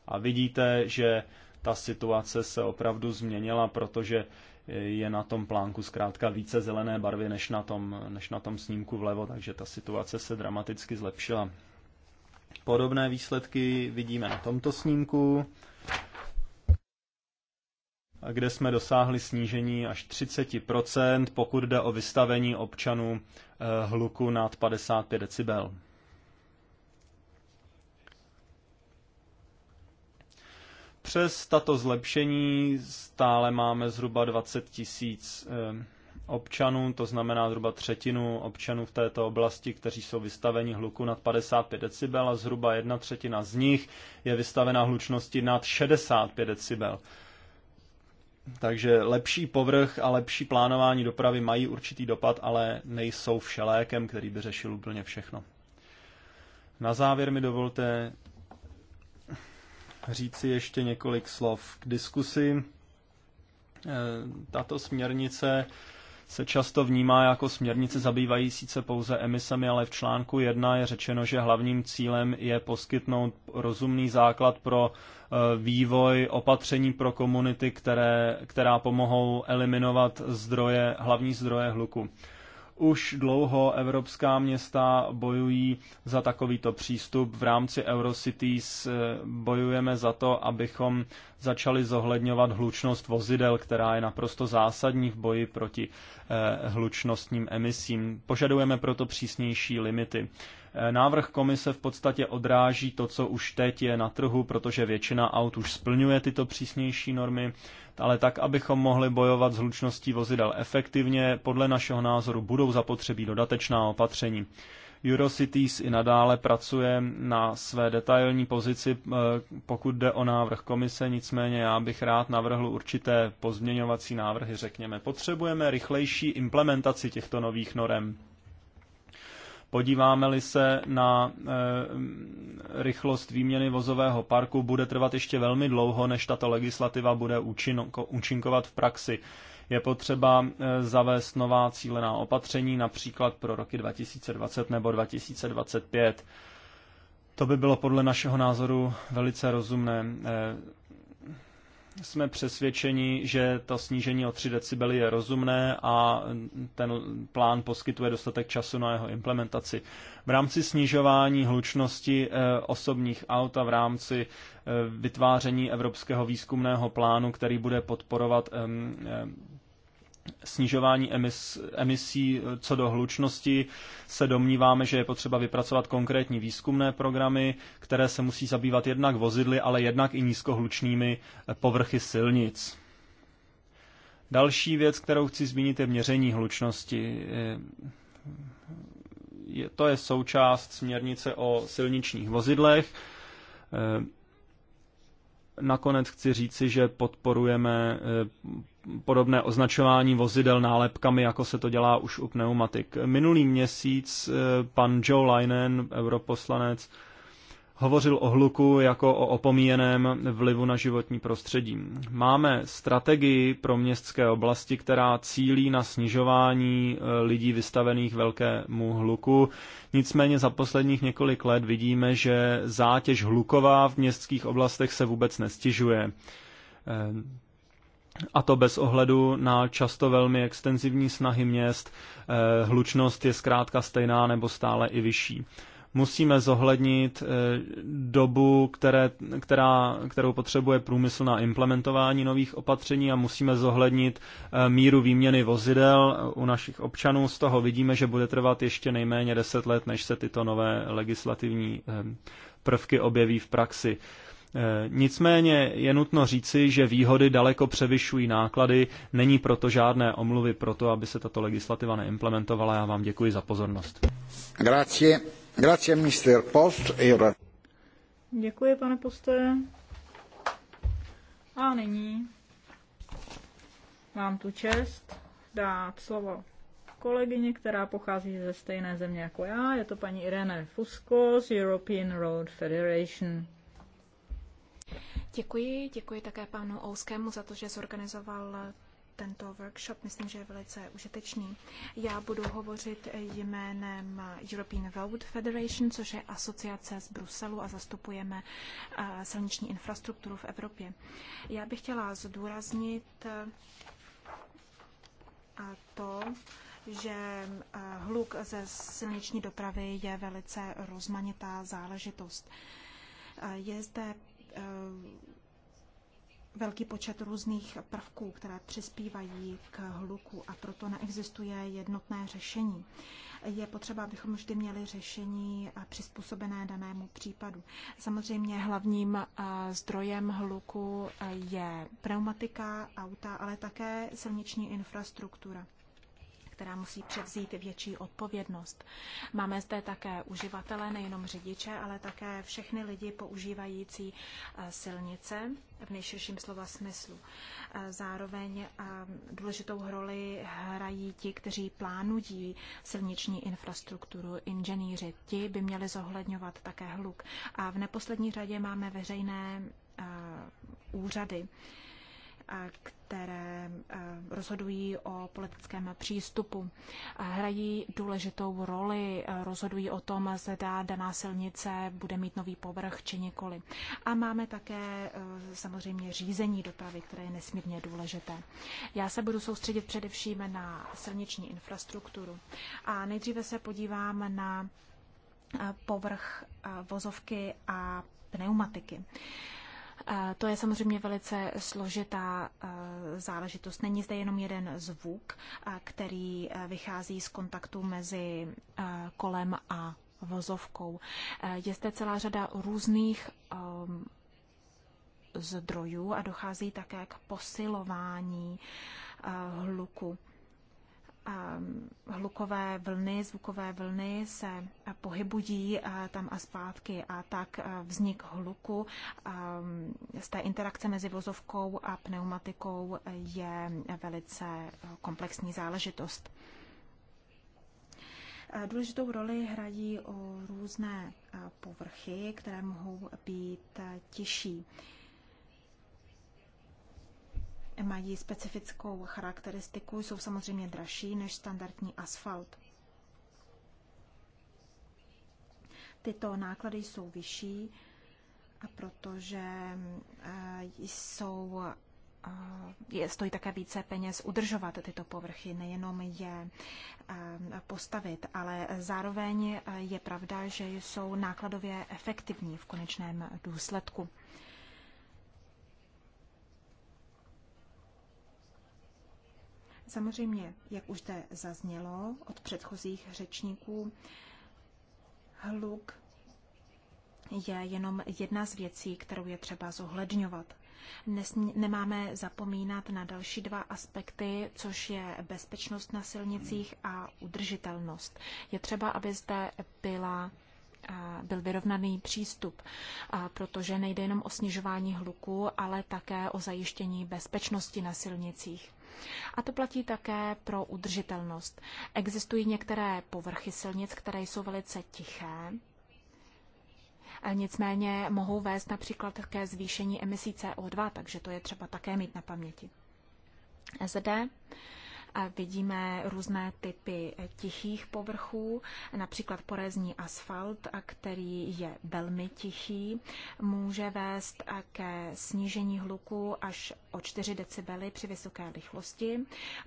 A vidíte, že ta situace se opravdu změnila, protože je na tom plánku zkrátka více zelené barvy než na tom, než na tom snímku vlevo, takže ta situace se dramaticky zlepšila. Podobné výsledky vidíme na tomto snímku kde jsme dosáhli snížení až 30%, pokud jde o vystavení občanů eh, hluku nad 55 decibel. Přes tato zlepšení stále máme zhruba 20 tisíc eh, občanů, to znamená zhruba třetinu občanů v této oblasti, kteří jsou vystaveni hluku nad 55 decibel a zhruba jedna třetina z nich je vystavena hlučnosti nad 65 decibel. Takže lepší povrch a lepší plánování dopravy mají určitý dopad, ale nejsou všelékem, který by řešil úplně všechno. Na závěr mi dovolte říci ještě několik slov k diskusi. E, tato směrnice se často vnímá jako směrnice zabývající se pouze emisemi, ale v článku 1 je řečeno, že hlavním cílem je poskytnout rozumný základ pro eh, vývoj opatření pro komunity, které, která pomohou eliminovat zdroje, hlavní zdroje hluku. Už dlouho evropská města bojují za takovýto přístup. V rámci Eurocities eh, bojujeme za to, abychom začali zohledňovat hlučnost vozidel, která je naprosto zásadní v boji proti eh, hlučnostním emisím. Požadujeme proto přísnější limity. Návrh komise v podstatě odráží to, co už teď je na trhu, protože většina aut už splňuje tyto přísnější normy, ale tak, abychom mohli bojovat s hlučností vozidel efektivně, podle našeho názoru budou zapotřebí dodatečná opatření. Eurocities i nadále pracuje na své detailní pozici, eh, pokud jde o návrh komise, nicméně já bych rád navrhl určité pozměňovací návrhy, řekněme. Potřebujeme rychlejší implementaci těchto nových norem. Podíváme-li se na e, rychlost výměny vozového parku, bude trvat ještě velmi dlouho, než tato legislativa bude účinko, účinkovat v praxi. Je potřeba eh, zavést nová cílená opatření, například pro roky 2020 nebo 2025. To by bylo podle našeho názoru velice rozumné. E, jsme přesvědčeni, že to snížení o 3 decibely je rozumné a ten plán poskytuje dostatek času na jeho implementaci. V rámci snižování hlučnosti eh, osobních aut a v rámci eh, vytváření Evropského výzkumného plánu, který bude podporovat snižování emis, emisí eh, co do hlučnosti se domníváme, že je potřeba vypracovat konkrétní výzkumné programy, které se musí zabývat jednak vozidly, ale jednak i nízkohlučnými eh, povrchy silnic. Další věc, kterou chci zmínit, je měření hlučnosti. Eh, je, to je součást směrnice o silničních vozidlech. Nakonec chci říci, že podporujeme podobné označování vozidel nálepkami, jako se to dělá už u pneumatik. Minulý měsíc eh, pan Joe Linen, europoslanec, hovořil o hluku jako o opomíjeném vlivu na životní prostředí. Máme strategii pro městské oblasti, která cílí na snižování eh, lidí vystavených velkému hluku. Nicméně za posledních několik let vidíme, že zátěž hluková v městských oblastech se vůbec nestěžuje. Eh, a to bez ohledu na často velmi extenzivní snahy měst. Eh, hlučnost je zkrátka stejná nebo stále i vyšší. Musíme zohlednit eh, dobu, které, která, kterou potřebuje průmysl na implementování nových opatření a musíme zohlednit eh, míru výměny vozidel u našich občanů. Z toho vidíme, že bude trvat ještě nejméně 10 let, než se tyto nové legislativní prvky objeví v praxi. Eh, nicméně je nutno říci, že výhody daleko převyšují náklady. Není proto žádné omluvy pro to, aby se tato legislativa neimplementovala. Já vám děkuji za pozornost. Grazie. Grazie, Mr. Post. E děkuji, pane poste. A nyní mám tu čest dát slovo kolegyně, která pochází ze stejné země jako já. Je to paní Irene Fusko z European Road Federation. Děkuji, děkuji také panu Ouskému za to, že zorganizoval tento workshop. Myslím, že je velice užitečný. Já budu hovořit jménem European Road Federation, což je asociace z Bruselu a zastupujeme eh, silniční infrastrukturu v Evropě. Já bych chtěla zdůraznit eh, to, že eh, hluk ze silniční dopravy je velice rozmanitá záležitost. Je zde Eh, velký počet různých prvků, které přispívají k hluku a proto neexistuje jednotné řešení. Je potřeba, abychom vždy měli řešení eh, přizpůsobené danému případu. Samozřejmě hlavním eh, zdrojem hluku je pneumatika, auta, ale také silniční infrastruktura která musí převzít větší odpovědnost. Máme zde také uživatele, nejenom řidiče, ale také všechny lidi používající eh, silnice v nejširším slova smyslu. Eh, zároveň eh, důležitou roli hrají ti, kteří plánují silniční infrastrukturu, inženýři. Ti by měli zohledňovat také hluk. A v neposlední řadě máme veřejné úřady které eh, rozhodují o politickém přístupu. Hrají důležitou roli, eh, rozhodují o tom, zda daná silnice bude mít nový povrch či nikoli. A máme také eh, samozřejmě řízení dopravy, které je nesmírně důležité. Já se budu soustředit především na silniční infrastrukturu. A nejdříve se podívám na povrch vozovky a pneumatiky. To je samozřejmě velice složitá eh, záležitost. Není zde jenom jeden zvuk, který eh, vychází z kontaktu mezi eh, kolem a vozovkou. Je zde celá řada různých ehm, zdrojů a dochází také k posilování hluku. Ehm, hlukové vlny, zvukové vlny se eh, pohybují eh, tam a zpátky a tak eh, vznik hluku ehm, z té interakce mezi vozovkou a pneumatikou je velice komplexní záležitost. Důležitou roli hrají různé povrchy, které mohou být těžší mají specifickou charakteristiku, jsou samozřejmě dražší než standardní asfalt. Tyto náklady jsou vyšší, protože eh, jsou, eh, je, stojí také více peněz udržovat tyto povrchy, nejenom je eh, postavit, ale zároveň je pravda, že jsou nákladově efektivní v konečném důsledku. Samozřejmě, jak už zde zaznělo od předchozích řečníků, hluk je jenom jedna z věcí, kterou je třeba zohledňovat. Nesmí, nemáme zapomínat na další dva aspekty, což je bezpečnost na silnicích a udržitelnost. Je třeba, aby zde byla byl vyrovnaný přístup, protože nejde jenom o snižování hluku, ale také o zajištění bezpečnosti na silnicích. A to platí také pro udržitelnost. Existují některé povrchy silnic, které jsou velice tiché, nicméně mohou vést například ke zvýšení emisí CO2, takže to je třeba také mít na paměti. SD Vidíme různé typy tichých povrchů, například porezní asfalt, který je velmi tichý, může vést ke snížení hluku až o 4 decibely při vysoké rychlosti.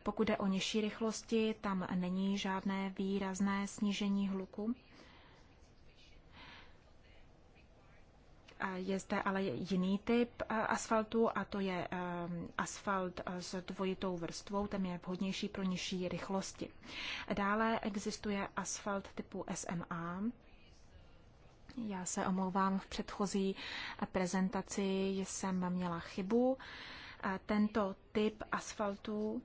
Pokud jde o nižší rychlosti, tam není žádné výrazné snížení hluku. Je zde ale jiný typ e, asfaltu a to je e, asfalt e, s dvojitou vrstvou, ten je vhodnější pro nižší rychlosti. Dále existuje asfalt typu SMA. Já se omlouvám, v předchozí prezentaci jsem měla chybu. Tento typ asfaltu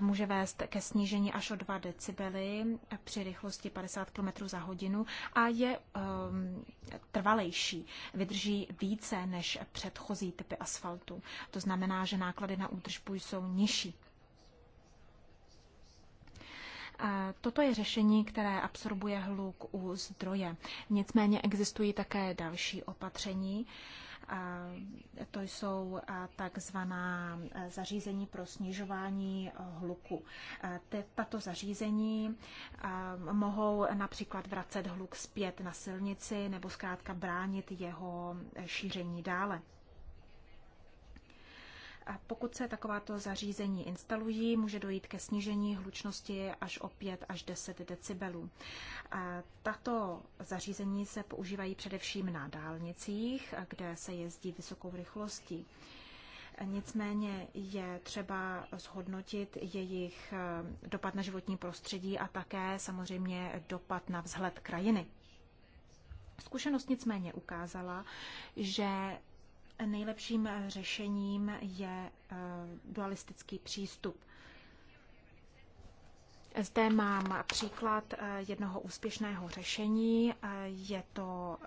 může vést ke snížení až o 2 decibely při rychlosti 50 km za hodinu a je um, trvalejší, vydrží více než předchozí typy asfaltu. To znamená, že náklady na údržbu jsou nižší. Toto je řešení, které absorbuje hluk u zdroje. Nicméně existují také další opatření, to jsou takzvaná e, zařízení pro snižování e, hluku. E, tato zařízení mohou například vracet hluk zpět na silnici nebo zkrátka bránit jeho šíření dále. A pokud se takováto zařízení instalují, může dojít ke snížení hlučnosti až o 5 až 10 decibelů. A tato zařízení se používají především na dálnicích, kde se jezdí vysokou rychlostí. Nicméně je třeba zhodnotit jejich eh, dopad na životní prostředí a také samozřejmě dopad na vzhled krajiny. Zkušenost nicméně ukázala, že nejlepším řešením je eh, dualistický přístup. Zde mám příklad eh, jednoho úspěšného řešení. Eh, Je to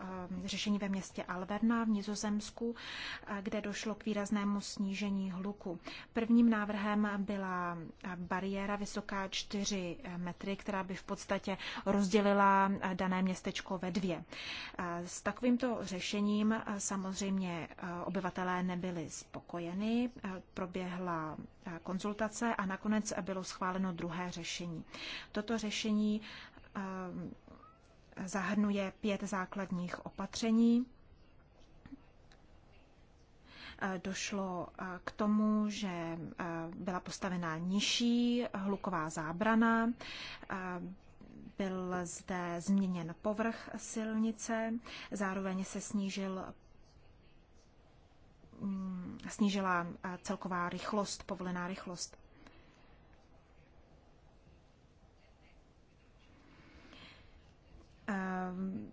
eh, řešení ve městě Alverna v Nizozemsku, kde došlo k výraznému snížení hluku. Prvním návrhem byla bariéra vysoká 4 metry, která by v podstatě rozdělila dané městečko ve dvě. S takovýmto řešením samozřejmě obyvatelé nebyli spokojeni. Proběhla konzultace a nakonec bylo schváleno druhé řešení. Toto řešení eh, zahrnuje pět základních opatření. Eh, došlo eh, k tomu, že byla postavená nižší hluková zábrana, byl zde změněn povrch silnice, zároveň se snížil Mm, snížila eh, celková rychlost, povolená rychlost. Eh,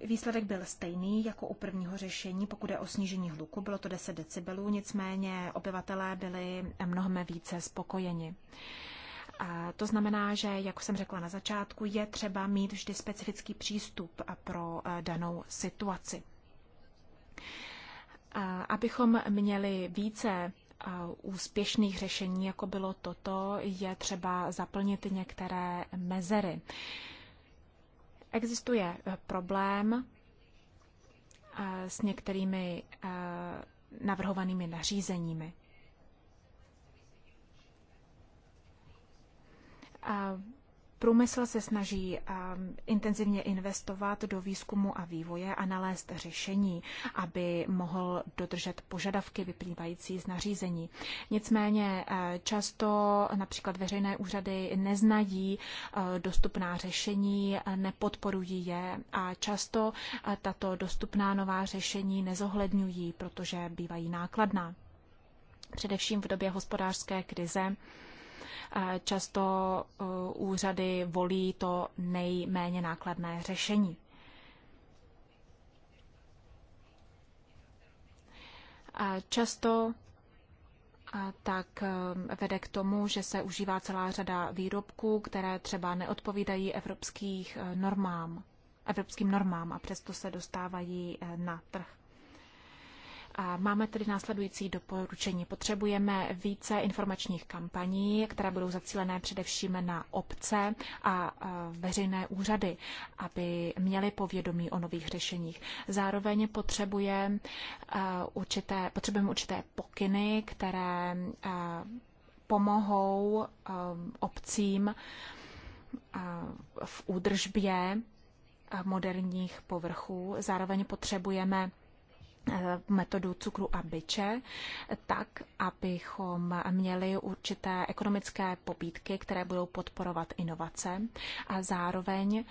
výsledek byl stejný jako u prvního řešení, pokud je o snížení hluku, bylo to 10 decibelů, nicméně obyvatelé byli mnohem více spokojeni. A eh, to znamená, že, jak jsem řekla na začátku, je třeba mít vždy specifický přístup pro danou situaci. Abychom měli více úspěšných řešení, jako bylo toto, je třeba zaplnit některé mezery. Existuje e, problém e, s některými e, navrhovanými nařízeními. Průmysl se snaží ehm, intenzivně investovat do výzkumu a vývoje a nalézt řešení, aby mohl dodržet požadavky vyplývající z nařízení. Nicméně eh, často například veřejné úřady neznají eh, dostupná řešení, nepodporují je a často eh, tato dostupná nová řešení nezohledňují, protože bývají nákladná. Především v době hospodářské krize Eh, často eh, úřady volí to nejméně nákladné řešení. Eh, často tak vede k tomu, že se užívá celá řada výrobků, které třeba neodpovídají evropských normám, evropským normám a přesto se dostávají na trh. Máme tedy následující doporučení. Potřebujeme více informačních kampaní, které budou zacílené především na obce a veřejné úřady, aby měly povědomí o nových řešeních. Zároveň potřebujeme určité, potřebujeme určité pokyny, které pomohou obcím v údržbě moderních povrchů. Zároveň potřebujeme Eh, metodu cukru a byče, tak, abychom měli určité ekonomické pobídky, které budou podporovat inovace a zároveň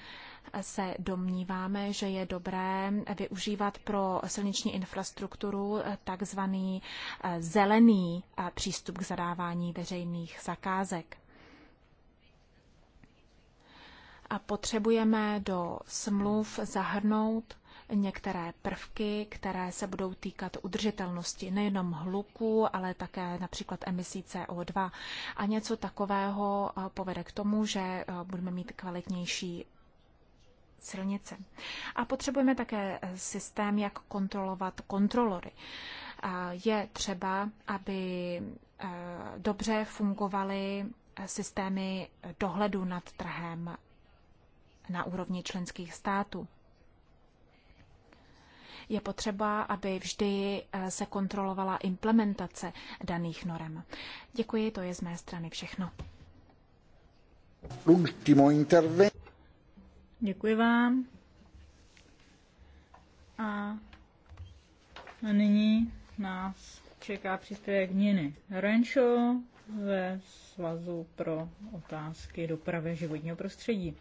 se domníváme, že je dobré využívat pro silniční infrastrukturu takzvaný eh, zelený eh, přístup k zadávání veřejných zakázek. A potřebujeme do smluv zahrnout některé prvky, které se budou týkat udržitelnosti nejenom hluku, ale také například emisí CO2. A něco takového eh, povede k tomu, že eh, budeme mít kvalitnější silnice. A potřebujeme také eh, systém, jak kontrolovat kontrolory. Je třeba, aby dobře fungovaly systémy dohledu nad trhem na úrovni členských států je potřeba, aby vždy eh, se kontrolovala implementace daných norem. Děkuji, to je z mé strany všechno. Děkuji vám. A nyní nás čeká příspěvek Niny Renšo ve Svazu pro otázky dopravy životního prostředí.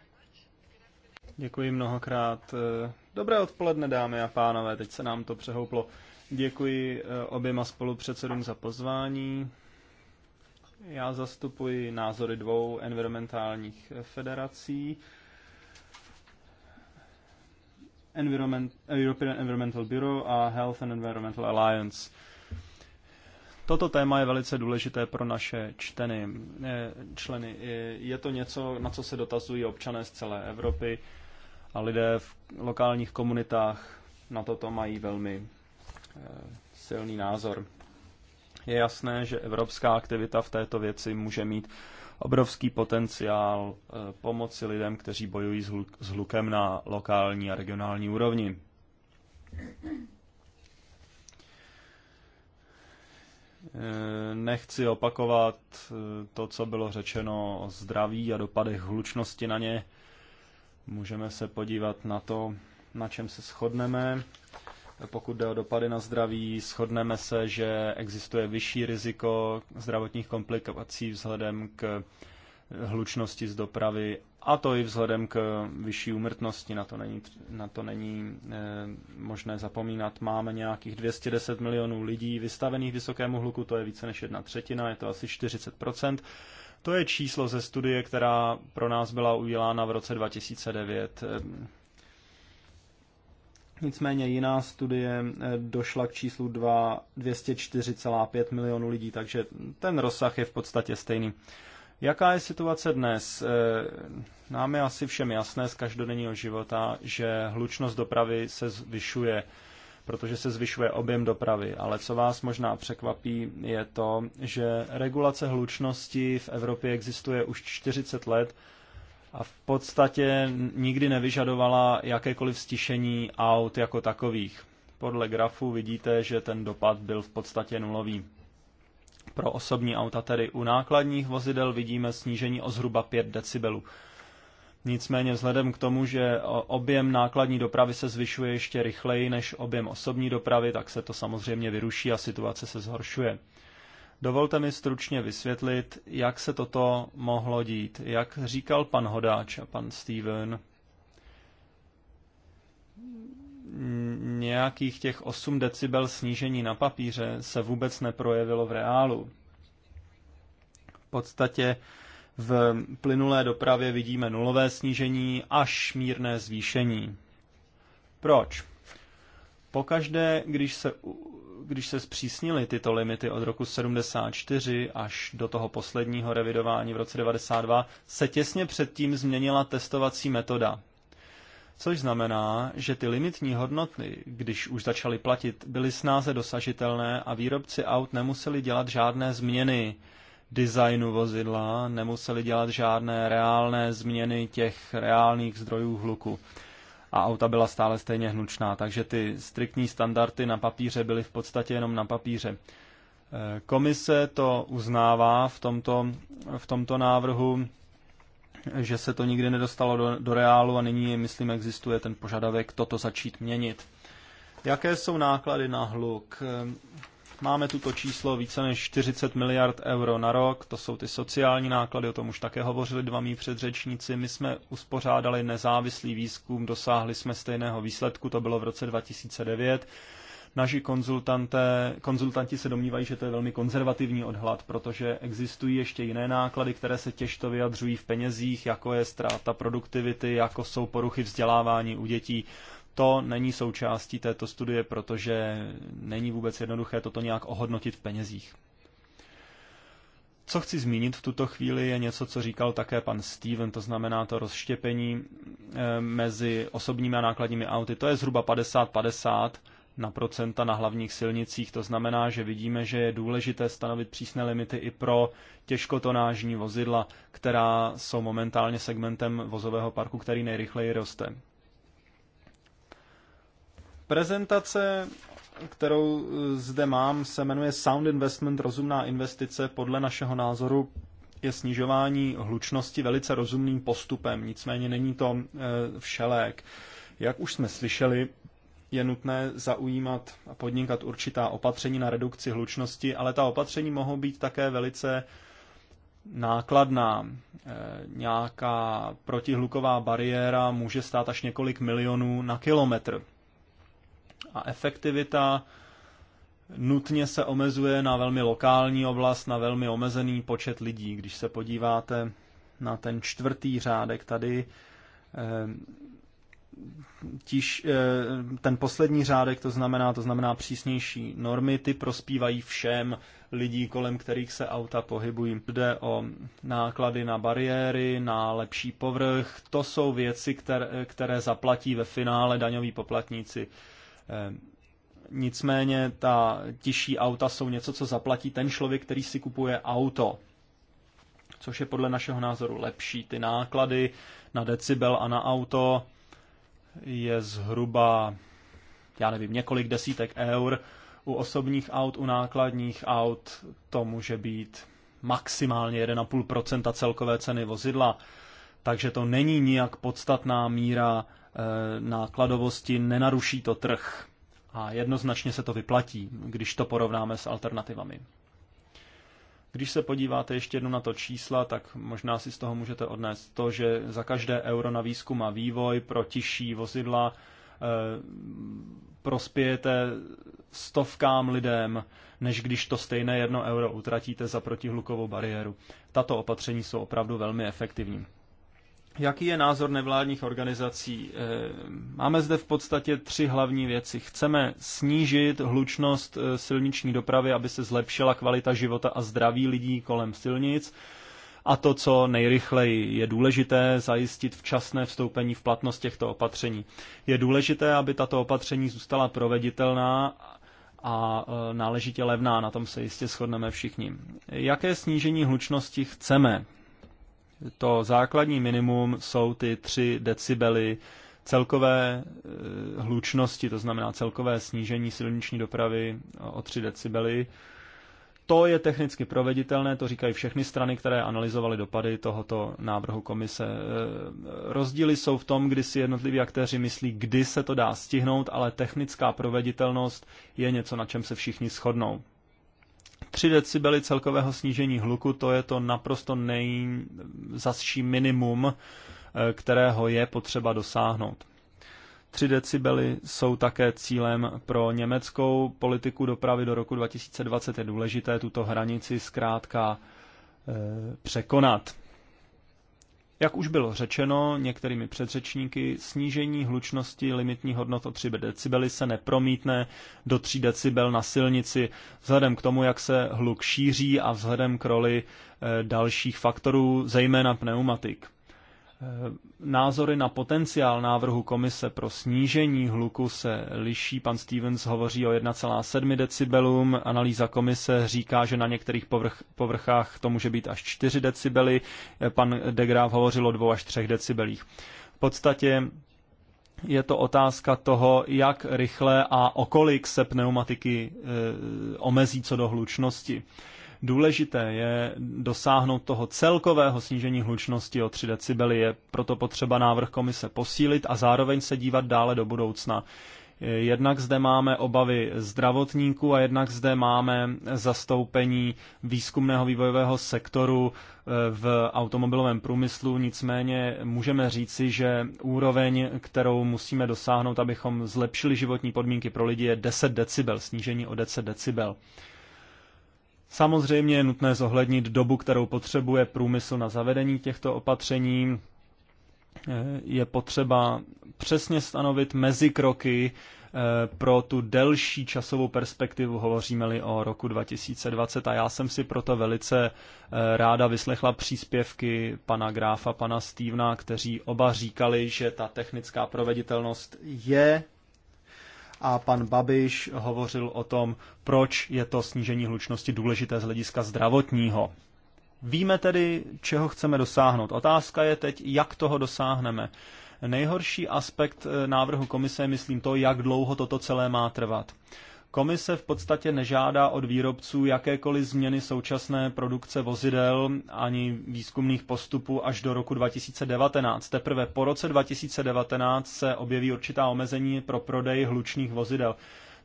Děkuji mnohokrát. Eh, dobré odpoledne, dámy a pánové, teď se nám to přehouplo. Děkuji eh, oběma spolupředsedům za pozvání. Já zastupuji názory dvou environmentálních federací. Environment, European Environmental Bureau a Health and Environmental Alliance. Toto téma je velice důležité pro naše čteny, eh, členy. Je to něco, na co se dotazují občané z celé Evropy a lidé v lokálních komunitách na toto mají velmi eh, silný názor. Je jasné, že evropská aktivita v této věci může mít obrovský potenciál eh, pomoci lidem, kteří bojují s hlukem na lokální a regionální úrovni. Eh, nechci opakovat to, co bylo řečeno o zdraví a dopadech hlučnosti na ně. Můžeme se podívat na to, na čem se shodneme. Pokud jde o dopady na zdraví, shodneme se, že existuje vyšší riziko zdravotních komplikací vzhledem k hlučnosti z dopravy a to i vzhledem k vyšší umrtnosti. na to není, na to není e, možné zapomínat. Máme nějakých 210 milionů lidí vystavených vysokému hluku, to je více než jedna třetina, je to asi 40 to je číslo ze studie, která pro nás byla udělána v roce 2009. Ehm. Nicméně jiná studie eh, došla k číslu 204,5 milionů lidí, takže ten rozsah je v podstatě stejný. Jaká je situace dnes? Eh, nám je asi všem jasné z každodenního života, že hlučnost dopravy se zvyšuje protože se zvyšuje objem dopravy. Ale co vás možná překvapí, je to, že regulace hlučnosti v Evropě existuje už 40 let a v podstatě nikdy nevyžadovala jakékoliv stišení aut jako takových. Podle grafu vidíte, že ten dopad byl v podstatě nulový. Pro osobní auta tedy u nákladních vozidel vidíme snížení o zhruba 5 decibelů. Nicméně vzhledem k tomu, že objem nákladní dopravy se zvyšuje ještě rychleji než objem osobní dopravy, tak se to samozřejmě vyruší a situace se zhoršuje. Dovolte mi stručně vysvětlit, jak se toto mohlo dít. Jak říkal pan Hodáč a pan Steven, nějakých těch 8 decibel snížení na papíře se vůbec neprojevilo v reálu. V podstatě v plynulé dopravě vidíme nulové snížení až mírné zvýšení. Proč? Pokaždé, když se, když se zpřísnily tyto limity od roku 74 až do toho posledního revidování v roce 92, se těsně předtím změnila testovací metoda. Což znamená, že ty limitní hodnoty, když už začaly platit, byly snáze dosažitelné a výrobci aut nemuseli dělat žádné změny designu vozidla, nemuseli dělat žádné reálné změny těch reálných zdrojů hluku. A auta byla stále stejně hnučná, takže ty striktní standardy na papíře byly v podstatě jenom na papíře. E, komise to uznává v tomto, v tomto návrhu, že se to nikdy nedostalo do, do reálu a nyní, myslím, existuje ten požadavek toto začít měnit. Jaké jsou náklady na hluk? Máme tuto číslo více než 40 miliard euro na rok, to jsou ty sociální náklady, o tom už také hovořili dva mý předřečníci. My jsme uspořádali nezávislý výzkum, dosáhli jsme stejného výsledku, to bylo v roce 2009. Naši konzultanté, konzultanti se domnívají, že to je velmi konzervativní odhlad, protože existují ještě jiné náklady, které se těžto vyjadřují v penězích, jako je ztráta produktivity, jako jsou poruchy vzdělávání u dětí. To není součástí této studie, protože není vůbec jednoduché toto nějak ohodnotit v penězích. Co chci zmínit v tuto chvíli je něco, co říkal také pan Steven, to znamená to rozštěpení eh, mezi osobními a nákladními auty. To je zhruba 50-50 na procenta na hlavních silnicích. To znamená, že vidíme, že je důležité stanovit přísné limity i pro těžkotonážní vozidla, která jsou momentálně segmentem vozového parku, který nejrychleji roste. Prezentace, kterou zde mám, se jmenuje Sound Investment, rozumná investice. Podle našeho názoru je snižování hlučnosti velice rozumným postupem, nicméně není to e, všelék. Jak už jsme slyšeli, je nutné zaujímat a podnikat určitá opatření na redukci hlučnosti, ale ta opatření mohou být také velice nákladná. E, nějaká protihluková bariéra může stát až několik milionů na kilometr a efektivita nutně se omezuje na velmi lokální oblast, na velmi omezený počet lidí. Když se podíváte na ten čtvrtý řádek tady, eh, Tíž, eh, ten poslední řádek, to znamená, to znamená přísnější normy, ty prospívají všem lidí, kolem kterých se auta pohybují. Jde o náklady na bariéry, na lepší povrch, to jsou věci, které, které zaplatí ve finále daňoví poplatníci. Eh, nicméně ta těžší auta jsou něco, co zaplatí ten člověk, který si kupuje auto, což je podle našeho názoru lepší. Ty náklady na decibel a na auto je zhruba, já nevím, několik desítek eur. U osobních aut, u nákladních aut to může být maximálně 1,5% celkové ceny vozidla. Takže to není nijak podstatná míra Eh, nákladovosti, nenaruší to trh a jednoznačně se to vyplatí, když to porovnáme s alternativami. Když se podíváte ještě jednou na to čísla, tak možná si z toho můžete odnést to, že za každé euro na výzkum a vývoj pro tižší vozidla eh, prospějete stovkám lidem, než když to stejné jedno euro utratíte za protihlukovou bariéru. Tato opatření jsou opravdu velmi efektivní. Jaký je názor nevládních organizací? Eh, máme zde v podstatě tři hlavní věci. Chceme snížit hlučnost eh, silniční dopravy, aby se zlepšila kvalita života a zdraví lidí kolem silnic. A to, co nejrychleji je důležité, zajistit včasné vstoupení v platnost těchto opatření. Je důležité, aby tato opatření zůstala proveditelná a náležitě levná, na tom se jistě shodneme všichni. Jaké snížení hlučnosti chceme? to základní minimum jsou ty 3 decibely celkové eh, hlučnosti, to znamená celkové snížení silniční dopravy o 3 decibely. To je technicky proveditelné, to říkají všechny strany, které analyzovaly dopady tohoto návrhu komise. Eh, rozdíly jsou v tom, kdy si jednotliví aktéři myslí, kdy se to dá stihnout, ale technická proveditelnost je něco, na čem se všichni shodnou. 3 decibely celkového snížení hluku, to je to naprosto nejzasší minimum, eh, kterého je potřeba dosáhnout. 3 decibely jsou také cílem pro německou politiku dopravy do roku 2020. Je důležité tuto hranici zkrátka e, překonat. Jak už bylo řečeno některými předřečníky, snížení hlučnosti limitní hodnot o 3 decibely se nepromítne do 3 decibel na silnici vzhledem k tomu, jak se hluk šíří a vzhledem k roli eh, dalších faktorů, zejména pneumatik. Eh, názory na potenciál návrhu komise pro snížení hluku se liší. Pan Stevens hovoří o 1,7 decibelům. Analýza komise říká, že na některých povrch, povrchách to může být až 4 decibely. Eh, pan de Graaf hovořil o 2 až 3 decibelích. V podstatě je to otázka toho, jak rychle a okolik se pneumatiky e, omezí co do hlučnosti. E, Důležité je dosáhnout toho celkového snížení hlučnosti o 3 decibely. Je proto potřeba návrh komise posílit a zároveň se dívat dále do budoucna. Jednak zde máme obavy zdravotníků a jednak zde máme zastoupení výzkumného vývojového sektoru eh, v automobilovém průmyslu. Nicméně můžeme říci, že úroveň, kterou musíme dosáhnout, abychom zlepšili životní podmínky pro lidi, je 10 decibel, snížení o 10 decibel. Samozřejmě je nutné zohlednit dobu, kterou potřebuje průmysl na zavedení těchto opatření. Eh, je potřeba přesně stanovit mezi kroky eh, pro tu delší časovou perspektivu, hovoříme-li o roku 2020. A já jsem si proto velice eh, ráda vyslechla příspěvky pana Gráfa, pana Stevena, kteří oba říkali, že ta technická proveditelnost je a pan Babiš hovořil o tom, proč je to snížení hlučnosti důležité z hlediska zdravotního. Víme tedy, čeho chceme dosáhnout. Otázka je teď, jak toho dosáhneme. Nejhorší aspekt eh, návrhu komise je, myslím, to, jak dlouho toto celé má trvat. Komise v podstatě nežádá od výrobců jakékoliv změny současné produkce vozidel ani výzkumných postupů až do roku 2019. Teprve po roce 2019 se objeví určitá omezení pro prodej hlučných vozidel.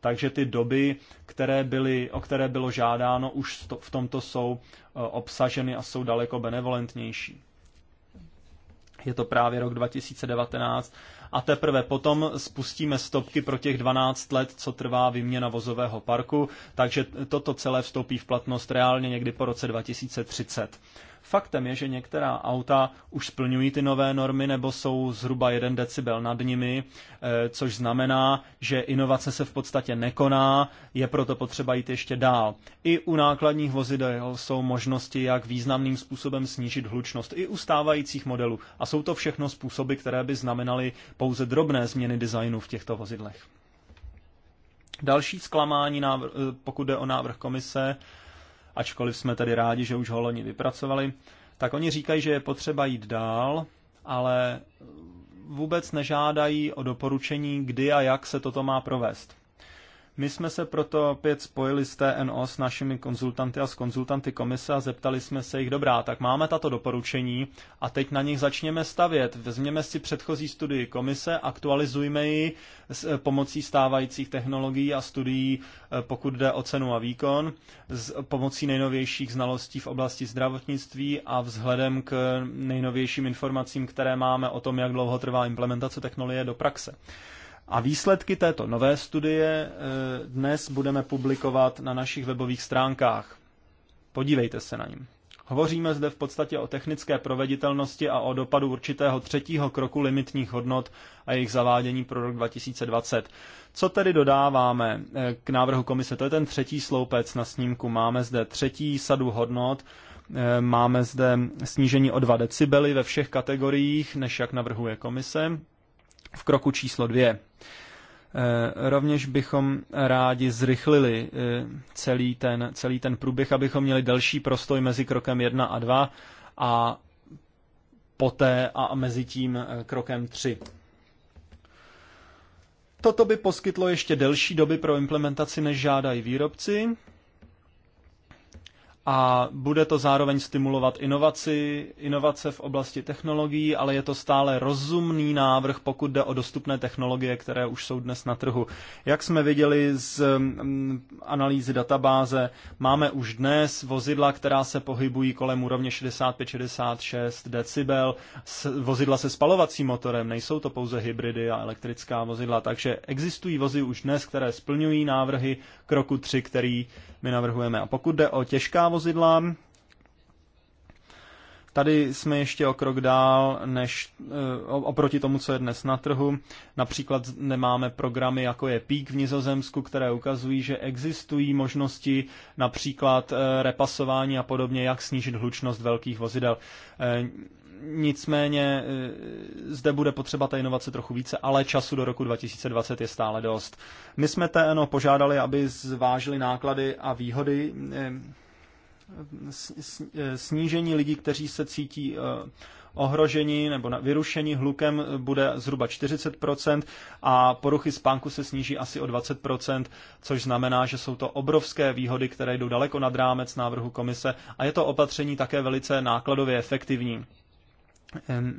Takže ty doby, které byly, o které bylo žádáno, už v tomto jsou e, obsaženy a jsou daleko benevolentnější. Je to právě rok 2019 a teprve potom spustíme stopky pro těch 12 let, co trvá výměna vozového parku, takže toto celé vstoupí v platnost reálně někdy po roce 2030. Faktem je, že některá auta už splňují ty nové normy nebo jsou zhruba 1 decibel nad nimi, eh, což znamená, že inovace se v podstatě nekoná, je proto potřeba jít ještě dál. I u nákladních vozidel jsou možnosti, jak významným způsobem snížit hlučnost, i u stávajících modelů. A jsou to všechno způsoby, které by znamenaly pouze drobné změny designu v těchto vozidlech. Další zklamání, eh, pokud jde o návrh komise, ačkoliv jsme tedy rádi, že už ho loni vypracovali, tak oni říkají, že je potřeba jít dál, ale vůbec nežádají o doporučení, kdy a jak se toto má provést. My jsme se proto opět spojili s TNO s našimi konzultanty a s konzultanty komise a zeptali jsme se jich, dobrá, tak máme tato doporučení a teď na nich začněme stavět. Vezměme si předchozí studii komise, aktualizujme ji s e, pomocí stávajících technologií a studií, e, pokud jde o cenu a výkon, s e, pomocí nejnovějších znalostí v oblasti zdravotnictví a vzhledem k nejnovějším informacím, které máme o tom, jak dlouho trvá implementace technologie do praxe. A výsledky této nové studie eh, dnes budeme publikovat na našich webových stránkách. Podívejte se na ním. Hovoříme zde v podstatě o technické proveditelnosti a o dopadu určitého třetího kroku limitních hodnot a jejich zavádění pro rok 2020. Co tedy dodáváme eh, k návrhu komise? To je ten třetí sloupec na snímku. Máme zde třetí sadu hodnot, eh, máme zde snížení o 2 decibely ve všech kategoriích, než jak navrhuje komise v kroku číslo dvě. Eh, rovněž bychom rádi zrychlili eh, celý ten, celý ten průběh, abychom měli delší prostoj mezi krokem 1 a 2 a poté a mezi tím eh, krokem 3. Toto by poskytlo ještě delší doby pro implementaci, než žádají výrobci, a bude to zároveň stimulovat inovaci, inovace v oblasti technologií, ale je to stále rozumný návrh, pokud jde o dostupné technologie, které už jsou dnes na trhu. Jak jsme viděli z mm, analýzy databáze, máme už dnes vozidla, která se pohybují kolem úrovně 65-66 decibel, vozidla se spalovacím motorem, nejsou to pouze hybridy a elektrická vozidla, takže existují vozy už dnes, které splňují návrhy kroku 3, který my navrhujeme. A pokud jde o těžká vozidla, vozidla. Tady jsme ještě o krok dál než eh, oproti tomu, co je dnes na trhu. Například nemáme programy, jako je PEAK v Nizozemsku, které ukazují, že existují možnosti například eh, repasování a podobně, jak snížit hlučnost velkých vozidel. Eh, nicméně zde bude potřeba ta inovace trochu více, ale času do roku 2020 je stále dost. My jsme TNO požádali, aby zvážili náklady a výhody E, snížení lidí, kteří se cítí e, ohroženi nebo na vyrušení hlukem e, bude zhruba 40% a poruchy spánku se sníží asi o 20%, což znamená, že jsou to obrovské výhody, které jdou daleko nad rámec návrhu komise a je to opatření také velice nákladově efektivní.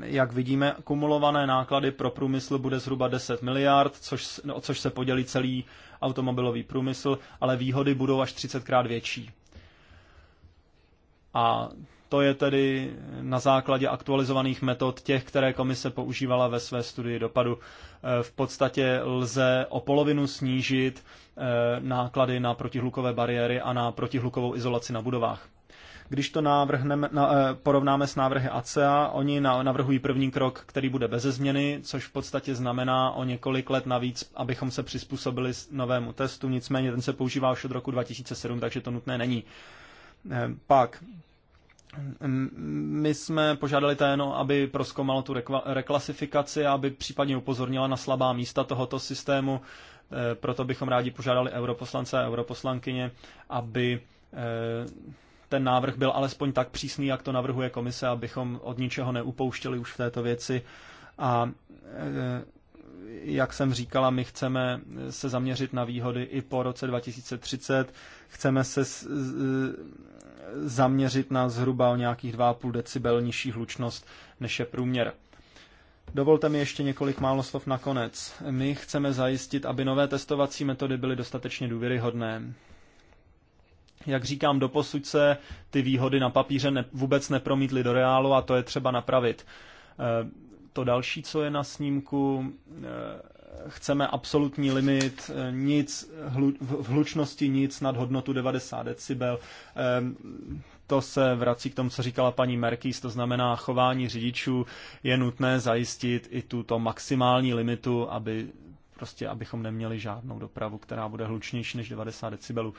Jak vidíme, kumulované náklady pro průmysl bude zhruba 10 miliard, což, o no, což se podělí celý automobilový průmysl, ale výhody budou až 30krát větší. A to je tedy na základě aktualizovaných metod těch, které komise používala ve své studii dopadu. E, v podstatě lze o polovinu snížit e, náklady na protihlukové bariéry a na protihlukovou izolaci na budovách. Když to navrhneme, na, e, porovnáme s návrhy ACEA, oni navrhují první krok, který bude beze změny, což v podstatě znamená o několik let navíc, abychom se přizpůsobili novému testu, nicméně ten se používá už od roku 2007, takže to nutné není. Eh, pak mm, my jsme požádali TNO, aby proskomalo tu reklasifikaci a aby případně upozornila na slabá místa tohoto systému. Eh, proto bychom rádi požádali europoslance a europoslankyně, aby eh, ten návrh byl alespoň tak přísný, jak to navrhuje komise, abychom od ničeho neupouštěli už v této věci. A jak jsem říkala, my chceme se zaměřit na výhody i po roce 2030. Chceme se zaměřit na zhruba o nějakých 2,5 decibel nižší hlučnost, než je průměr. Dovolte mi ještě několik málo slov nakonec. My chceme zajistit, aby nové testovací metody byly dostatečně důvěryhodné. Jak říkám, doposud se ty výhody na papíře ne, vůbec nepromítly do reálu a to je třeba napravit to další, co je na snímku. Eh, chceme absolutní limit, eh, nic v hlučnosti nic nad hodnotu 90 decibel. Eh, to se vrací k tomu, co říkala paní Merkis, to znamená chování řidičů je nutné zajistit i tuto maximální limitu, aby prostě abychom neměli žádnou dopravu, která bude hlučnější než 90 decibelů.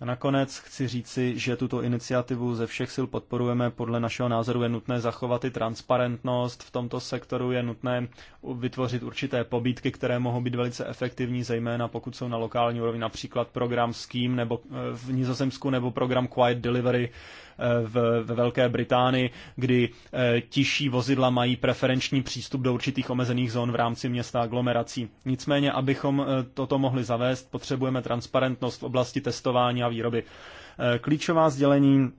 A nakonec chci říci, že tuto iniciativu ze všech sil podporujeme. Podle našeho názoru je nutné zachovat i transparentnost. V tomto sektoru je nutné vytvořit určité pobídky, které mohou být velice efektivní, zejména pokud jsou na lokální úrovni, například program Scheme nebo eh, v Nizozemsku nebo program Quiet Delivery v, ve Velké Británii, kdy eh, tižší vozidla mají preferenční přístup do určitých omezených zón v rámci města aglomerací. Nicméně, abychom eh, toto mohli zavést, potřebujeme transparentnost v oblasti testování a výroby. Eh, klíčová sdělení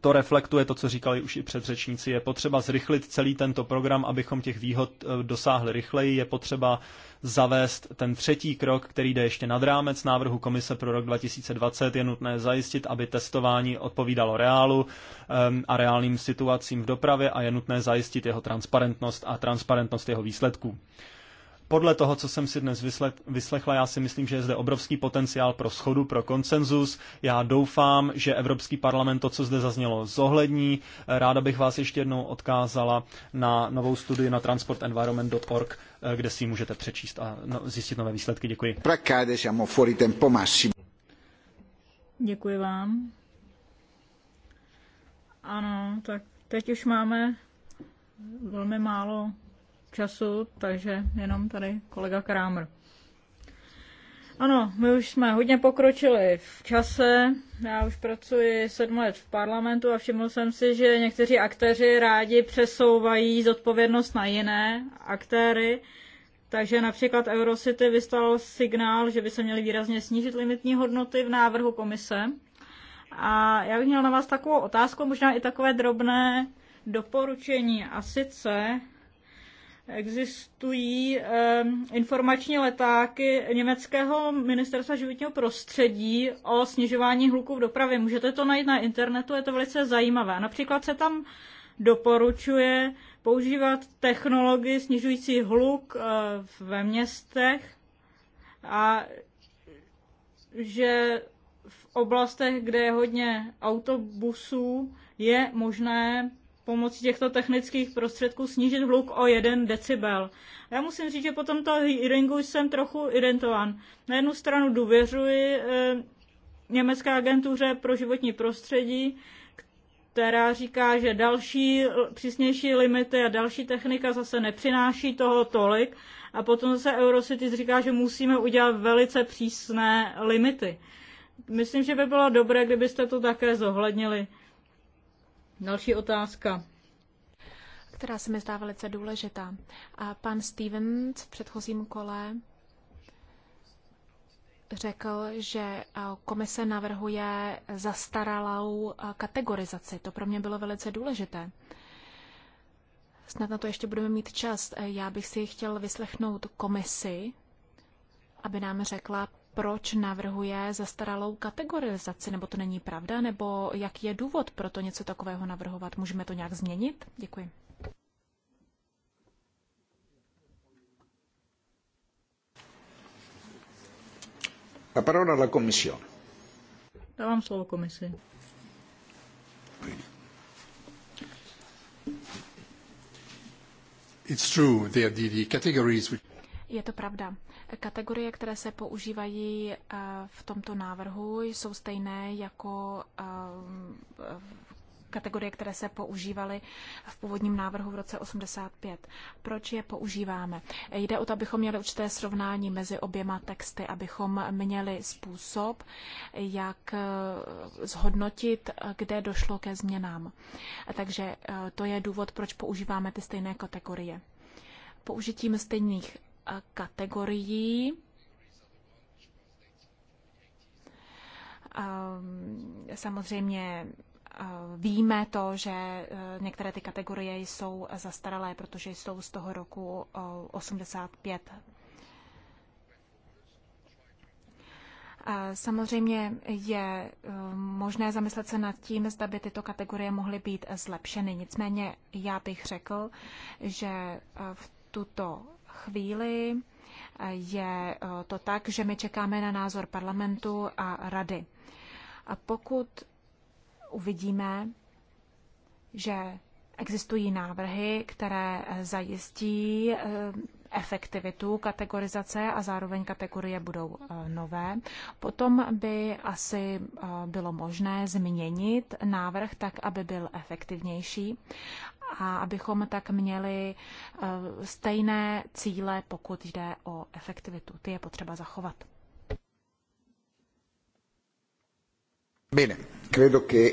to reflektuje to, co říkali už i předřečníci. Je potřeba zrychlit celý tento program, abychom těch výhod eh, dosáhli rychleji. Je potřeba zavést ten třetí krok, který jde ještě nad rámec návrhu Komise pro rok 2020. Je nutné zajistit, aby testování odpovídalo reálu ehm, a reálným situacím v dopravě a je nutné zajistit jeho transparentnost a transparentnost jeho výsledků. Podle toho, co jsem si dnes vyslechla, já si myslím, že je zde obrovský potenciál pro schodu, pro konsenzus. Já doufám, že Evropský parlament to, co zde zaznělo, zohlední. Ráda bych vás ještě jednou odkázala na novou studii na transportenvironment.org, kde si ji můžete přečíst a no, zjistit nové výsledky. Děkuji. Děkuji vám. Ano, tak teď už máme velmi málo času, takže jenom tady kolega Krámer. Ano, my už jsme hodně pokročili v čase. Já už pracuji sedm let v parlamentu a všiml jsem si, že někteří aktéři rádi přesouvají zodpovědnost na jiné aktéry. Takže například Eurocity vystal signál, že by se měly výrazně snížit limitní hodnoty v návrhu komise. A já bych měl na vás takovou otázku, možná i takové drobné doporučení. A sice, existují ehm, informační letáky německého ministerstva životního prostředí o snižování hluku v dopravě. Můžete to najít na internetu, je to velice zajímavé. Například se tam doporučuje používat technologii snižující hluk eh, ve městech a že v oblastech, kde je hodně autobusů, je možné pomocí těchto technických prostředků snížit hluk o 1 decibel. Já musím říct, že po tomto hearingu jsem trochu identován. Na jednu stranu důvěřuji eh, německé agentuře pro životní prostředí, která říká, že další přísnější limity a další technika zase nepřináší toho tolik. A potom zase Eurocity říká, že musíme udělat velice přísné limity. Myslím, že by bylo dobré, kdybyste to také zohlednili. Další otázka která se mi zdá velice důležitá. A pan Stevens v předchozím kole řekl, že komise navrhuje zastaralou kategorizaci. To pro mě bylo velice důležité. Snad na to ještě budeme mít čas. Já bych si chtěl vyslechnout komisi, aby nám řekla, proč navrhuje zastaralou kategorizaci, nebo to není pravda, nebo jaký je důvod pro to něco takového navrhovat? Můžeme to nějak změnit? Děkuji. A parola la Commissione. Dávám slovo komisi. It's true, the, the, the categories which... Je to pravda. Kategorie, které se používají eh, v tomto návrhu, jsou stejné jako eh, kategorie, které se používaly v původním návrhu v roce 85. Proč je používáme? Jde o to, abychom měli určité srovnání mezi oběma texty, abychom měli způsob, jak eh, zhodnotit, kde došlo ke změnám. Takže to je důvod, proč používáme ty stejné kategorie. Použitím stejných kategorií. Ehm, samozřejmě eh, víme to, že eh, některé ty kategorie jsou zastaralé, protože jsou z toho roku 85. Eh, samozřejmě je možné zamyslet se nad tím, zda by tyto kategorie mohly být zlepšeny. Nicméně já bych řekl, že v tuto chvíli je eh, to tak, že my čekáme na názor parlamentu a rady. A pokud uvidíme, že existují návrhy, které zajistí eh, efektivitu kategorizace a zároveň kategorie budou eh, nové. Potom by asi bylo možné změnit návrh tak, aby byl efektivnější a abychom tak měli eh, stejné cíle, pokud jde o efektivitu. Ty je potřeba zachovat. Bene, credo che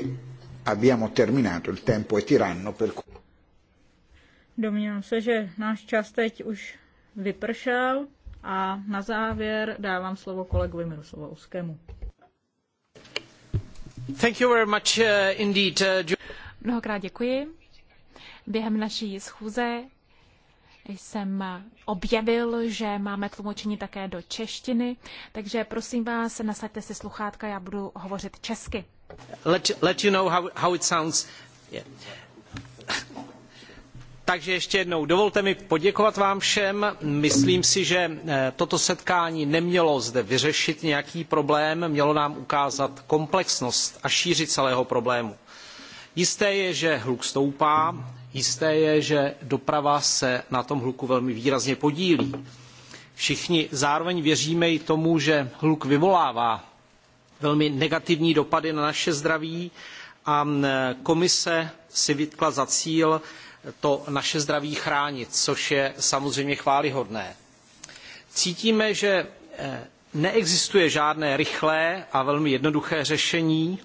abbiamo terminato, il tempo è tiranno per Domnívám se, že náš čas teď už vypršel a na závěr dávám slovo kolegovi Miroslavu Uskému. Thank you very much, uh, indeed, uh, Mnohokrát děkuji. Během naší schůze jsem objevil, že máme tlumočení také do češtiny, takže prosím vás, nasaďte si sluchátka, já budu hovořit česky. Let, let you know how, how it sounds. Takže ještě jednou, dovolte mi poděkovat vám všem. Myslím si, že eh, toto setkání nemělo zde vyřešit nějaký problém, mělo nám ukázat komplexnost a šíři celého problému. Jisté je, že hluk stoupá, Jisté je, že doprava se na tom hluku velmi výrazně podílí. Všichni zároveň věříme i tomu, že hluk vyvolává velmi negativní dopady na naše zdraví a komise si vytkla za cíl to naše zdraví chránit, což je samozřejmě chválihodné. Cítíme, že eh, neexistuje žádné rychlé a velmi jednoduché řešení.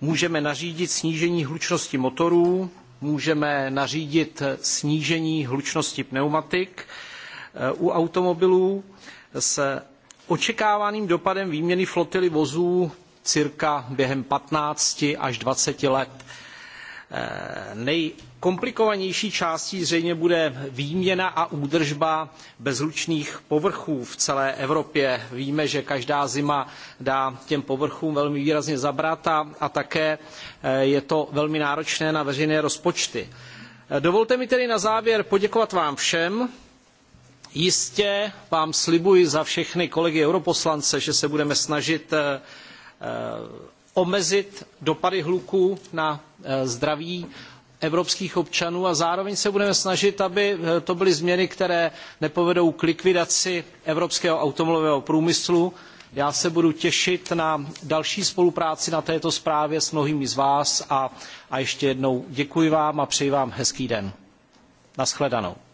Můžeme nařídit snížení hlučnosti motorů, můžeme nařídit snížení hlučnosti pneumatik u automobilů s očekávaným dopadem výměny flotily vozů cirka během 15 až 20 let. Eh, nejkomplikovanější částí zřejmě bude výměna a údržba bezlučných povrchů v celé Evropě. Víme, že každá zima dá těm povrchům velmi výrazně zabrat a, a také eh, je to velmi náročné na veřejné rozpočty. Eh, dovolte mi tedy na závěr poděkovat vám všem, Jistě vám slibuji za všechny kolegy europoslance, že se budeme snažit omezit dopady hluku na e, zdraví evropských občanů a zároveň se budeme snažit, aby e, to byly změny, které nepovedou k likvidaci evropského automobilového průmyslu. Já se budu těšit na další spolupráci na této zprávě s mnohými z vás a, a ještě jednou děkuji vám a přeji vám hezký den. Naschledanou.